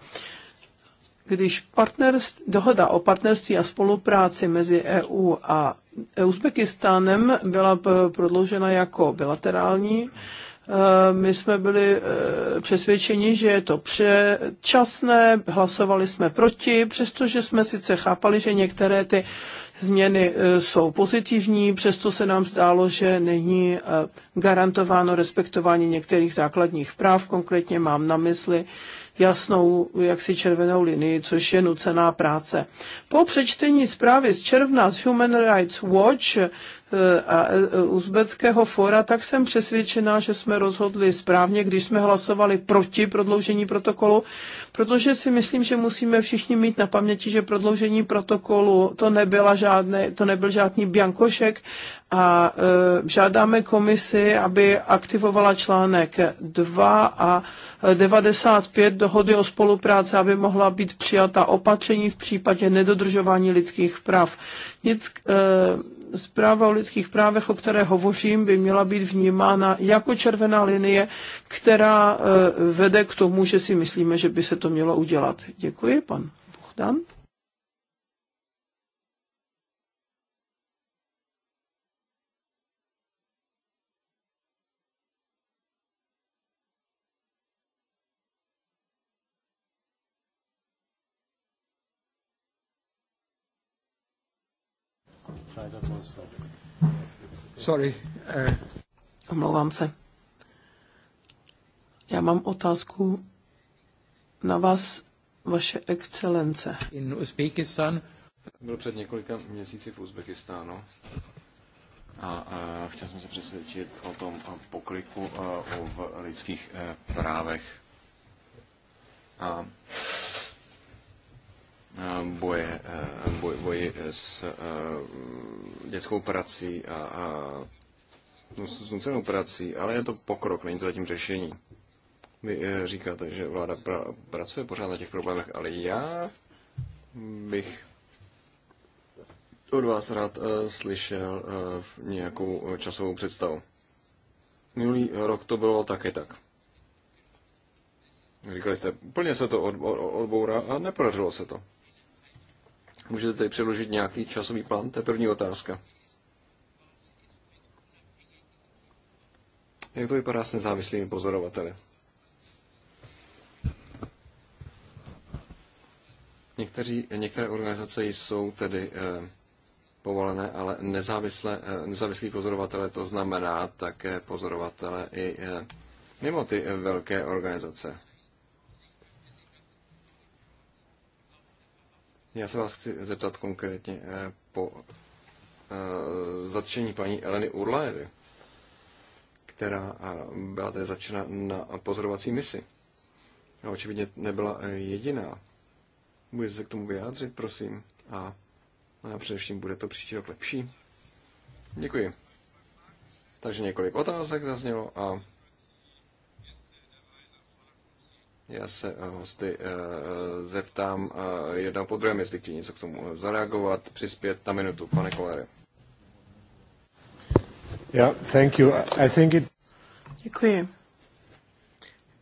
když partnerst, dohoda o partnerství a spolupráci mezi EU a Uzbekistánem byla prodloužena jako bilaterální, eh, my jsme byli eh, přesvědčeni, že je to předčasné, hlasovali jsme proti, přestože jsme sice chápali, že některé ty změny eh, jsou pozitivní, přesto se nám zdálo, že není garantováno respektování některých základních práv, konkrétně mám na mysli jasnou jaksi červenou linii, což je nucená práce. Po přečtení zprávy z června z Human Rights Watch a e, uzbeckého fora, tak jsem přesvědčená, že jsme rozhodli správně, když jsme hlasovali proti prodloužení protokolu, protože si myslím, že musíme všichni mít na paměti, že prodloužení protokolu to, nebyla žádné, to nebyl žádný biankošek a e, žádáme komisi, aby aktivovala článek 2 a 95 dohody o spolupráci, aby mohla být přijata opatření v případě nedodržování lidských práv. Nic, e, zpráva o lidských právech, o které hovořím, by měla být vnímána jako červená linie, která eh, vede k tomu, že si myslíme, že by se to mělo udělat. Děkuji, pan Bohdan. Sorry. Uh... Omlouvám se. Já mám otázku na vás, vaše excelence. In Uzbekistan. Byl před několika měsíci v Uzbekistánu a, a chtěl jsem se přesvědčit o tom eh, o v lidských eh, právech. A Eh, boje, eh, boj, boji eh, s dětskou prací a, a no, s nucenou prací, ale je to pokrok, není to zatím řešení. Vy říkáte, že vláda pra- pracuje pořád na těch problémech, ale já bych od vás rád uh, slyšel uh, nějakou časovou představu. Minulý rok to bylo také tak. Říkali jste, úplně se to od, od, odbourá a nepodařilo se to. Můžete tady předložit nějaký časový plán? To je první otázka. Jak to vypadá s nezávislými pozorovateli? Někteří, některé organizace jsou tedy e, eh, povolené, ale nezávislé, e, nezávislí pozorovatele to znamená také pozorovatele i e, mimo ty velké organizace. Já se vás chci zeptat konkrétně eh, po eh, zatčení paní Eleny Urlajevy, která eh, byla tedy začena na pozorovací misi. A očividně nebyla jediná. Můžete se k tomu vyjádřit, prosím. No a především bude to příští rok lepší. Děkuji. Takže několik otázek zaznělo a Já se eh, hosty eh, zeptám eh, jednou po druhém, jestli chtějí něco k tomu zareagovat, přispět na minutu, pane Kolere. Yeah, thank you. I think it... Děkuji.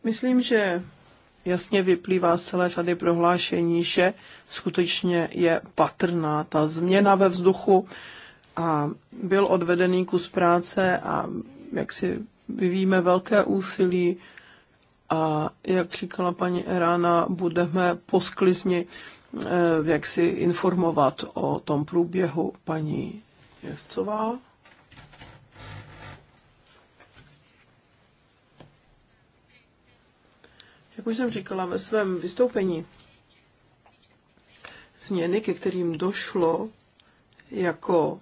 Myslím, že jasně vyplývá z celé řady prohlášení, že skutečně je patrná ta změna ve vzduchu a byl odvedený kus práce a jak si vyvíjíme velké úsilí a jak říkala paní Erána, budeme po sklizni eh, jak si informovat o tom průběhu paní Jevcová. Jak už jsem říkala ve svém vystoupení, změny, ke kterým došlo jako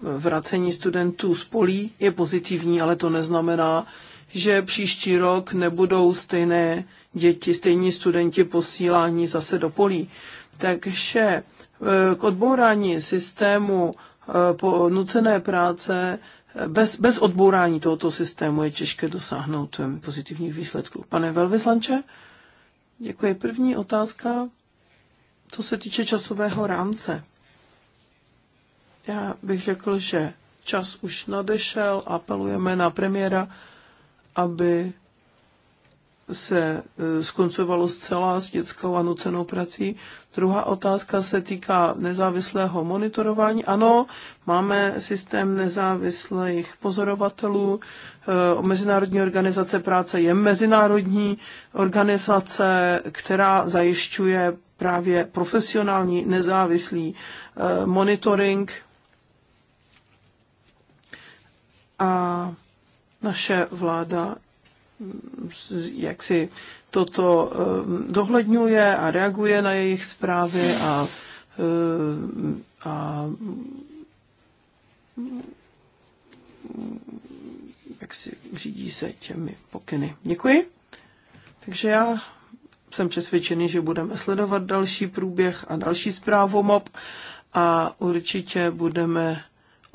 vracení studentů z polí, je pozitivní, ale to neznamená, že příští rok nebudou stejné děti, stejní studenti posílání zase do polí. Takže e, k odbourání systému e, po nucené práce e, bez, bez odbourání tohoto systému je těžké dosáhnout pozitivních výsledků. Pane velvyslanče, děkuji. První otázka, co se týče časového rámce. Já bych řekl, že čas už nadešel, apelujeme na premiéra, aby se e, skoncovalo zcela s dětskou a nucenou prací. Druhá otázka se týká nezávislého monitorování. Ano, máme systém nezávislých pozorovatelů. E, mezinárodní organizace práce je mezinárodní organizace, která zajišťuje právě profesionální nezávislý e, monitoring. A naše vláda mm, jak si toto mm, dohledňuje a reaguje na jejich zprávy a, mm, a jak si řídí se těmi pokyny. Děkuji. Takže já jsem přesvědčený, že budeme sledovat další průběh a další zprávu MOP a určitě budeme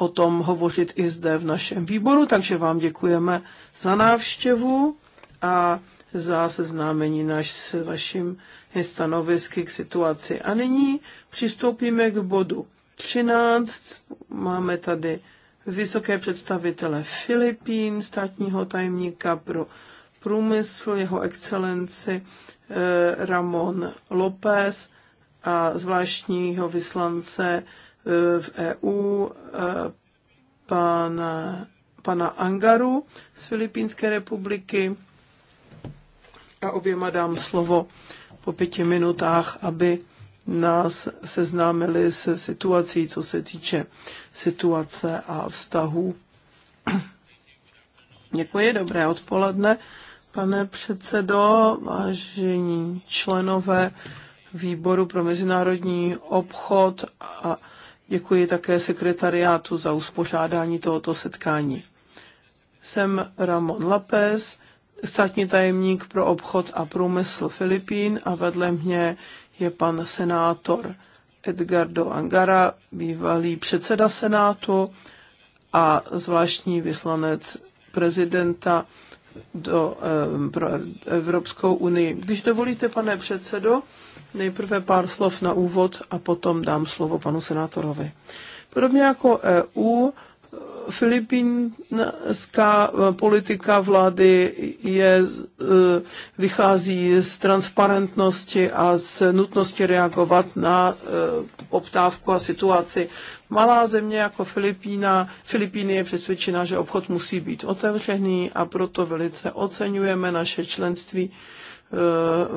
o tom hovořit i zde v našem výboru, takže vám děkujeme za návštěvu a za seznámení naš s vaším stanovisky k situaci. A nyní přistoupíme k bodu 13. Máme tady vysoké představitele Filipín, státního tajemníka pro průmysl, jeho excelenci eh, Ramon López a zvláštního vyslance v EU eh, pana, pana Angaru z Filipínské republiky a oběma dám slovo po pěti minutách, aby nás seznámili se situací, co se týče situace a vztahů. Děkuji, dobré odpoledne, pane předsedo, vážení členové výboru pro mezinárodní obchod a Děkuji také sekretariátu za uspořádání tohoto setkání. Jsem Ramon López, státní tajemník pro obchod a průmysl Filipín a vedle mě je pan senátor Edgardo Angara, bývalý předseda senátu a zvláštní vyslanec prezidenta do, eh, pro Evropskou unii. Když dovolíte, pane předsedo, Nejprve pár slov na úvod a potom dám slovo panu senátorovi. Podobně jako EU, filipínská eh, politika vlády je, eh, vychází z transparentnosti a z nutnosti reagovat na eh, obtávku a situaci. Malá země jako Filipína, Filipíny je přesvědčena, že obchod musí být otevřený a proto velice oceňujeme naše členství Eh,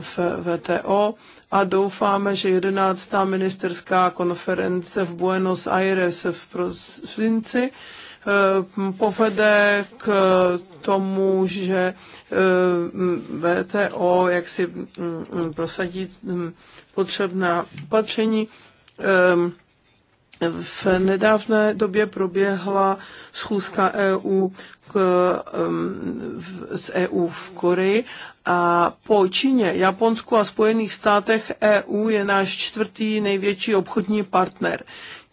v VTO a doufáme, že 11. ministerská konference v Buenos Aires v prosinci eh, povede k tomu, že eh, VTO jak si mm, prosadí mm, potřebná opatření. Ehm, v nedávné době proběhla schůzka EU k, ehm, z EU v Koreji a po Číně, Japonsku a Spojených státech EU je náš čtvrtý největší obchodní partner.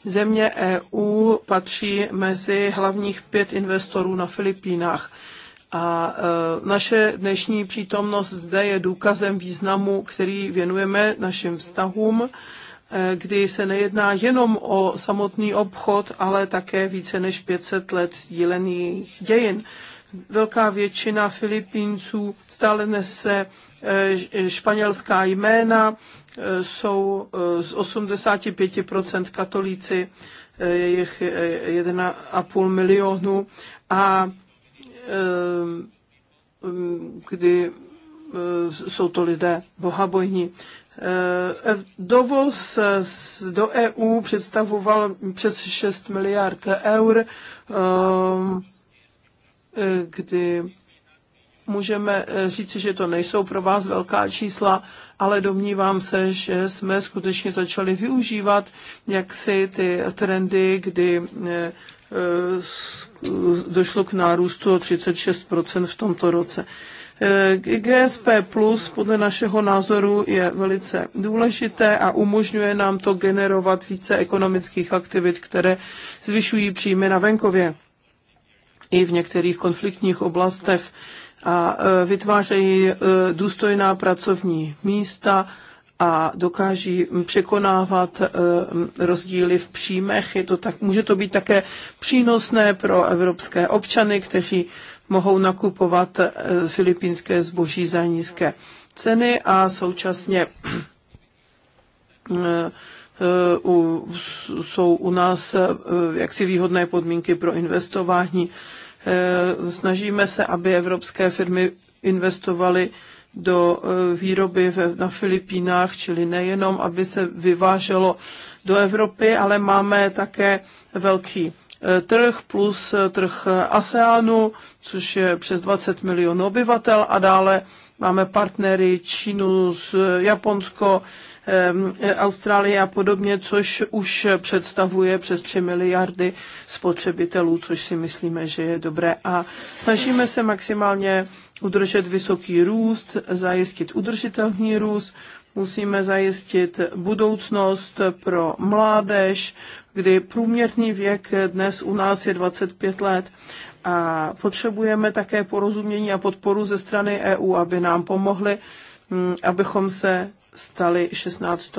Země EU patří mezi hlavních pět investorů na Filipínách. A e, naše dnešní přítomnost zde je důkazem významu, který věnujeme našim vztahům, e, kdy se nejedná jenom o samotný obchod, ale také více než 500 let sdílených dějin velká většina Filipínců stále nese eh, španělská jména, eh, jsou eh, z 85% katolíci, je jich 1,5 milionu a kdy jsou to lidé bohabojní. Dovoz do EU představoval přes 6 miliard eur kdy můžeme eh, říci, že to nejsou pro vás velká čísla, ale domnívám se, že jsme skutečně začali využívat jaksi ty trendy, kdy eh, eh, došlo k nárůstu o 36% v tomto roce. GSP Plus podle našeho názoru je velice důležité a umožňuje nám to generovat více ekonomických aktivit, které zvyšují příjmy na venkově i v některých konfliktních oblastech a e, vytvářejí e, důstojná pracovní místa a dokáží překonávat e, rozdíly v příjmech. Je to tak, může to být také přínosné pro evropské občany, kteří mohou nakupovat filipínské zboží za nízké ceny a současně jsou u nás jaksi výhodné podmínky pro investování Eh, snažíme se, aby evropské firmy investovaly do eh, výroby na Filipínách, čili nejenom, aby se vyváželo do Evropy, ale máme také velký eh, trh plus trh ASEANu, což je přes 20 milionů obyvatel a dále máme partnery Čínu, Japonsko, Ehm, Austrálie a podobně, což už představuje přes 3 miliardy spotřebitelů, což si myslíme, že je dobré. A snažíme se maximálně udržet vysoký růst, zajistit udržitelný růst, musíme zajistit budoucnost pro mládež, kdy průměrný věk dnes u nás je 25 let a potřebujeme také porozumění a podporu ze strany EU, aby nám pomohli, hm, abychom se staly 16.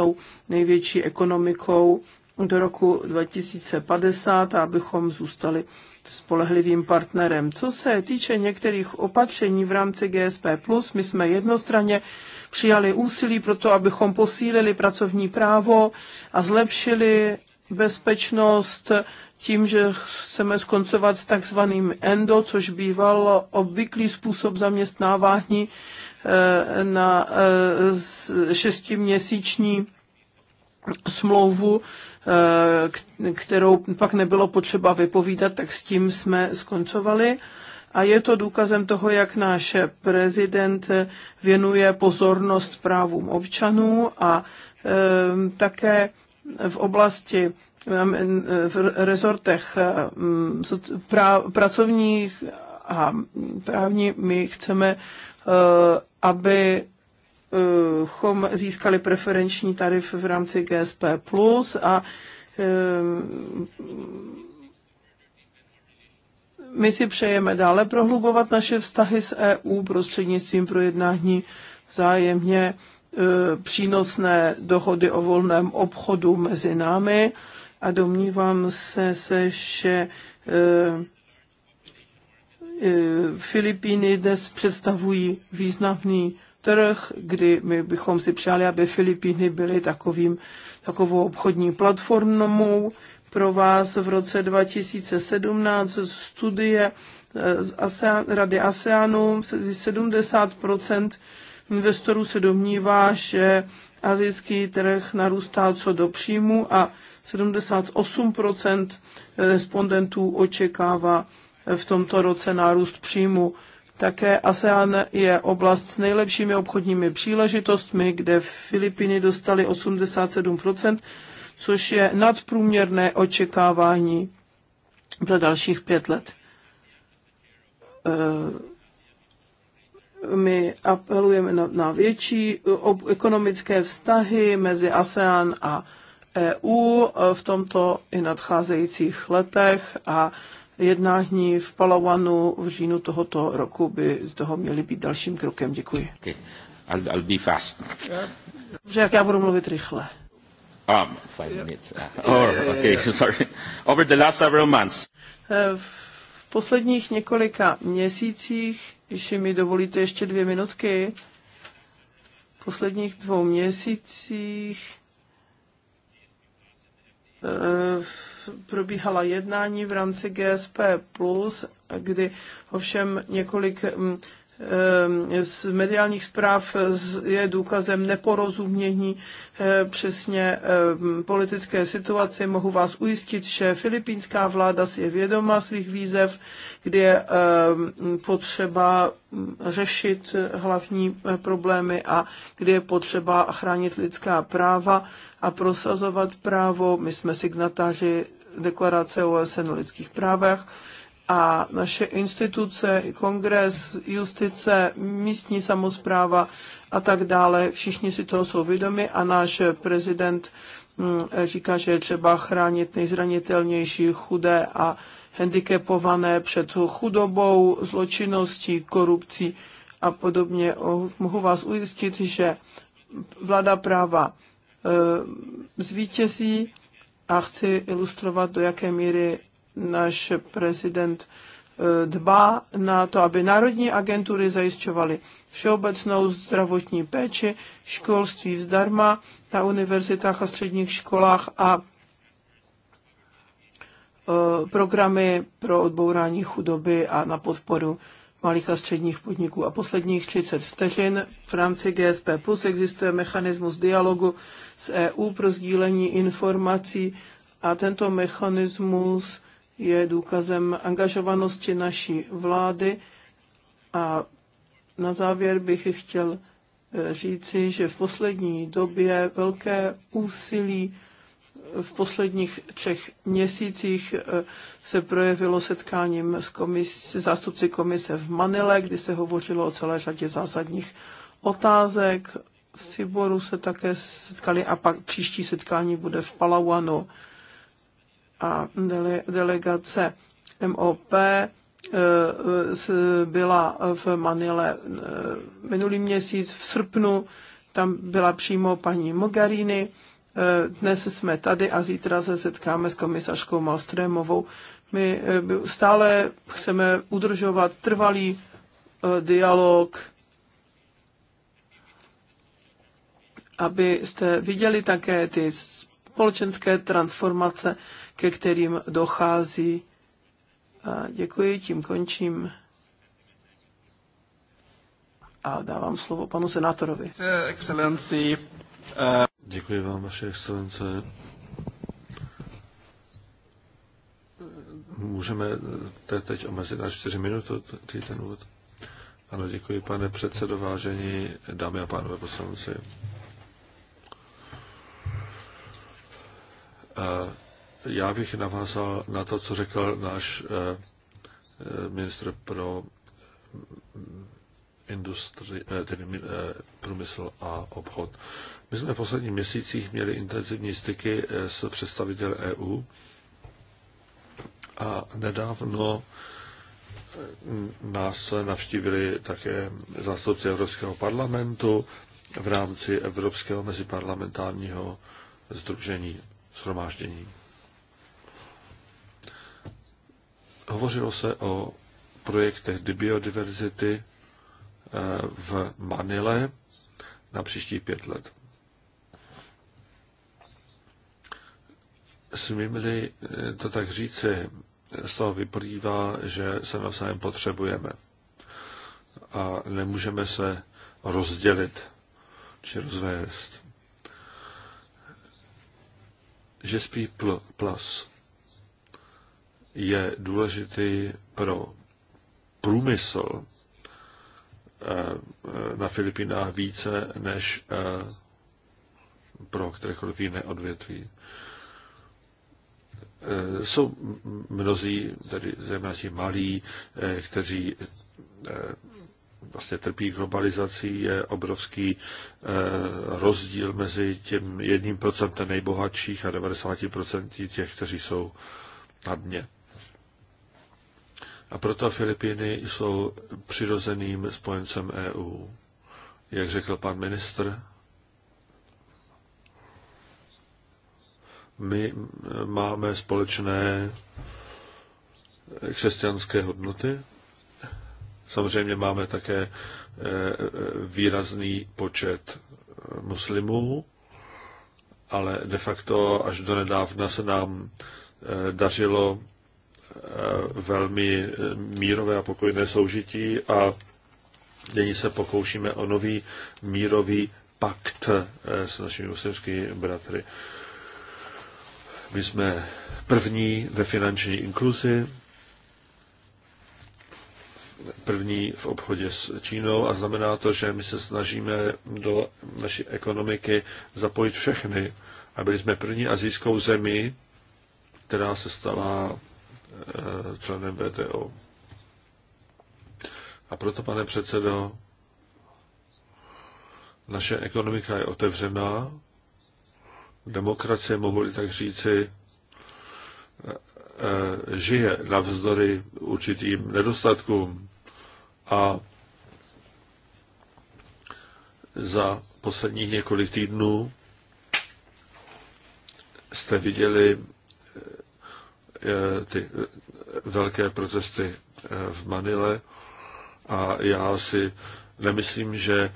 největší ekonomikou do roku 2050 a abychom zůstali spolehlivým partnerem. Co se týče některých opatření v rámci GSP+, my jsme jednostranně přijali úsilí pro to, abychom posílili pracovní právo a zlepšili bezpečnost tím, že chceme skoncovat s takzvaným endo, což býval obvyklý způsob zaměstnávání Eh, na eh, šestiměsíční smlouvu, eh, kterou pak nebylo potřeba vypovídat, tak s tím jsme skoncovali. A je to důkazem toho, jak náš prezident věnuje pozornost právům občanů a také v oblasti v rezortech pracovních a právní my chceme aby eh, chom získali preferenční tarif v rámci GSP+, a eh, my si přejeme dále prohlubovat naše vztahy s EU prostřednictvím projednání vzájemně eh, přínosné dohody o volném obchodu mezi námi a domnívám se, se že E, Filipíny dnes představují významný trh, kdy my bychom si přáli, aby Filipíny byly takovým, takovou obchodní platformou pro vás v roce 2017 studie e, z ASEAN, Rady ASEANu. 70 investorů se domnívá, že azijský trh narůstá co do příjmu a 78 respondentů očekává v tomto roce nárůst příjmu. Také ASEAN je oblast s nejlepšími obchodními příležitostmi, kde Filipiny dostaly 87%, což je nadprůměrné očekávání pro dalších pět let. Eh, my apelujeme na, na větší eh, ekonomické vztahy mezi ASEAN a EU eh, v tomto i nadcházejících letech a jednání v Palawanu v říjnu tohoto roku by z toho měly být dalším krokem. Děkuji. Okay. I'll, I'll be fast. Dobře, jak já budu mluvit rychle. Um, five minutes. Ah, oh, okay, sorry. Over the last several months. Eh, v posledních několika měsících, když mi dovolíte ještě dvě minutky, v posledních dvou měsících uh, probíhala jednání v rámci GSP+, kdy ovšem několik mm, eh, z mediálních zpráv je důkazem neporozumění eh, přesně eh, politické situaci. Mohu vás ujistit, že filipínská vláda si je vědoma svých výzev, kdy je potřeba mm, řešit hlavní problémy a kdy je potřeba chránit lidská práva a prosazovat právo. My jsme signatáři deklarace OSN o lidských právech a naše instituce, kongres, justice, místní samozpráva a tak dále, všichni si toho jsou vědomi a náš prezident mm, říká, že je třeba chránit nejzranitelnější chudé a handicapované před chudobou, zločinností, korupcí a podobně. Mohu vás ujistit, že vláda práva e, zvítězí a chci ilustrovat, do jaké míry náš prezident eh, dbá na to, aby národní agentury zajišťovaly všeobecnou zdravotní péči, školství zdarma na univerzitách a středních školách a eh, programy pro odbourání chudoby a na podporu malých a středních podniků. A posledních 30 vteřin v rámci GSP Plus existuje mechanismus dialogu s EU pro sdílení informací a tento mechanismus je důkazem angažovanosti naší vlády a na závěr bych chtěl e, říci, že v poslední době velké úsilí v posledních třech měsících eh, se projevilo setkáním s komisí, zástupci komise v Manile, kdy se hovořilo o celé řadě zásadních otázek. V Siboru se také setkali a pak příští setkání bude v Palauanu. A dele, delegace MOP eh, eh, byla v Manile minulý měsíc v srpnu, tam byla přímo paní Mogarini Eh, dnes jsme tady a zítra se setkáme s komisařkou Malstrémovou. My eh, stále chceme udržovat trvalý eh, dialog, abyste viděli také ty společenské transformace, ke kterým dochází. A děkuji, tím končím. A dávám slovo panu senátorovi. Excelenci. Děkuji vám, vaše excelence. Můžeme te teď omezit na čtyři minuty ten úvod. Ano, děkuji, pane předsedo, vážení dámy a pánové poslanci. Já bych navázal na to, co řekl náš eh, eh, ministr pro eh, industri, tedy průmysl a obchod. My jsme v posledních měsících měli intenzivní styky eh, s představiteli EU a nedávno eh, nás navštívili také zástupci Evropského parlamentu v rámci Evropského meziparlamentárního združení shromáždění. Hovořilo se o projektech biodiverzity eh, v Manile na příští pět let. smím-li eh, to tak říci, z toho vyplývá, že se navzájem potřebujeme a nemůžeme se rozdělit či rozvést. spí pl- Plus je důležitý pro průmysl eh, eh, na Filipinách více než pro kterékoliv jiné odvětví. Eh, jsou mnozí, tedy zejména ti malí, eh, kteří eh, vlastně trpí globalizací, je obrovský rozdíl mezi tím jedním procentem nejbohatších a 90% těch, kteří jsou na dně. A proto Filipíny jsou přirozeným spojencem EU. Jak řekl pan ministr, My eh, máme společné křesťanské hodnoty. Samozřejmě máme také eh, eh, výrazný počet muslimů, ale de facto až do nedávna se nám dařilo velmi mírové a pokojné soužití a nyní se pokoušíme o nový mírový pakt s našimi muslimskými bratry. My jsme první ve finanční inkluzi, první v obchodě s Čínou a znamená to, že my se snažíme do naší ekonomiky zapojit všechny. A byli jsme první azijskou zemi, která se stala eh, členem VTO. A proto, pane předsedo, naše ekonomika je otevřená, demokracie, mohu tak říci, eh, eh, žije navzdory určitým nedostatkům a za posledních několik týdnů jste viděli eh, ty velké protesty v Manile a já si nemyslím, že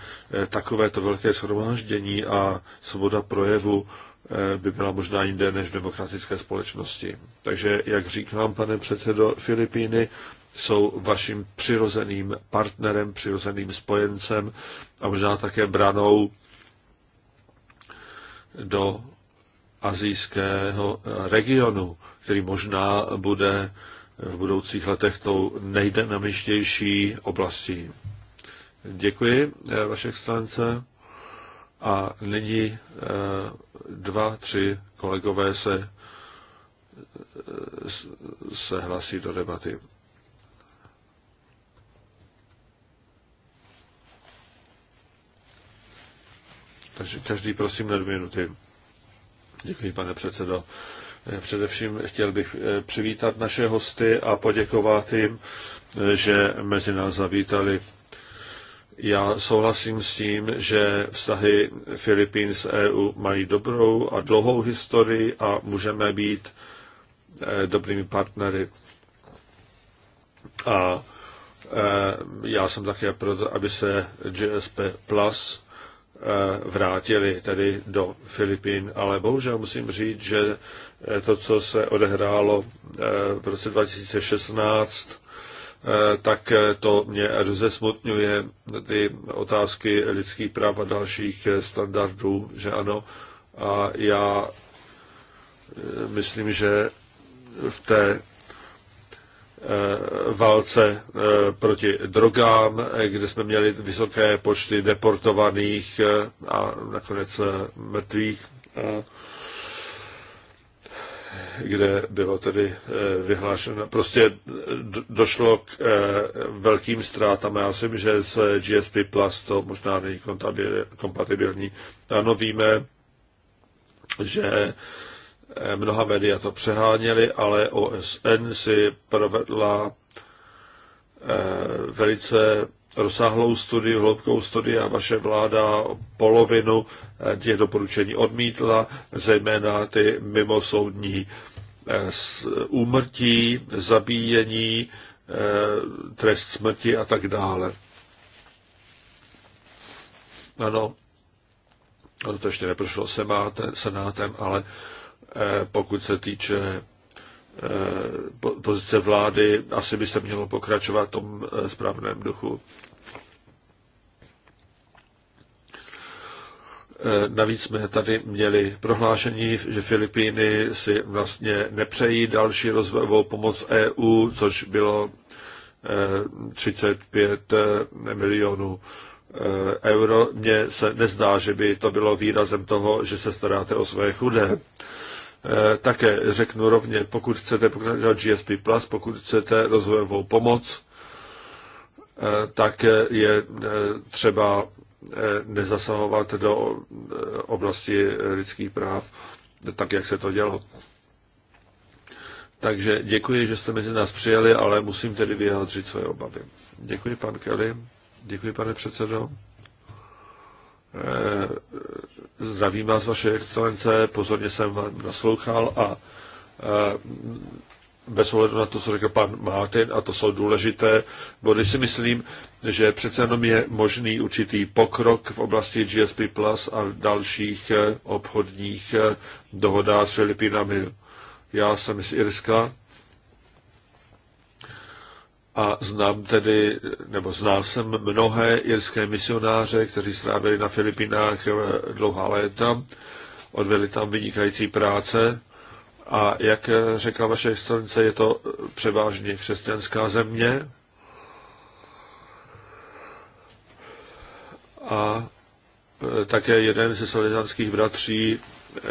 takovéto velké shromáždění a svoboda projevu Eh, by byla možná jinde než v demokratické společnosti. Takže, jak říkám, pane předsedo, Filipíny jsou vaším přirozeným partnerem, přirozeným spojencem a možná také branou do azijského eh, regionu, který možná bude v budoucích letech tou nejdynamičtější oblastí. Děkuji, eh, vaše excelence. A nyní eh, dva, tři kolegové se, eh, se hlasí do debaty. Takže každý prosím na dvě minuty. Děkuji, pane předsedo. Eh, především chtěl bych přivítat naše hosty a poděkovat jim, že mezi nás zavítali. Já souhlasím s tím, že vztahy Filipín s EU mají dobrou a dlouhou historii a můžeme být eh, dobrými partnery. A eh, já jsem také to, aby se GSP Plus eh, vrátili tedy do Filipín, ale bohužel musím říct, že to, co se odehrálo v roce 2016, Eh, tak eh, to mě rozesmutňuje ty otázky lidských práv a dalších eh, standardů, že ano. A já myslím, že v té válce proti drogám, kde jsme měli vysoké počty deportovaných a nakonec mrtvých kde bylo tedy eh, vyhlášeno, prostě eh, došlo k eh, velkým ztrátám. Já myslím, že s GSP Plus to možná není kompatibilní. Ano, víme, že mnoha média to přeháněly, ale OSN si provedla velice rozsáhlou studii, hloubkou studii a vaše vláda polovinu eh, těch doporučení odmítla, zejména ty mimosoudní eh, úmrtí, zabíjení, eh, trest smrti a tak dále. Ano, ono to ještě neprošlo senátem, ale pokud se týče Eh, pozice vlády, asi by se mělo pokračovat v tom eh, správném duchu. Eh, navíc jsme tady měli prohlášení, že Filipíny si vlastně nepřejí další rozvojovou pomoc EU, což bylo 35 milionů euro. Mně se nezdá, že by to bylo výrazem toho, že se staráte o své chudé. Eh, také řeknu rovně, pokud chcete pokračovat GSP+, pokud chcete rozvojovou pomoc, eh, tak je eh, třeba nezasahovat do oblasti lidských práv, tak jak se to dělo. Takže děkuji, že jste mezi nás přijeli, ale musím tedy vyjádřit své obavy. Děkuji, pan Kelly. Děkuji, pane předsedo. Zdravím vás, vaše excelence, pozorně jsem vám naslouchal a e, bez ohledu na to, co řekl pan Martin, a to jsou důležité body, si myslím, že přece jenom je možný určitý pokrok v oblasti GSP Plus a v dalších e, obchodních e, dohodách s Filipínami. Já jsem z Irska a znám tedy, nebo znal jsem mnohé irské misionáře, kteří strávili na Filipinách dlouhá léta, odvedli tam vynikající práce a jak řekla vaše excelence, je to převážně křesťanská země a e, také jeden ze solidánských bratří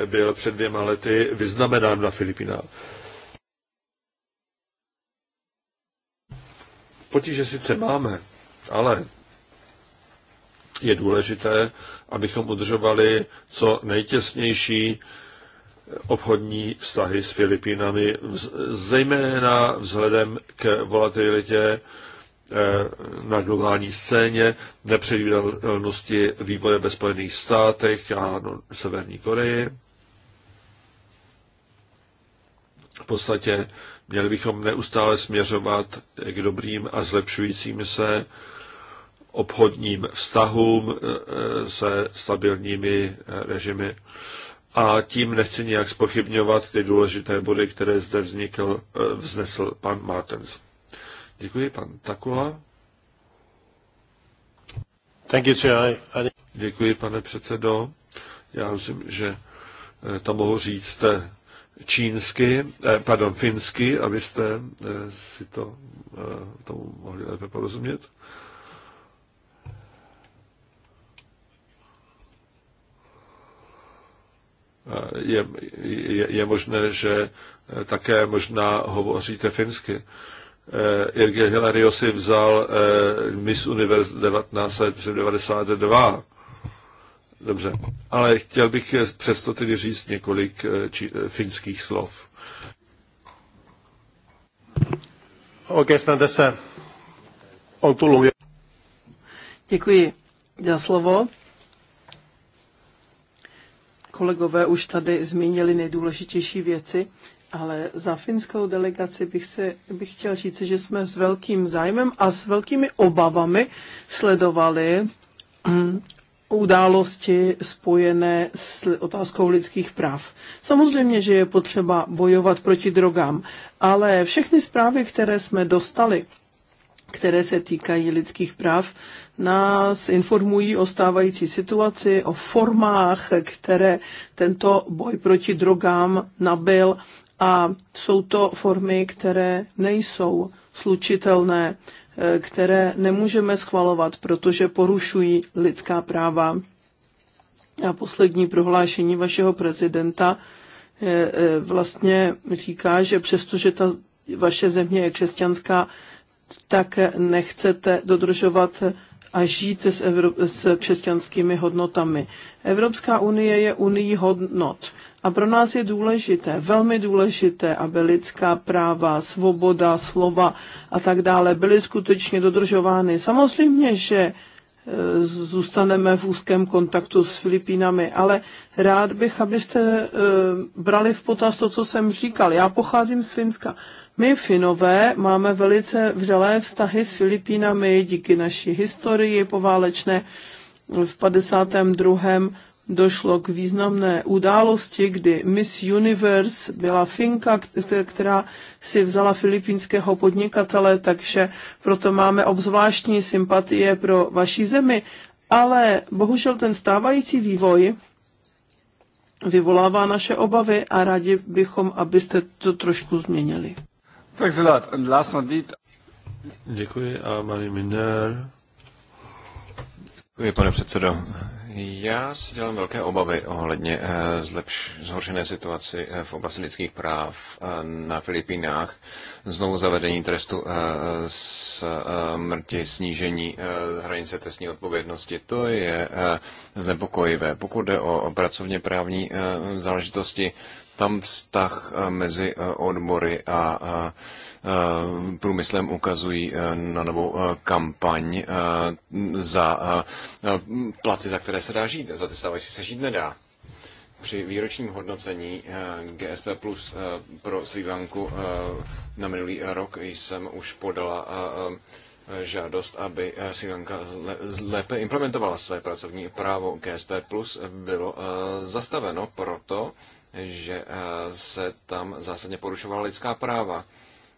e, byl před dvěma lety vyznamenán na Filipinách. Potíže sice máme, ale je důležité, abychom udržovali co nejtěsnější obchodní vztahy s Filipínami, zejména vzhledem k volatilitě eh, na globální scéně, nepředvídatelnosti vývoje ve Spojených státech a no, Severní Koreji. V podstatě Měli bychom neustále směřovat k dobrým a zlepšujícím se obchodním vztahům e, e, se stabilními e, režimy. A tím nechci nějak spochybňovat ty důležité body, které zde vznikl, vznesl pan Martens. Děkuji, pan Takula. Thank you, Děkuji, pane předsedo. Já myslím, že tam mohu říct čínsky, eh, pardon, finsky, abyste eh, si to eh, tomu mohli lépe porozumět. Je, je, je možné, že také možná hovoříte finsky. Irge Hilario si vzal Miss univerz 1992 Dobře, ale chtěl bych přesto tedy říct několik eh, či, eh, finských slov. Oikeastaan se. on tu jo. Děkuji za slovo. Kolegové už tady zmínili nejdůležitější věci, ale za finskou delegaci bych, se, bych chtěl říct, že jsme s velkým zájmem a s velkými obavami sledovali hm, události spojené s otázkou lidských práv. Samozřejmě, že je potřeba bojovat proti drogám, ale všechny zprávy, které jsme dostali, které se týkají lidských práv, nás informují o stávající situaci, o formách, které tento boj proti drogám nabil a jsou to formy, které nejsou slučitelné Eh, které nemůžeme schvalovat, protože porušují lidská práva. A poslední prohlášení vašeho prezidenta eh, eh, vlastně říká, že přestože ta vaše země je křesťanská, tak nechcete dodržovat a žít s, Evro- s křesťanskými hodnotami. Evropská unie je unii hodnot a pro nás je důležité, velmi důležité, aby lidská práva, svoboda, slova a tak dále byly skutečně dodržovány. Samozřejmě, že e, zůstaneme v úzkém kontaktu s Filipínami, ale rád bych, abyste e, brali v potaz to, co jsem říkal. Já pocházím z Finska. My Finové máme velice vřelé vztahy s Filipínami díky naší historii poválečné v 52 došlo k významné události, kdy Miss Universe byla Finka, která si vzala filipínského podnikatele, takže proto máme obzvláštní sympatie pro vaší zemi. Ale bohužel ten stávající vývoj vyvolává naše obavy a rádi bychom, abyste to trošku změnili. Děkuji a Marie Miner. Děkuji, pane předsedo. Já si dělám velké obavy ohledně eh, zlepš, zhoršené situaci eh, v oblasti lidských práv eh, na Filipínách, znovu zavedení trestu s mrti, snížení hranice trestní odpovědnosti. To je znepokojivé. Pokud jde o pracovně právní záležitosti, tam vztah eh, mezi eh, odbory a eh, průmyslem ukazují na novou kampaň za platy, za které se dá žít. Za ty stávající se žít nedá. Při výročním hodnocení GSP Plus pro Sri na minulý rok jsem už podala žádost, aby Sri lépe implementovala své pracovní právo. GSP Plus bylo zastaveno proto, že eh, se tam zásadně porušovala lidská práva.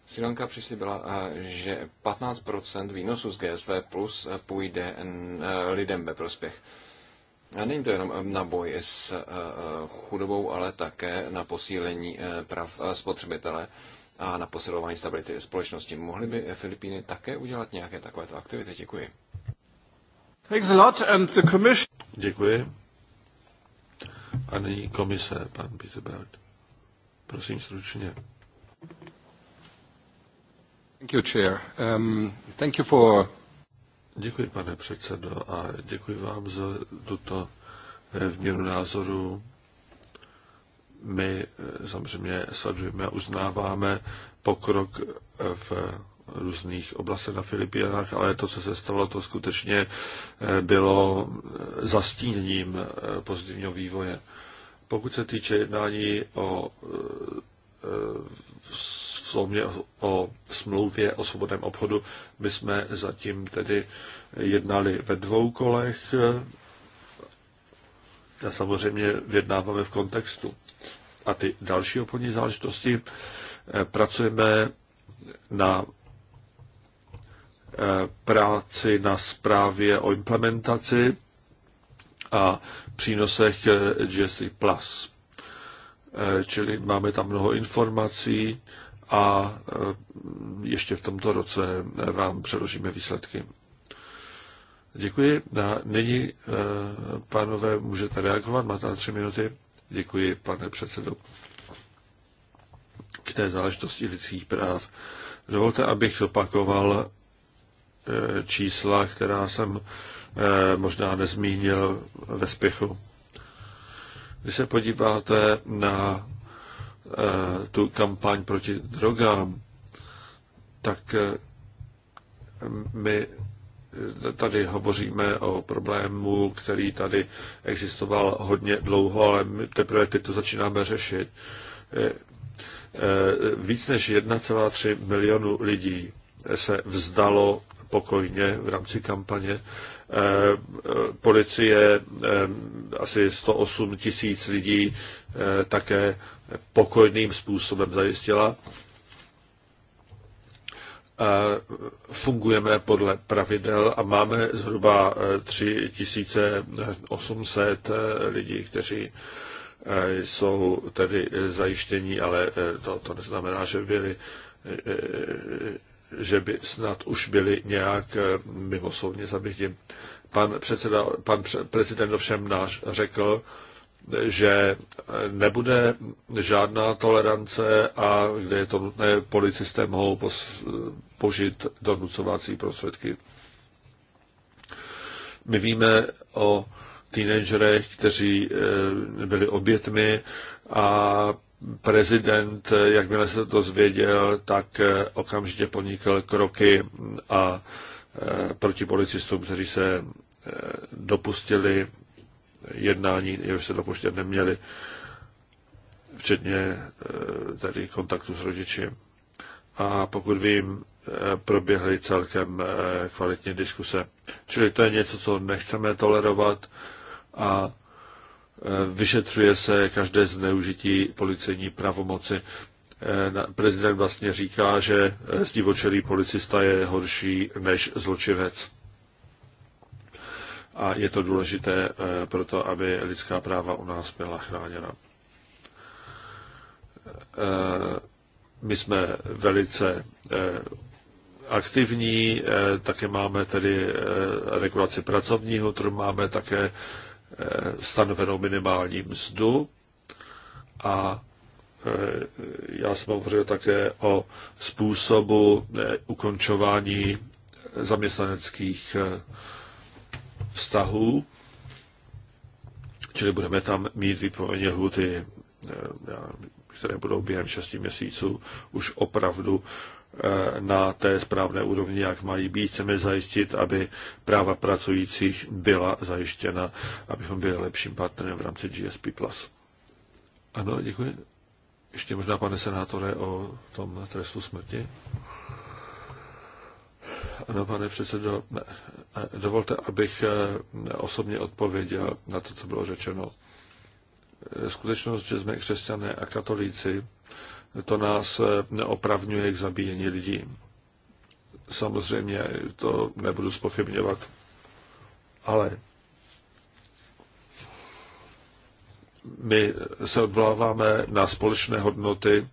Sri Lanka přislíbila, eh, že 15 výnosu z GSP plus eh, půjde lidem ve prospěch. A není to jenom na boj s chudobou, ale také na posílení prav spotřebitele a na posilování stability společnosti. Mohly by Filipíny také udělat nějaké takovéto aktivity? Děkuji. Thanks a lot and the commission... Děkuji. A nyní komise, pan Peterberg. Prosím stručně. Thank you, chair. Um, thank you for... Děkuji, pane předsedo, a děkuji vám za tuto eh, vměru názoru. My eh, samozřejmě sledujeme a uznáváme pokrok eh, v různých oblastech na Filipinách, ale to, co se stalo, to skutečně eh, bylo eh, zastíněním eh, pozitivního vývoje. Pokud se týče jednání o o, o smlouvě o svobodném obchodu, my jsme zatím tedy jednali ve dvou kolech a samozřejmě vyjednáváme v kontextu. A ty další obchodní záležitosti pracujeme na práci na zprávě o implementaci a přínosech GST+. Plus. Čili máme tam mnoho informací a e, ještě v tomto roce e, vám předložíme výsledky. Děkuji. A nyní, e, pánové, můžete reagovat, máte na tři minuty. Děkuji, pane předsedo. K té záležitosti lidských práv. Dovolte, abych zopakoval Eh, čísla, která jsem eh, možná nezmínil ve spěchu. Když se podíváte na eh, tu kampaň proti drogám, tak my tady hovoříme o problému, který tady existoval hodně dlouho, ale my teprve teď to začínáme řešit. Víc než 1,3 milionu lidí se vzdalo pokojně v rámci kampaně. Eh, policie eh, asi 108 tisíc lidí eh, také pokojným způsobem zajistila. Fungujeme podle pravidel a máme zhruba 3800 lidí, kteří jsou tedy zajištění, ale to, to neznamená, že byli že by snad už byli nějak eh, mimosoudně zabiti. Pan, předseda, pan prezident ovšem náš řekl, že nebude žádná tolerance a kde je to nutné, policisté mohou požít donucovací prostředky. My víme o teenagerech, kteří eh, byli obětmi a prezident, jakmile se to zvěděl, tak eh, okamžitě podnikl kroky a eh, proti policistům, kteří se eh, dopustili jednání, jehož se dopuštět neměli, včetně tedy kontaktu s rodiči. A pokud vím, proběhly celkem kvalitní diskuse. Čili to je něco, co nechceme tolerovat a Eh, vyšetřuje se každé zneužití policejní pravomoci. Eh, prezident vlastně říká, že eh, zdivočelý policista je horší než zločinec. A je to důležité proto, aby lidská práva u nás byla chráněna. My jsme velice aktivní, také máme tedy regulaci pracovního trhu, máme také Eh, stanovenou minimální mzdu a eh, já jsem hovořil také o způsobu eh, ukončování zaměstnaneckých vztahů, čili budeme tam mít výpovědně hluty, které budou během 6 měsíců už opravdu Eh, na té správné úrovni, jak mají být. Chceme zajistit, aby práva pracujících byla zajištěna, abychom byli lepším partnerem v rámci GSP+. Ano, děkuji. Ještě možná, pane senátore, o tom trestu smrti. Ano, pane předsedo, eh, dovolte, abych eh, osobně odpověděl na to, co bylo řečeno. Skutečnost, že jsme křesťané a katolíci, to nás eh, neopravňuje k zabíjení lidí. Samozřejmě to nebudu spochybňovat, ale my se odvoláváme na společné hodnoty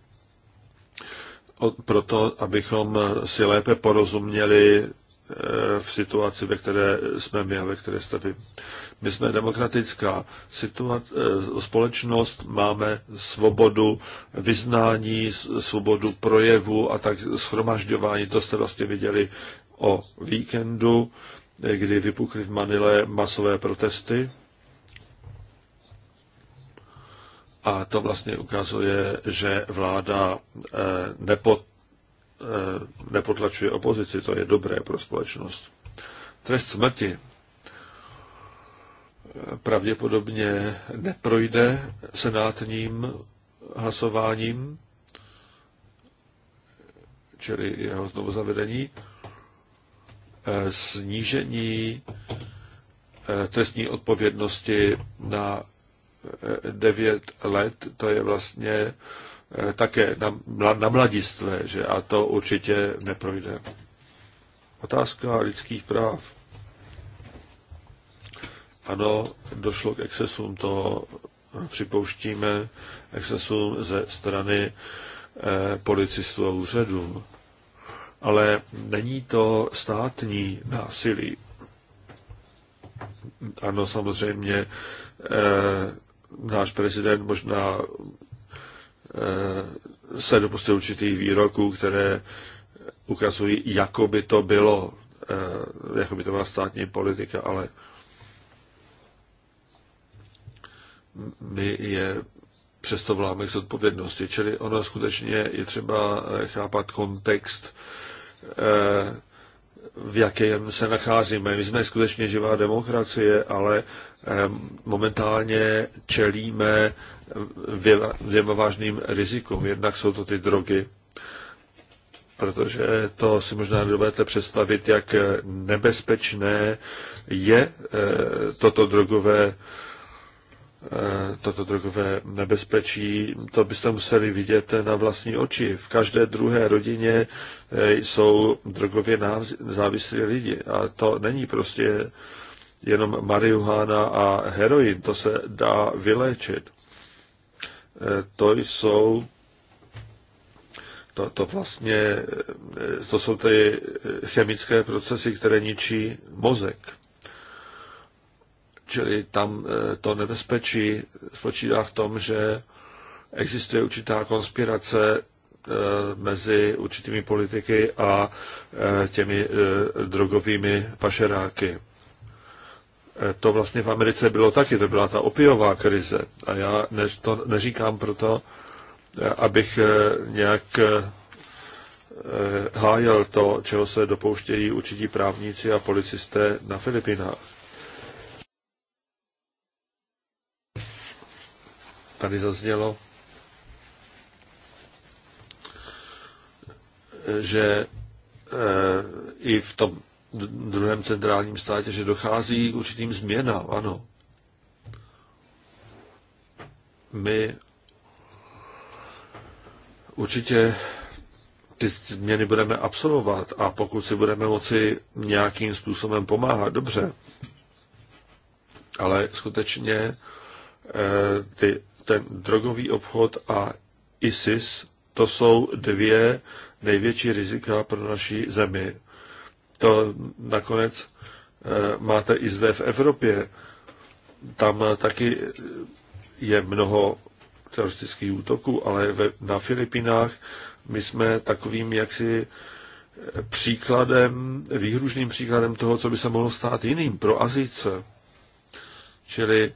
proto, abychom si lépe porozuměli Eh, v situaci, ve které jsme my a ve které jste vy. My jsme demokratická situace, eh, společnost, máme svobodu vyznání, svobodu projevu a tak schromažďování. To jste vlastně viděli o víkendu, eh, kdy vypukly v Manile masové protesty. A to vlastně ukazuje, že vláda nepod Eh, nepotlačuje opozici, to je dobré pro společnost. Trest smrti pravděpodobně neprojde senátním hlasováním, čili jeho znovu zavedení, eh, snížení eh, trestní odpovědnosti na 9 let, to je vlastně Eh, také na, na mladistvé, že a to určitě neprojde. Otázka lidských práv. Ano, došlo k excesům, to připouštíme, excesům ze strany eh, policistů a úřadů. Ale není to státní násilí. Ano, samozřejmě eh, náš prezident možná Eh, se dopustil určitých výroků, které ukazují, jako by to bylo, eh, jako by to byla státní politika, ale my je přesto vláme k zodpovědnosti. Čili ono skutečně je třeba eh, chápat kontext v jakém se nacházíme. My jsme skutečně živá demokracie, ale momentálně čelíme dvěma vážným rizikům. Jednak jsou to ty drogy, protože to si možná dovedete představit, jak nebezpečné je e, toto drogové Eh, toto drogové nebezpečí, to byste museli vidět na vlastní oči. V každé druhé rodině eh, jsou drogově závislí lidi. A to není prostě jenom marihuana a heroin, to se dá vyléčit. Eh, to jsou to, to vlastně, to jsou ty chemické procesy, které ničí mozek. Čili tam eh, to nebezpečí spočívá v tom, že existuje určitá konspirace eh, mezi určitými politiky a eh, těmi drogovými pašeráky. To vlastně v Americe bylo taky, to byla ta opiová krize. A já to neříkám proto, abych nějak hájel to, čeho se dopouštějí určití právníci a policisté na Filipinách. tady zaznělo, že eh, i v tom druhém centrálním státě, že dochází k určitým změnám, ano. My určitě ty změny budeme absolvovat a pokud si budeme moci nějakým způsobem pomáhat, dobře. Ale skutečně eh, ty ten drogový obchod a ISIS, to jsou dvě největší rizika pro naší zemi. To nakonec eh, máte i zde v Evropě. Tam taky je mnoho teroristických útoků, ale ve, na Filipinách my jsme takovým jaksi eh, příkladem, výhružným příkladem toho, co by se mohlo stát jiným pro Azice. Čili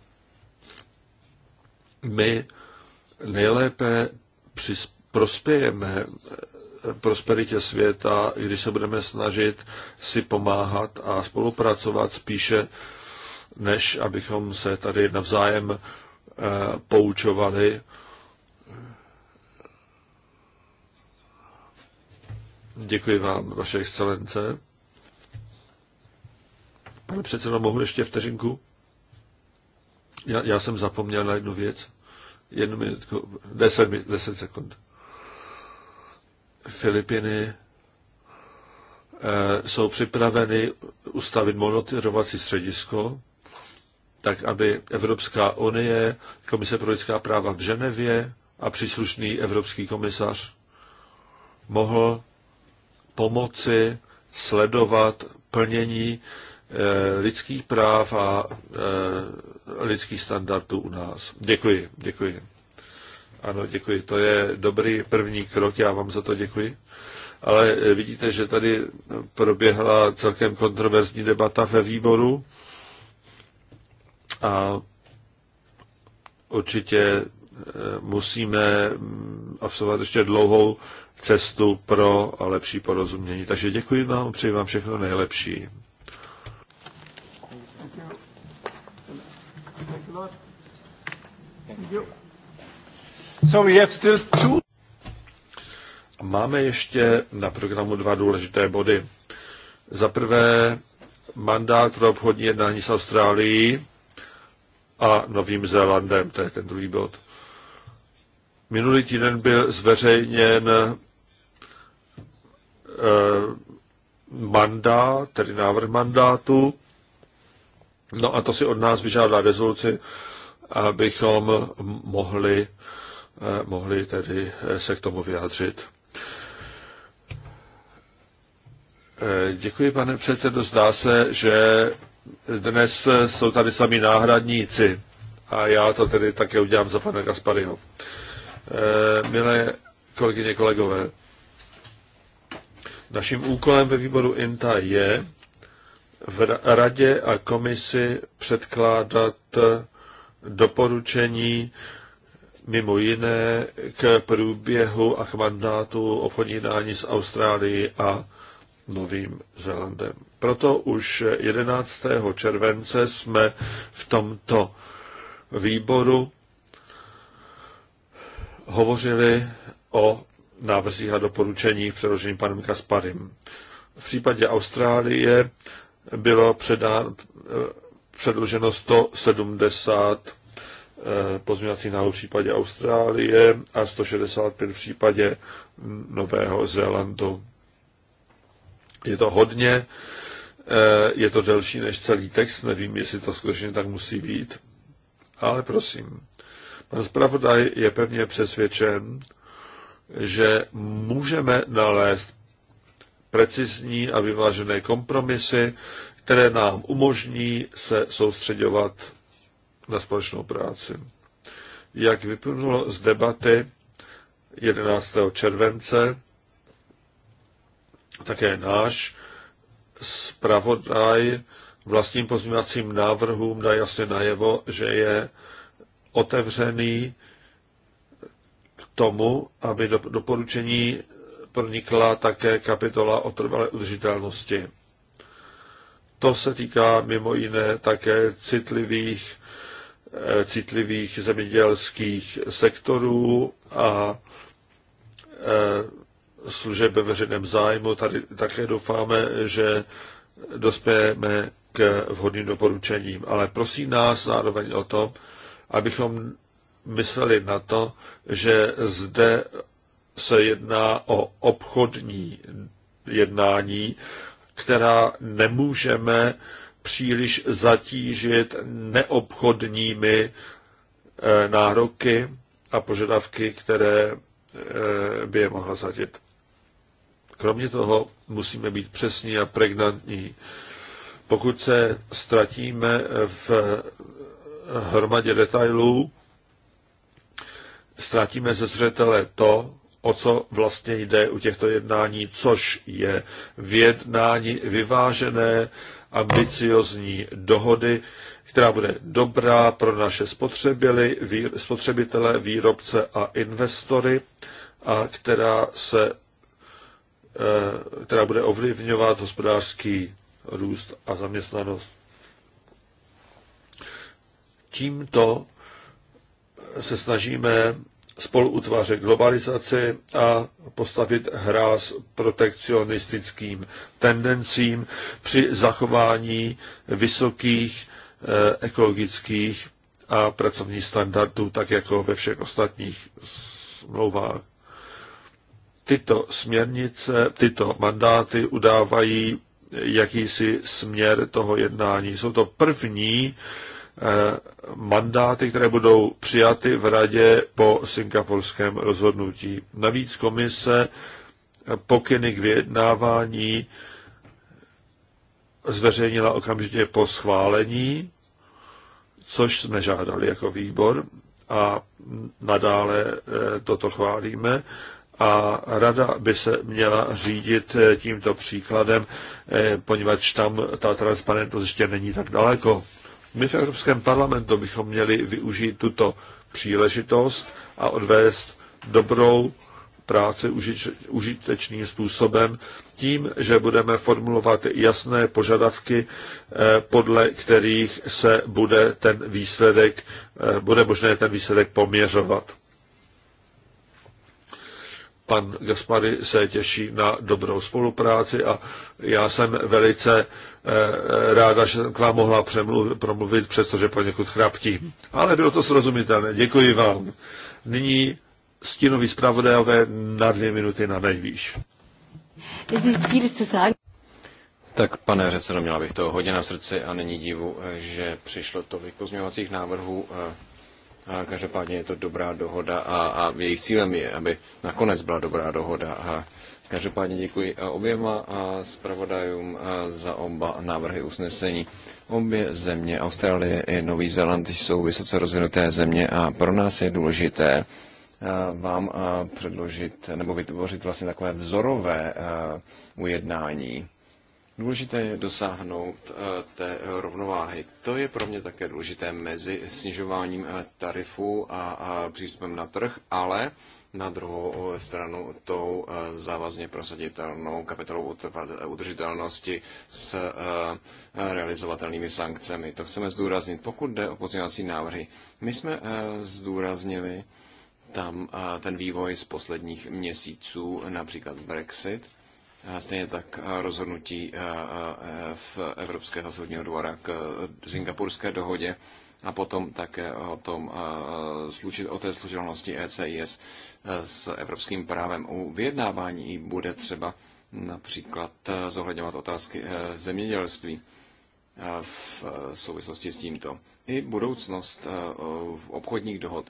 my nejlépe prospějeme eh, prosperitě světa, když se budeme snažit si pomáhat a spolupracovat spíše, než abychom se tady navzájem eh, poučovali. Děkuji vám, vaše excelence. Pane předsedo, mohu ještě vteřinku? Já, já jsem zapomněl na jednu věc. Jednu minutku, deset, deset sekund. Filipiny eh, jsou připraveny ustavit monitorovací středisko, tak aby Evropská unie, Komise pro lidská práva v Ženevě a příslušný evropský komisař mohl pomoci sledovat plnění eh, lidských práv a eh, lidských standardů u nás. Děkuji, děkuji. Ano, děkuji. To je dobrý první krok, já vám za to děkuji. Ale eh, vidíte, že tady proběhla celkem kontroverzní debata ve výboru a určitě eh, musíme mm, absolvovat ještě dlouhou cestu pro lepší porozumění. Takže děkuji vám, přeji vám všechno nejlepší. Máme ještě na programu dva důležité body. Za prvé mandát pro obchodní jednání s Austrálií a Novým Zélandem, to je ten druhý bod. Minulý týden byl zveřejněn eh, mandát, tedy návrh mandátu, no a to si od nás vyžádá rezoluci eh, abychom mohli, eh, mohli tedy eh, se k tomu vyjádřit. Eh, děkuji, pane předsedo. Zdá se, že dnes jsou tady sami náhradníci a já to tedy také udělám za pana Kasparyho. Milé kolegyně, kolegové, naším úkolem ve výboru INTA je v radě a komisi předkládat doporučení mimo jiné k průběhu a k mandátu obchodní dání s Austrálií a Novým Zélandem. Proto už 11. července jsme v tomto výboru hovořili o návrzích a doporučeních předložených panem Kasparim. V případě Austrálie bylo předán, předloženo 170 eh, pozměňovací návrhů v případě Austrálie a 165 v případě Nového Zélandu. Je to hodně, eh, je to delší než celý text, nevím, jestli to skutečně tak musí být, ale prosím. Pan zpravodaj je pevně přesvědčen, že můžeme nalézt precizní a vyvážené kompromisy, které nám umožní se soustředovat na společnou práci. Jak vyplynulo z debaty 11. července, také náš zpravodaj vlastním pozměňovacím návrhům dá jasně najevo, že je otevřený k tomu, aby do doporučení pronikla také kapitola o trvalé udržitelnosti. To se týká mimo jiné také citlivých, eh, citlivých zemědělských sektorů a eh, služeb ve veřejném zájmu. Tady také doufáme, že dospějeme k vhodným doporučením. Ale prosím nás zároveň o to, abychom mysleli na to, že zde se jedná o obchodní jednání která nemůžeme příliš zatížit neobchodními eh, nároky a požadavky, které eh, by je mohla zatit. Kromě toho musíme být přesní a pregnantní. Pokud se ztratíme v hromadě detailů, ztratíme ze zřetele to, o co vlastně jde u těchto jednání, což je vyjednání vyvážené, ambiciozní dohody, která bude dobrá pro naše spotřebitele, spotřebitele, výrobce a investory a která, se, eh, která bude ovlivňovat hospodářský růst a zaměstnanost. Tímto se snažíme spoluutvářet globalizaci a postavit hráz protekcionistickým tendencím při zachování vysokých eh, ekologických a pracovních standardů, tak jako ve všech ostatních smlouvách. Tyto směrnice, tyto mandáty udávají jakýsi směr toho jednání. Jsou to první Eh, mandáty, které budou přijaty v radě po singapurském rozhodnutí. Navíc komise pokyny k vyjednávání zveřejnila okamžitě po schválení, což jsme žádali jako výbor a nadále eh, toto chválíme. A rada by se měla řídit eh, tímto příkladem, poněvadž tam ta transparentnost ještě není tak daleko. My v Evropském parlamentu bychom měli využít tuto příležitost a odvést dobrou práci užitečným způsobem tím, že budeme formulovat jasné požadavky, eh, podle kterých se bude ten výsledek, eh, bude možné ten výsledek poměřovat. Pan Gaspary se těší na dobrou spolupráci a já jsem velice eh, ráda, že jsem k vám mohla přemluvit, promluvit, přestože poněkud chraptí. Ale bylo to srozumitelné. Děkuji vám. Nyní stínový zpravodajové na dvě minuty na nejvýš. Tak pane Řeceno, měla bych toho hodně na srdci a není divu, eh, že přišlo tolik pozměňovacích návrhů eh, a každopádně je to dobrá dohoda a, a jejich cílem je, aby nakonec byla dobrá dohoda. A každopádně děkuji oběma a zpravodajům za oba návrhy usnesení. Obě země, Austrálie i Nový Zéland, jsou vysoce rozvinuté země a pro nás je důležité vám předložit nebo vytvořit vlastně takové vzorové ujednání Důležité je dosáhnout eh, té eh, rovnováhy. To je pro mě také důležité mezi snižováním eh, tarifů a přístupem na trh, ale na druhou stranu tou závazně prosaditelnou kapitolou udržitelnosti s realizovatelnými sankcemi. To chceme zdůraznit. Pokud jde o pozměňovací návrhy, my jsme zdůraznili tam ten vývoj z posledních měsíců, například Brexit, Stejně tak eh, rozhodnutí eh, eh, v Evropského soudního dvora k singapurské dohodě a potom také o, tom, o té služebnosti ECIS s evropským právem. U vyjednávání bude třeba například zohledňovat otázky zemědělství v souvislosti s tímto. I budoucnost obchodních dohod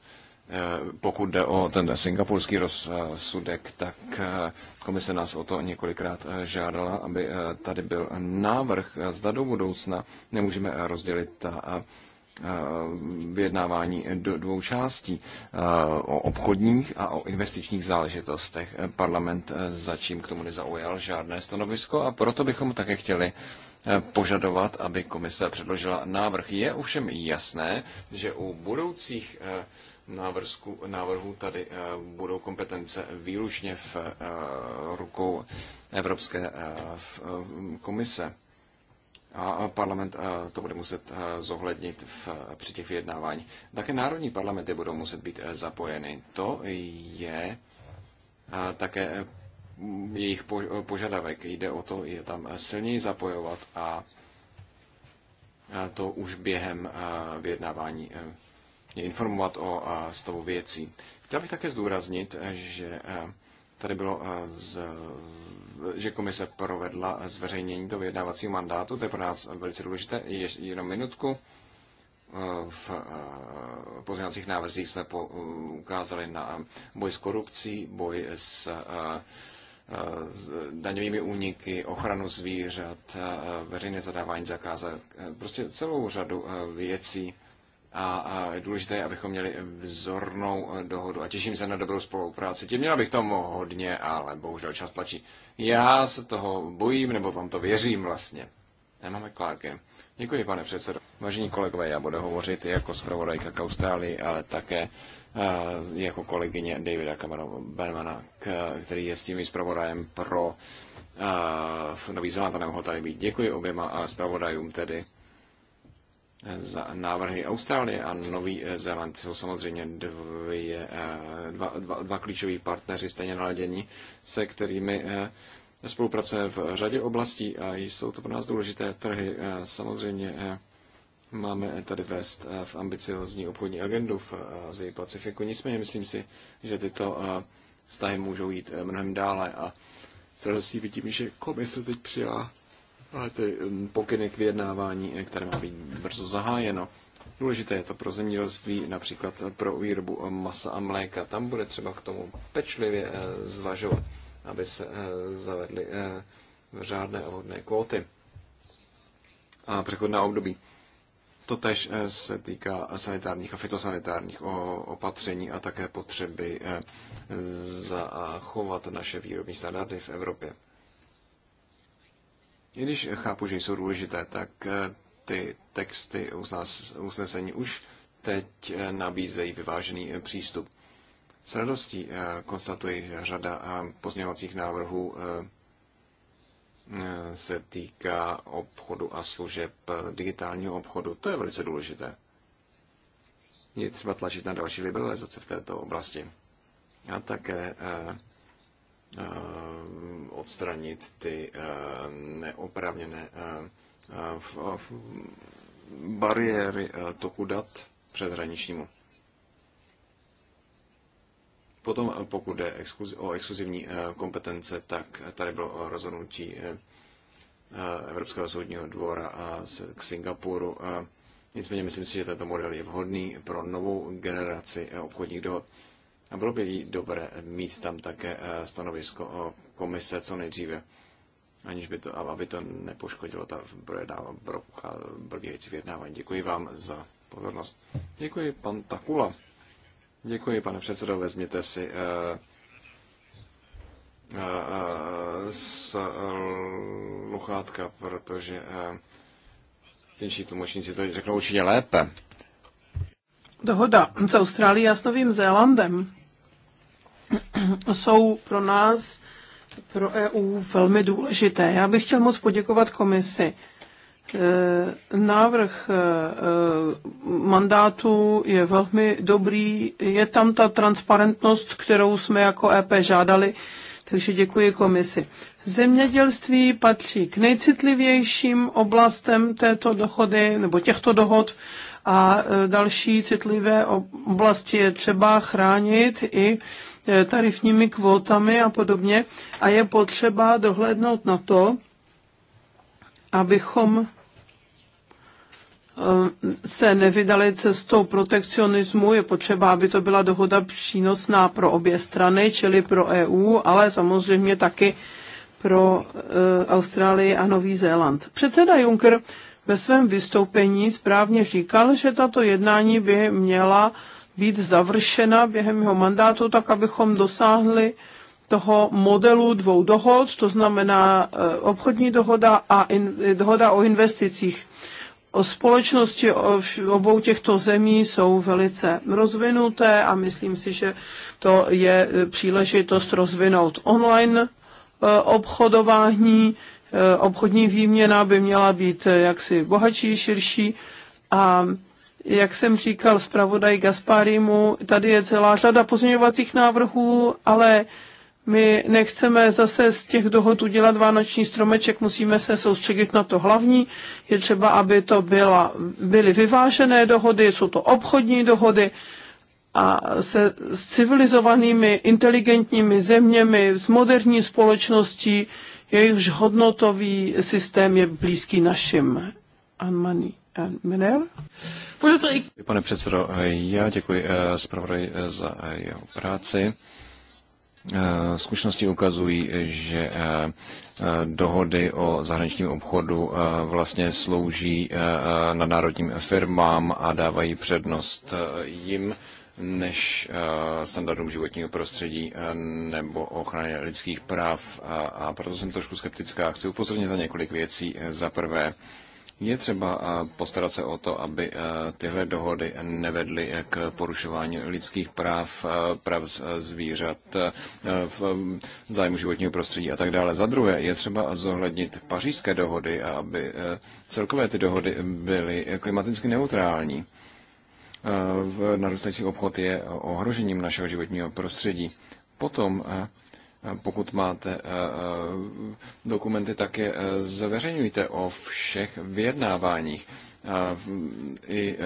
Eh, pokud jde o ten singapurský rozsudek, tak eh, komise nás o to několikrát eh, žádala, aby tady byl návrh, zda do budoucna nemůžeme rozdělit ta vyjednávání do dvou částí o obchodních a o investičních záležitostech. Parlament začím k tomu nezaujal žádné stanovisko a proto bychom také chtěli požadovat, aby komise předložila návrh. Je ovšem jasné, že u budoucích návrzku, návrhu tady eh, budou kompetence výlučně v eh, rukou Evropské eh, komise. A parlament to bude muset zohlednit v, při těch vyjednávání. Také národní parlamenty budou muset být zapojeny. To je také jejich požadavek. Jde o to je tam silněji zapojovat a to už během vyjednávání mě informovat o stavu věcí. Chtěl bych také zdůraznit, že tady bylo, z, že komise provedla zveřejnění toho vyjednávacího mandátu, to je pro nás velice důležité, Jež, jenom minutku. V pozměňovacích návrzích jsme ukázali na boj s korupcí, boj s s daňovými úniky, ochranu zvířat, veřejné zadávání zakázek, prostě celou řadu věcí, a, a je důležité, abychom měli vzornou eh, dohodu a těším se na dobrou spolupráci. Tím měla bych tomu hodně, ale bohužel čas tlačí. Já se toho bojím, nebo vám to věřím vlastně. Nemáme Clarkem. Děkuji, pane předsedo. Vážení kolegové, já budu hovořit jako zpravodajka k Austrálii, ale také eh, jako kolegyně Davida Cameron-Bermana, který je s tím zpravodajem pro eh, Nový Zeland a nemohl tady být. Děkuji oběma zpravodajům tedy za návrhy Austrálie a Nový Zéland jsou samozřejmě dvě, eh, dva, dva, dva klíčoví partneři stejně naladění, se kterými eh, spolupracujeme v řadě oblastí a jsou to pro nás důležité trhy. Eh, samozřejmě máme tady vést v ambiciozní obchodní agendu v Azii Pacifiku. Nicméně myslím si, že tyto vztahy můžou jít mnohem dále a s radostí vidím, že komise teď přijala ale ty mm, pokyny k vyjednávání, které má být brzo zahájeno. Důležité je to pro zemědělství, například pro výrobu masa a mléka. Tam bude třeba k tomu pečlivě eh, zvažovat, aby se eh, zavedly eh, řádné a hodné kvóty a přechodná období. to tež se týká sanitárních a fitosanitárních opatření a také potřeby zachovat naše výrobní standardy v Evropě. I když chápu, že jsou důležité, tak eh, ty texty usnesení už teď eh, nabízejí vyvážený eh, přístup. S radostí konstatuji, že řada pozměňovacích návrhů se týká obchodu a služeb digitálního obchodu. To je velice důležité. Je třeba tlačit na další liberalizace v této oblasti. A také Eh, odstranit ty eh, neoprávněné eh, bariéry toku dat přeshraničnímu. Potom, pokud jde o exkluzivní kompetence, tak tady bylo rozhodnutí Evropského soudního dvora a k Singapuru. Nicméně myslím si, že tento model je vhodný pro novou generaci obchodních dohod. A bylo by dobré mít tam také eh, stanovisko komise co nejdříve, aniž by to, aby to nepoškodilo ta probíhající vyjednávání. Děkuji vám za pozornost. Děkuji, pan Takula. Děkuji, pane předsedo. Vezměte si eh, eh, z luchátka, protože finští tlumočníci to řeknou určitě lépe. Dohoda s Austrálií a s Novým Zélandem jsou pro nás, pro EU, velmi důležité. Já bych chtěl moc poděkovat komisi. Eh, návrh eh, eh, mandátu je velmi dobrý. Je tam ta transparentnost, kterou jsme jako EP žádali, takže děkuji komisi. Zemědělství patří k nejcitlivějším oblastem této dohody nebo těchto dohod a další citlivé oblasti je třeba chránit i Eh, tarifními kvótami a podobně. A je potřeba dohlednout na to, abychom eh, se nevydali cestou protekcionismu, je potřeba, aby to byla dohoda přínosná pro obě strany, čili pro EU, ale samozřejmě taky pro eh, Austrálii a Nový Zéland. Předseda Juncker ve svém vystoupení správně říkal, že tato jednání by měla být završena během jeho mandátu, tak abychom dosáhli toho modelu dvou dohod, to znamená eh, obchodní dohoda a in, dohoda o investicích. O společnosti obou těchto zemí jsou velice rozvinuté a myslím si, že to je eh, příležitost rozvinout online eh, obchodování. Obchodní výměna by měla být jaksi bohatší, širší a jak jsem říkal zpravodaj Gasparimu, tady je celá řada pozměňovacích návrhů, ale my nechceme zase z těch dohod udělat vánoční stromeček, musíme se soustředit na to hlavní. Je třeba, aby to byla, byly vyvážené dohody, jsou to obchodní dohody a se s civilizovanými, inteligentními zeměmi, s moderní společností, jejichž hodnotový systém je blízký našim. Anmaní. Pane předsedo, já děkuji eh, zpravodaj eh, za eh, jeho práci. Zkušenosti ukazují, že dohody o zahraničním obchodu vlastně slouží nadnárodním firmám a dávají přednost jim než standardům životního prostředí nebo ochraně lidských práv. A proto jsem trošku skeptická. Chci upozornit na několik věcí. Za prvé, je třeba postarat se o to, aby tyhle dohody nevedly e, k porušování lidských práv, práv e, zvířat, e, v zájmu životního prostředí a tak dále. Za druhé je třeba zohlednit pařížské dohody aby celkové ty dohody byly klimaticky neutrální. V narůstající obchod je ohrožením našeho životního prostředí. Potom pokud máte eh, eh, dokumenty, tak je eh, zveřejňujte o všech vyjednáváních. I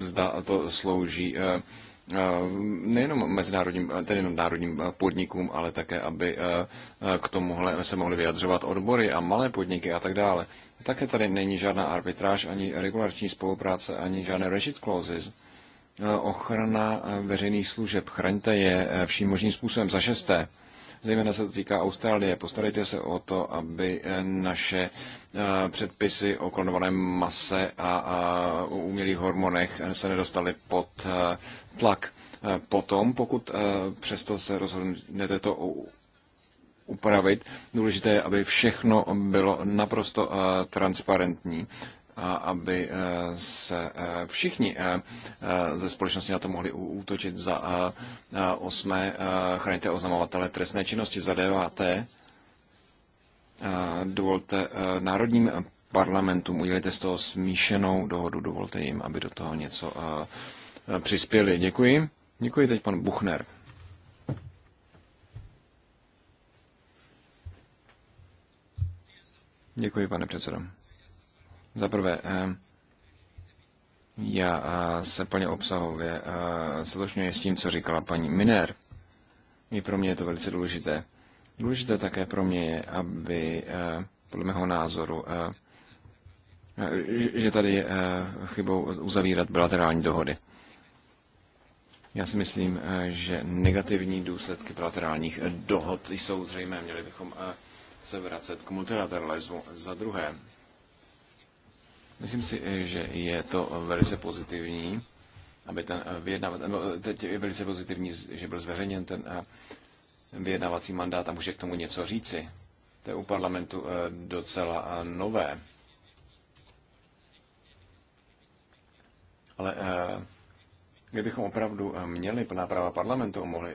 zda to slouží nejenom mezinárodním, tedy jenom národním podnikům, ale také, aby k tomuhle se mohly vyjadřovat odbory a malé podniky a tak dále. Také tady není žádná arbitráž, ani regulační spolupráce, ani žádné regit clauses. Ochrana veřejných služeb, chraňte je vším možným způsobem. Za šesté, Zejména se to týká Austrálie. Postarejte se o to, aby eh, naše eh, předpisy o klonovaném mase a umělých hormonech eh, se nedostaly pod tlak. Potom, pokud přesto se rozhodnete to upravit. Důležité je, aby všechno bylo naprosto transparentní a aby eh, se eh, všichni eh, ze společnosti na to mohli útočit za osmé chraňte oznamovatele trestné činnosti, za deváté dovolte národním parlamentům, udělejte z toho smíšenou dohodu, dovolte jim, aby do toho něco přispěli. Děkuji. Děkuji teď pan Buchner. Děkuji, pane předsedo. Za prvé, eh, já eh, se plně obsahově slušňuji eh, s tím, co říkala paní Miner. I pro mě je to velice důležité. Důležité také pro mě je, aby podle mého názoru, že tady je chybou uzavírat bilaterální dohody. Já si myslím, že negativní důsledky bilaterálních dohod jsou zřejmé. Měli bychom se vracet k multilateralismu. Za druhé, Myslím si, eh, že je to eh, velice pozitivní, aby ten eh, vyjednavatel, no, teď je velice pozitivní, že byl zveřejněn ten vyjednávací mandát a může k tomu něco říci. To je u parlamentu docela nové. Ale kdybychom opravdu měli plná práva parlamentu, mohli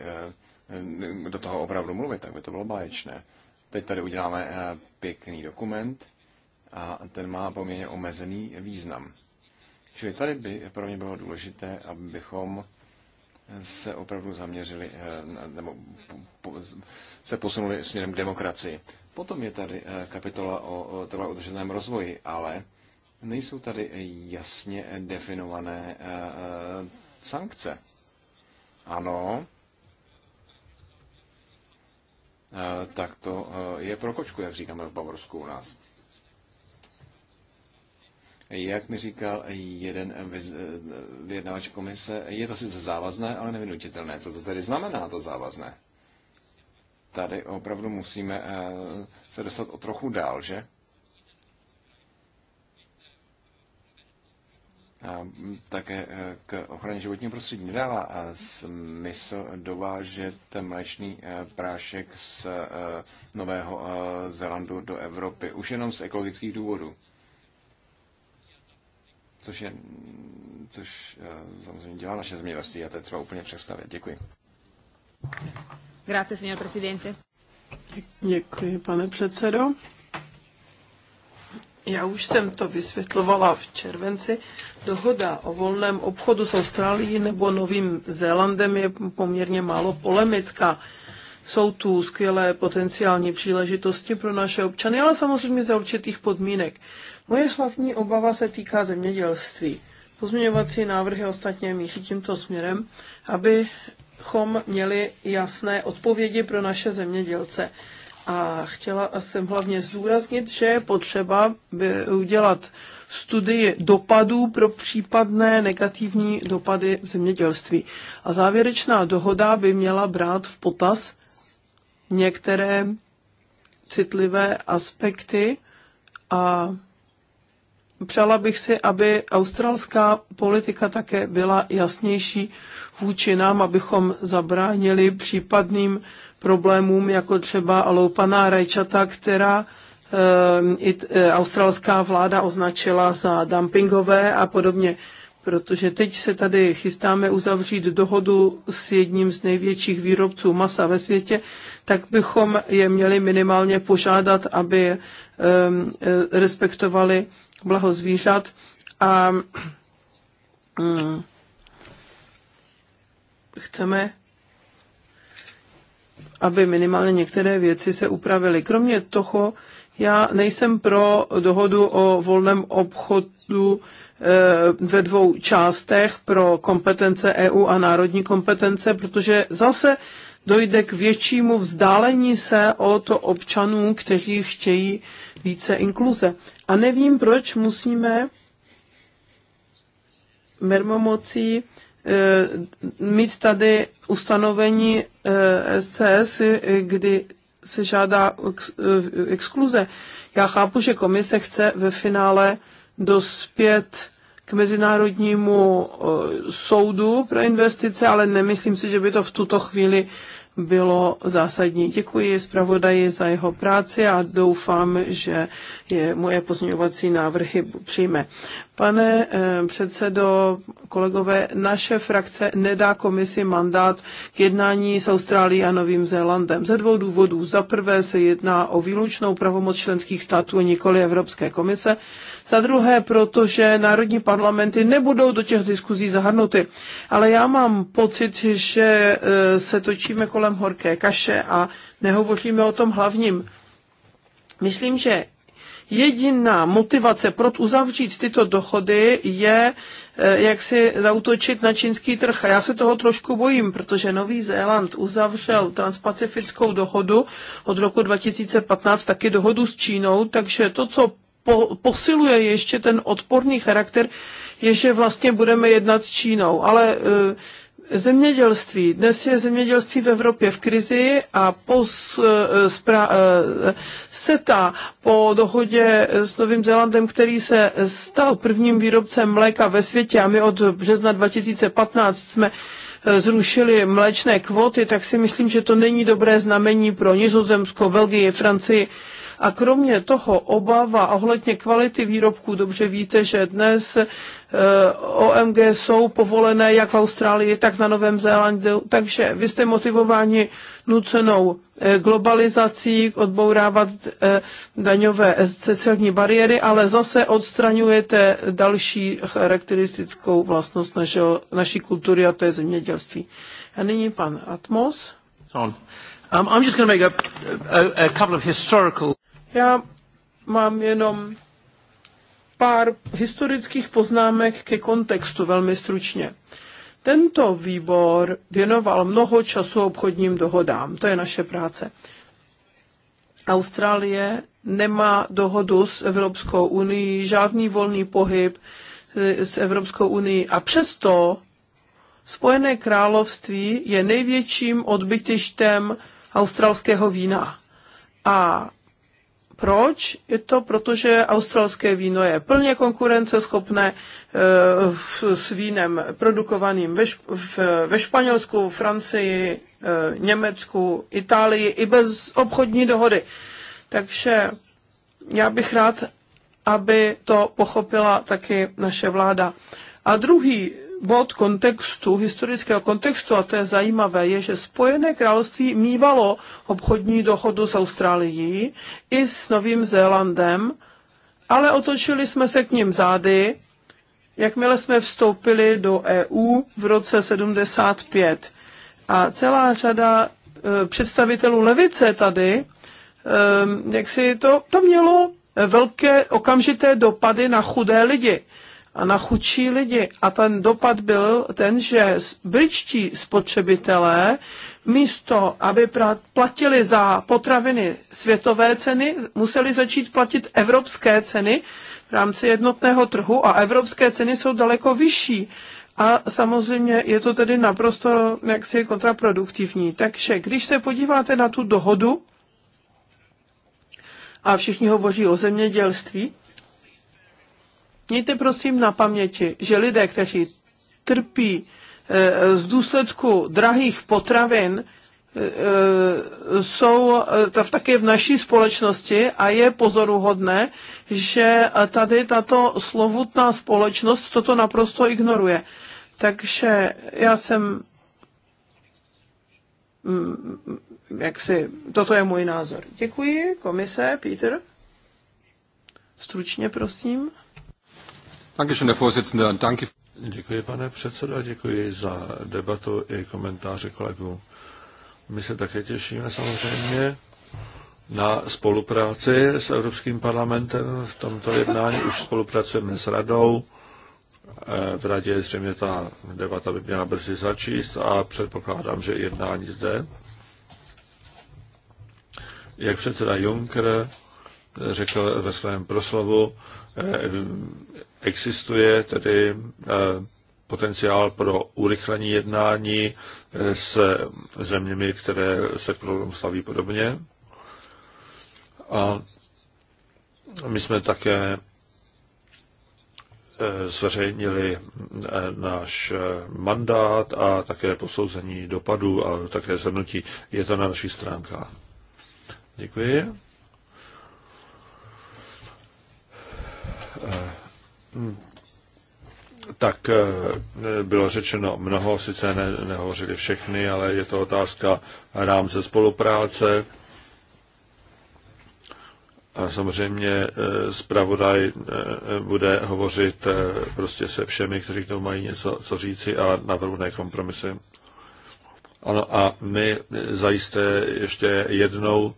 do toho opravdu mluvit, tak by to bylo báječné. Teď tady uděláme pěkný dokument, a ten má poměrně omezený význam. Čili tady by pro mě bylo důležité, abychom se opravdu zaměřili eh, nebo se posunuli směrem k demokracii. Potom je tady eh, kapitola o trvalém udržitelném rozvoji, ale nejsou tady jasně definované eh, sankce. Ano, tak to je pro kočku, jak říkáme v Bavorsku u nás. Jak mi říkal jeden vyjednavač komise, je to sice závazné, ale nevinutitelné. Co to tedy znamená, to závazné? Tady opravdu musíme eh, se dostat o trochu dál, že? také eh, k ochraně životního prostředí. Nedává eh, smysl dovážet mléčný prášek z Nového Zelandu do Evropy, už jenom z ekologických důvodů což, je, což eh, samozřejmě dělá naše zemědělství a to je třeba úplně představit. Děkuji. Grazie, signor Presidente. Děkuji, pane předsedo. Já už jsem to vysvětlovala v červenci. Dohoda o volném obchodu s Austrálií nebo Novým Zélandem je poměrně málo polemická. Jsou tu skvělé potenciální příležitosti pro naše občany, ale samozřejmě za určitých podmínek. Moje hlavní obava se týká zemědělství. Pozměňovací návrhy ostatně míří tímto směrem, abychom měli jasné odpovědi pro naše zemědělce. A chtěla jsem hlavně zdůraznit, že je potřeba udělat studii dopadů pro případné negativní dopady v zemědělství. A závěrečná dohoda by měla brát v potaz některé citlivé aspekty a přála bych si, aby australská politika také byla jasnější vůči nám, abychom zabránili případným problémům, jako třeba loupaná rajčata, která e, e, australská vláda označila za dumpingové a podobně protože teď se tady chystáme uzavřít dohodu s jedním z největších výrobců masa ve světě, tak bychom je měli minimálně požádat, aby ehm, e, respektovali blaho zvířat a mm, chceme, aby minimálně některé věci se upravily. Kromě toho, já nejsem pro dohodu o volném obchodu Eh, ve dvou částech pro kompetence EU a národní kompetence, protože zase dojde k většímu vzdálení se od občanů, kteří chtějí více inkluze. A nevím, proč musíme mermomocí eh, mít tady ustanovení SCS, eh, kdy se žádá exkluze. Já chápu, že komise chce ve finále dospět k Mezinárodnímu eh, soudu pro investice, ale nemyslím si, že by to v tuto chvíli bylo zásadní. Děkuji zpravodaji za jeho práci a doufám, že je moje pozměňovací návrhy přijme. Pane eh, předsedo, kolegové, naše frakce nedá komisi mandát k jednání s Austrálií a Novým Zélandem. Ze dvou důvodů. Za prvé se jedná o výlučnou pravomoc členských států, nikoli Evropské komise. Za druhé, protože národní parlamenty nebudou do těch diskuzí zahrnuty. Ale já mám pocit, že eh, se točíme kolem horké kaše a nehovoříme o tom hlavním. Myslím, že jediná motivace pro uzavřít tyto dohody je, eh, jak si zautočit na čínský trh. A já se toho trošku bojím, protože Nový Zéland uzavřel transpacifickou dohodu od roku 2015, taky dohodu s Čínou, takže to, co po, posiluje ještě ten odporný charakter, je, že vlastně budeme jednat s Čínou. Ale uh, Zemědělství. Dnes je zemědělství v Evropě v krizi a po eh, spra, eh, SETA, po dohodě s Novým Zélandem, který se stal prvním výrobcem mléka ve světě a my od března 2015 jsme eh, zrušili mléčné kvóty, tak si myslím, že to není dobré znamení pro Nizozemsko, Belgii, Francii a kromě toho obava ohledně kvality výrobků, dobře víte, že dnes eh, OMG jsou povolené jak v Austrálii, tak na Novém Zélandu, takže vy jste motivováni nucenou eh, globalizací, odbourávat eh, daňové celní bariéry, ale zase odstraňujete další charakteristickou vlastnost našeho, naší kultury a to je zemědělství. A nyní pan Atmos. Um, I'm just going to make a, a, a couple of historical já mám jenom pár historických poznámek ke kontextu velmi stručně. Tento výbor věnoval mnoho času obchodním dohodám. To je naše práce. Austrálie nemá dohodu s Evropskou unii, žádný volný pohyb s Evropskou unii a přesto Spojené království je největším odbytištěm australského vína. A proč? Je to proto, že australské víno je plně konkurenceschopné eh, s vínem produkovaným ve, Španělsku, Francii, eh, Německu, Itálii i bez obchodní dohody. Takže já bych rád, aby to pochopila taky naše vláda. A druhý bod kontextu, historického kontextu, a to je zajímavé, je, že Spojené království mývalo obchodní dohodu s Austrálií i s Novým Zélandem, ale otočili jsme se k ním zády, jakmile jsme vstoupili do EU v roce 75. A celá řada e, představitelů levice tady, e, jak si to, to mělo velké okamžité dopady na chudé lidi a na chudší lidi. A ten dopad byl ten, že britští spotřebitelé místo, aby platili za potraviny světové ceny, museli začít platit evropské ceny v rámci jednotného trhu a evropské ceny jsou daleko vyšší. A samozřejmě je to tedy naprosto jaksi kontraproduktivní. Takže když se podíváte na tu dohodu, a všichni hovoří o zemědělství, Mějte prosím na paměti, že lidé, kteří trpí eh, z důsledku drahých potravin, eh, eh, jsou také v naší společnosti a je pozoruhodné, že tady tato slovutná společnost toto naprosto ignoruje. Takže já jsem, mm, jak si, toto je můj názor. Děkuji, komise, Peter. Stručně, prosím. Děkuji, pane předsedo, děkuji za debatu i komentáře kolegů. My se také těšíme samozřejmě na spolupráci s Evropským parlamentem. V tomto jednání už spolupracujeme s radou. Eh, v radě zřejmě ta debata by měla brzy začíst a předpokládám, že jednání zde. Jak předseda Juncker řekl ve svém proslovu, eh, Existuje tedy eh, potenciál pro urychlení jednání eh, s zeměmi, které se k problému slaví podobně. A my jsme také eh, zveřejnili náš mandát a také posouzení dopadů a také zhrnutí. Je to na naší stránkách. Děkuji tak eh, bylo řečeno mnoho, sice ne, nehovořili všechny, ale je to otázka rámce spolupráce. A samozřejmě eh, zpravodaj eh, bude hovořit prostě se všemi, kteří k tomu mají něco co říci a navrhne kompromisy. Ano, a my zajisté ještě jednou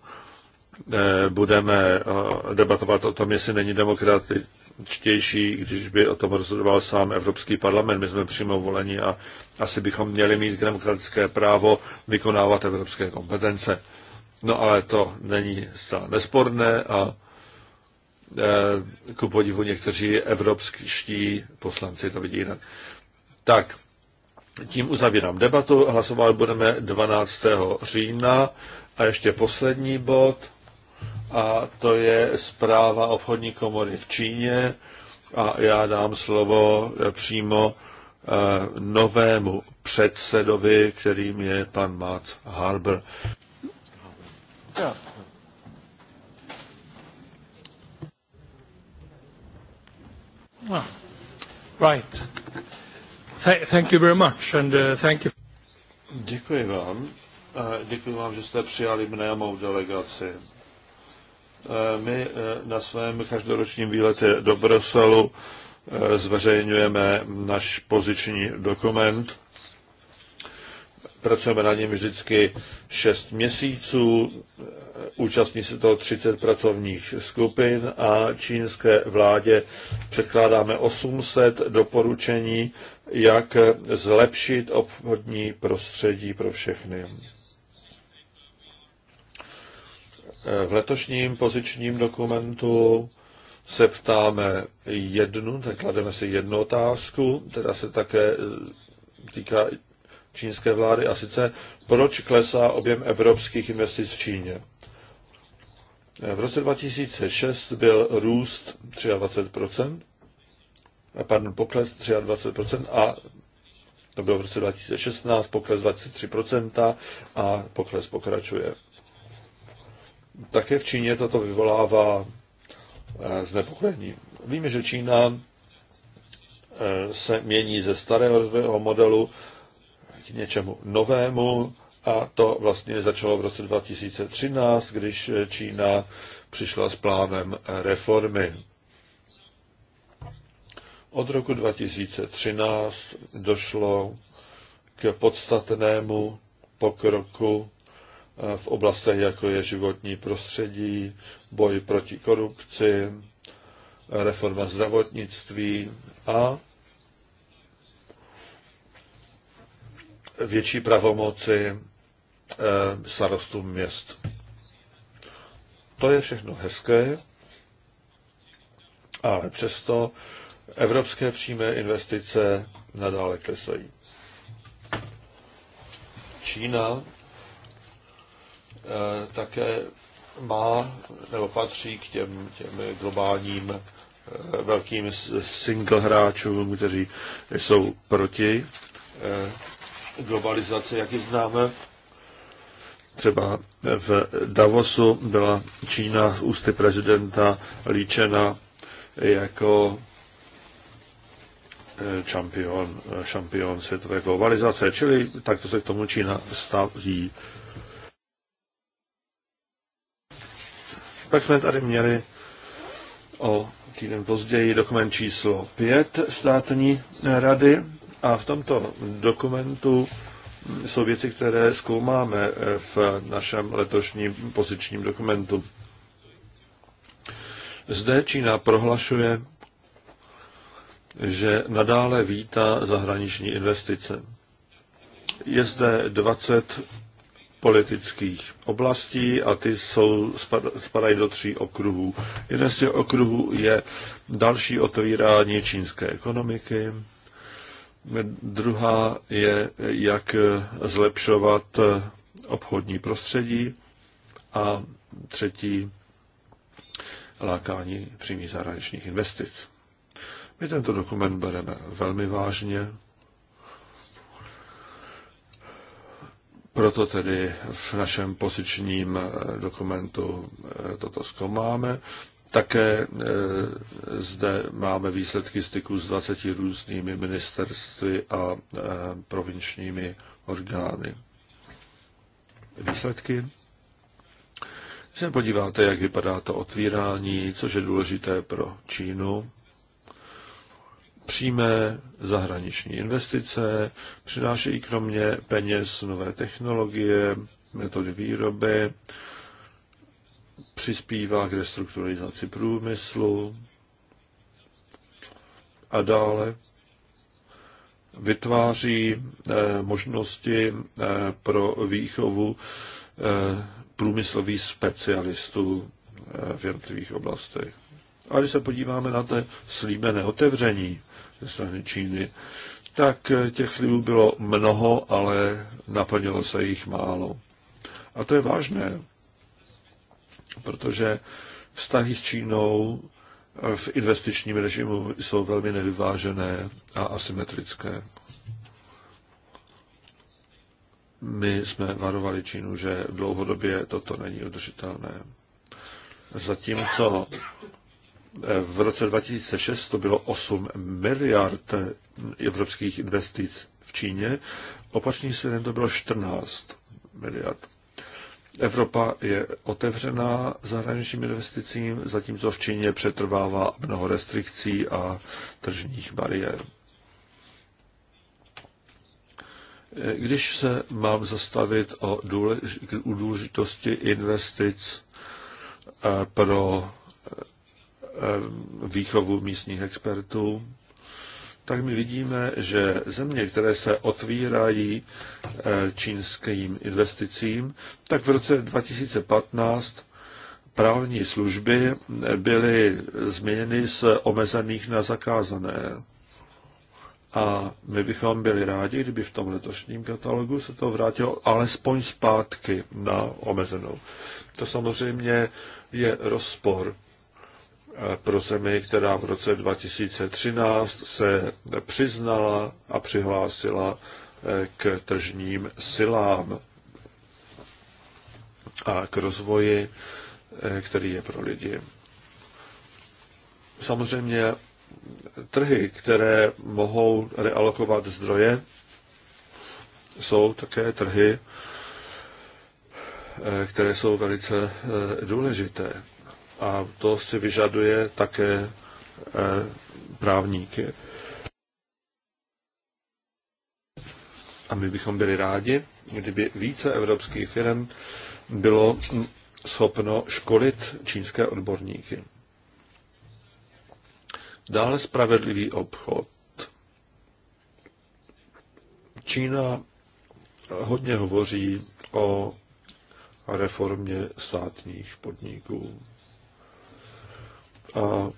budeme debatovat o tom, jestli není demokrati, Čtější, když by o tom rozhodoval sám Evropský parlament. My jsme přímo voleni a asi bychom měli mít demokratické právo vykonávat evropské kompetence. No ale to není zcela nesporné a e, ku podivu někteří evropští poslanci to vidí jinak. Tak, tím uzavírám debatu. Hlasovat budeme 12. října. A ještě poslední bod – a to je zpráva obchodní komory v Číně a já dám slovo eh, přímo eh, novému předsedovi, kterým je pan Matt Harbour. Ah. right. thank you very much and uh, thank you. Děkuji vám. Eh, děkuji vám, že jste přijali mne a mou delegaci. My e, na svém každoročním výletě do Bruselu e, zveřejňujeme náš poziční dokument. Pracujeme na něm vždycky 6 měsíců, e, účastní se toho 30 pracovních skupin a čínské vládě předkládáme 800 doporučení, jak zlepšit obchodní prostředí pro všechny. V letošním pozičním dokumentu se ptáme jednu, tak klademe si jednu otázku, která se také e, týká čínské vlády, a sice proč klesá objem evropských investic v Číně. V roce 2006 byl růst 23%, pardon, pokles 23% a to bylo v roce 2016, pokles 23% a pokles pokračuje. Také v Číně toto vyvolává eh, znepokojení. Víme, že Čína eh, se mění ze starého rozvojového modelu k něčemu novému a to vlastně začalo v roce 2013, když Čína přišla s plánem reformy. Od roku 2013 došlo k podstatnému pokroku v oblastech, jako je životní prostředí, boj proti korupci, reforma zdravotnictví a větší pravomoci eh, starostům měst. To je všechno hezké, ale přesto evropské přímé investice nadále klesají. Čína Eh, také má nebo patří k těm, těm globálním eh, velkým single hráčům, kteří jsou proti eh, globalizaci, jak ji známe. Třeba v Davosu byla Čína z ústy prezidenta líčena jako šampion, šampion světové globalizace, čili takto se k tomu Čína staví. Pak jsme tady měli o týden později dokument číslo 5 státní rady a v tomto dokumentu jsou věci, které zkoumáme v našem letošním pozičním dokumentu. Zde Čína prohlašuje, že nadále vítá zahraniční investice. Je zde 20 politických oblastí a ty jsou, spadají do tří okruhů. Jeden z těch okruhů je další otevírání čínské ekonomiky, druhá je, jak zlepšovat obchodní prostředí a třetí lákání přímých zahraničních investic. My tento dokument bereme velmi vážně Proto tedy v našem posičním eh, dokumentu eh, toto zkoumáme. Také eh, zde máme výsledky styku s 20 různými ministerstvy a provinčními orgány. Výsledky? Když se podíváte, jak vypadá to otvírání, což je důležité pro Čínu, Přímé zahraniční investice přinášejí kromě peněz nové technologie, metody výroby, přispívá k restrukturalizaci průmyslu a dále vytváří eh, možnosti eh, pro výchovu eh, průmyslových specialistů v jednotlivých oblastech. A když se podíváme na to slíbené otevření, ze strany Číny, tak eh, těch slibů bylo mnoho, ale naplnilo se jich málo. A to je vážné, protože vztahy s Čínou eh, v investičním režimu jsou velmi nevyvážené a asymetrické. My jsme varovali Čínu, že dlouhodobě toto není udržitelné. Zatímco v roce 2006 to bylo 8 miliard evropských investic v Číně, opačný světem to bylo 14 miliard. Evropa je otevřená zahraničním investicím, zatímco v Číně přetrvává mnoho restrikcí a tržních bariér. Když se mám zastavit o důlež- důležitosti investic eh, pro eh, Eh, výchovu místních expertů, tak my vidíme, že země, které se otvírají eh, čínským investicím, tak v roce 2015 právní služby byly změněny z omezených na zakázané. A my bychom byli rádi, kdyby v tom letošním katalogu se to vrátilo alespoň zpátky na omezenou. To samozřejmě je rozpor pro zemi, která v roce 2013 se přiznala a přihlásila eh, k tržním silám a k rozvoji, eh, který je pro lidi. Samozřejmě trhy, které mohou realokovat zdroje, jsou také trhy, eh, které jsou velice důležité a to si vyžaduje také eh, právníky. A my bychom byli rádi, kdyby více evropských firm bylo schopno školit čínské odborníky. Dále spravedlivý obchod. Čína hodně hovoří o reformě státních podniků. A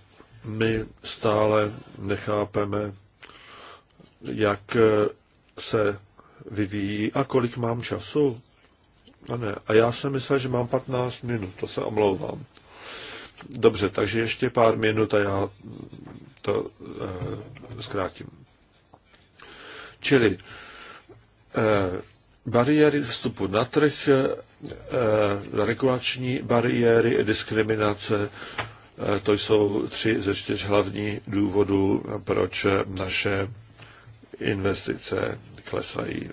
my stále nechápeme, jak eh, se vyvíjí a kolik mám času. A ne. A já jsem myslel, že mám 15 minut, to se omlouvám. Dobře, takže ještě pár minut a já to eh, zkrátím. Čili eh, bariéry vstupu na trh, eh, regulační bariéry, diskriminace, Eh, to jsou tři ze čtyř hlavní důvodů, proč naše investice klesají.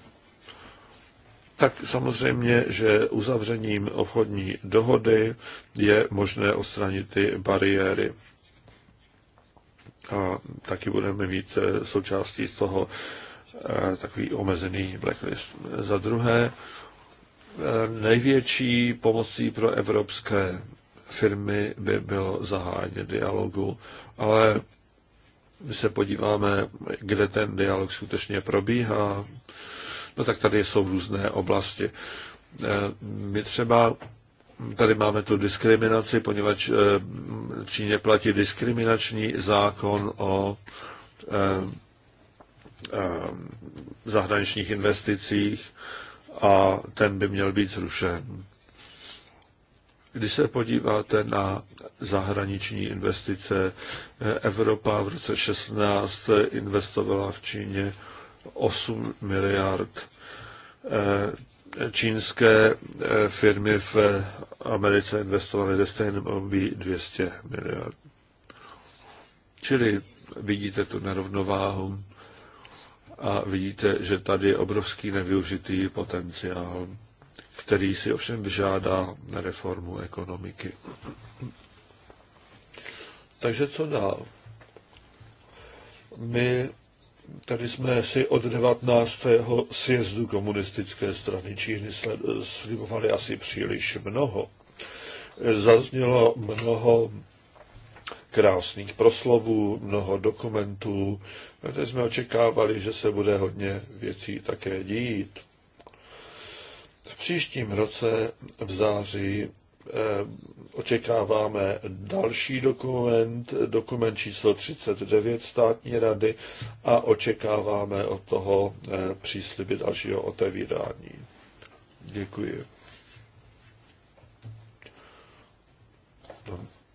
Tak samozřejmě, že uzavřením obchodní dohody je možné odstranit ty bariéry. A taky budeme mít eh, součástí z toho eh, takový omezený blacklist. Za druhé, největší pomocí pro evropské firmy by bylo zahájen dialogu, ale my se podíváme, kde ten dialog skutečně probíhá. No tak tady jsou různé oblasti. Eh, my třeba tady máme tu diskriminaci, poněvadž v eh, Číně platí diskriminační zákon o eh, zahraničních investicích a ten by měl být zrušen. Když se podíváte na zahraniční investice, Evropa v roce 16 investovala v Číně 8 miliard. Eh, čínské eh, firmy v Americe investovaly ze stejném období 200 miliard. Čili vidíte tu nerovnováhu a vidíte, že tady je obrovský nevyužitý potenciál který si ovšem vyžádá reformu ekonomiky. Takže co dál? My tady jsme si od 19. sjezdu komunistické strany Číny slibovali asi příliš mnoho. Zaznělo mnoho krásných proslovů, mnoho dokumentů. Teď jsme očekávali, že se bude hodně věcí také dít. V příštím roce v září eh, očekáváme další dokument, dokument číslo 39 státní rady a očekáváme od toho eh, přísliby dalšího otevírání. Děkuji.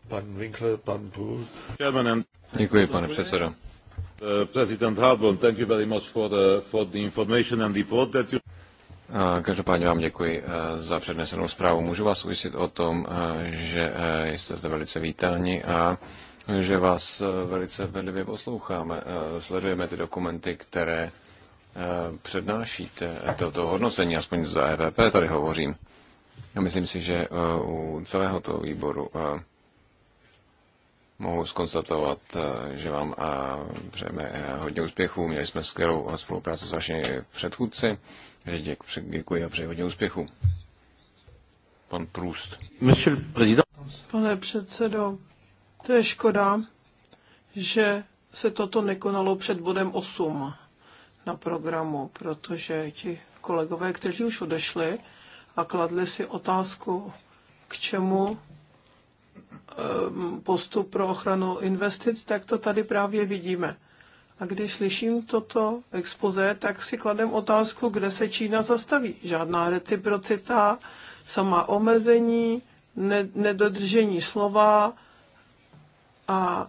Pan Winkler, pan Půl. Děkuji, pane předsedo. Eh, President Hartmann, thank you very much for the, for the information and report that you... Každopádně vám děkuji eh, za přednesenou zprávu. Můžu vás ujistit o tom, eh, že eh, jste zde velice vítáni a že vás velice bedlivě posloucháme. Sledujeme ty dokumenty, které přednášíte, toto hodnocení, aspoň za EVP tady hovořím. Já myslím si, že u celého toho výboru mohu skonstatovat, že vám přejeme hodně úspěchů. Měli jsme skvělou spolupráci s vašimi předchůdci Děkuji a přeji hodně úspěchu. Pan Průst. Pane předsedo, to je škoda, že se toto nekonalo před bodem 8 na programu, protože ti kolegové, kteří už odešli a kladli si otázku, k čemu ehm, postup pro ochranu investic, tak to tady právě vidíme. A když slyším toto expoze, tak si kladem otázku, kde se Čína zastaví. Žádná reciprocita, sama omezení, ne- nedodržení slova. A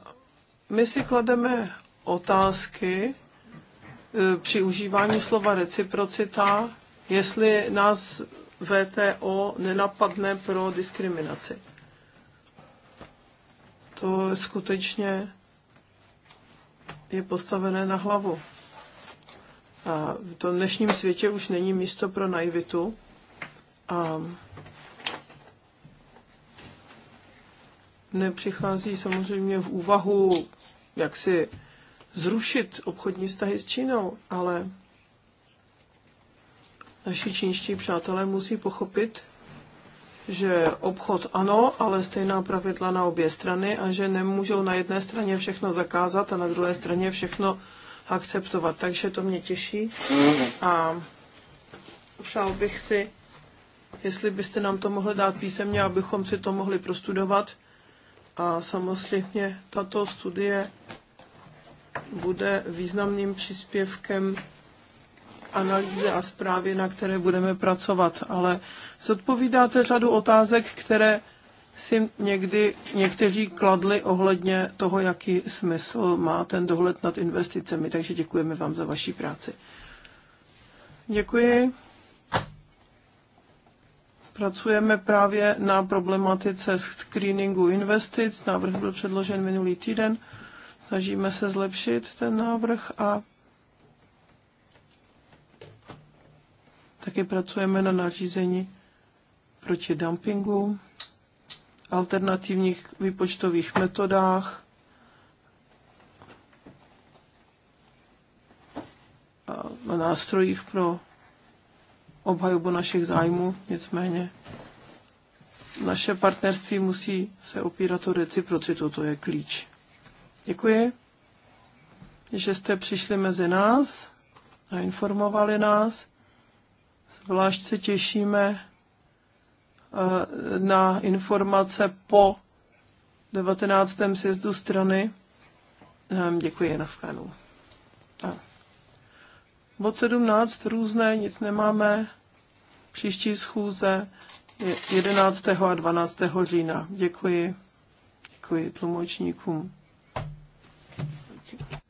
my si klademe otázky e, při užívání slova reciprocita, jestli nás VTO nenapadne pro diskriminaci. To je skutečně je postavené na hlavu. A v tom dnešním světě už není místo pro naivitu. A nepřichází samozřejmě v úvahu, jak si zrušit obchodní vztahy s Čínou, ale naši čínští přátelé musí pochopit, že obchod ano, ale stejná pravidla na obě strany a že nemůžou na jedné straně všechno zakázat a na druhé straně všechno akceptovat. Takže to mě těší a přál bych si, jestli byste nám to mohli dát písemně, abychom si to mohli prostudovat. A samozřejmě tato studie bude významným příspěvkem analýze a zprávě, na které budeme pracovat, ale zodpovídáte řadu otázek, které si někdy někteří kladli ohledně toho, jaký smysl má ten dohled nad investicemi. Takže děkujeme vám za vaši práci. Děkuji. Pracujeme právě na problematice screeningu investic. Návrh byl předložen minulý týden. Snažíme se zlepšit ten návrh a Taky pracujeme na nařízení proti dumpingu, alternativních výpočtových metodách, a nástrojích pro obhajobu našich zájmů, nicméně naše partnerství musí se opírat o reciprocitu, to je klíč. Děkuji, že jste přišli mezi nás a informovali nás. Zvlášť se těšíme eh, na informace po 19. sjezdu strany. Ehm, děkuji, na nashledanou. Bod 17 různé, nic nemáme. Příští schůze je 11. a 12. října. Děkuji. Děkuji tlumočníkům. Thank you.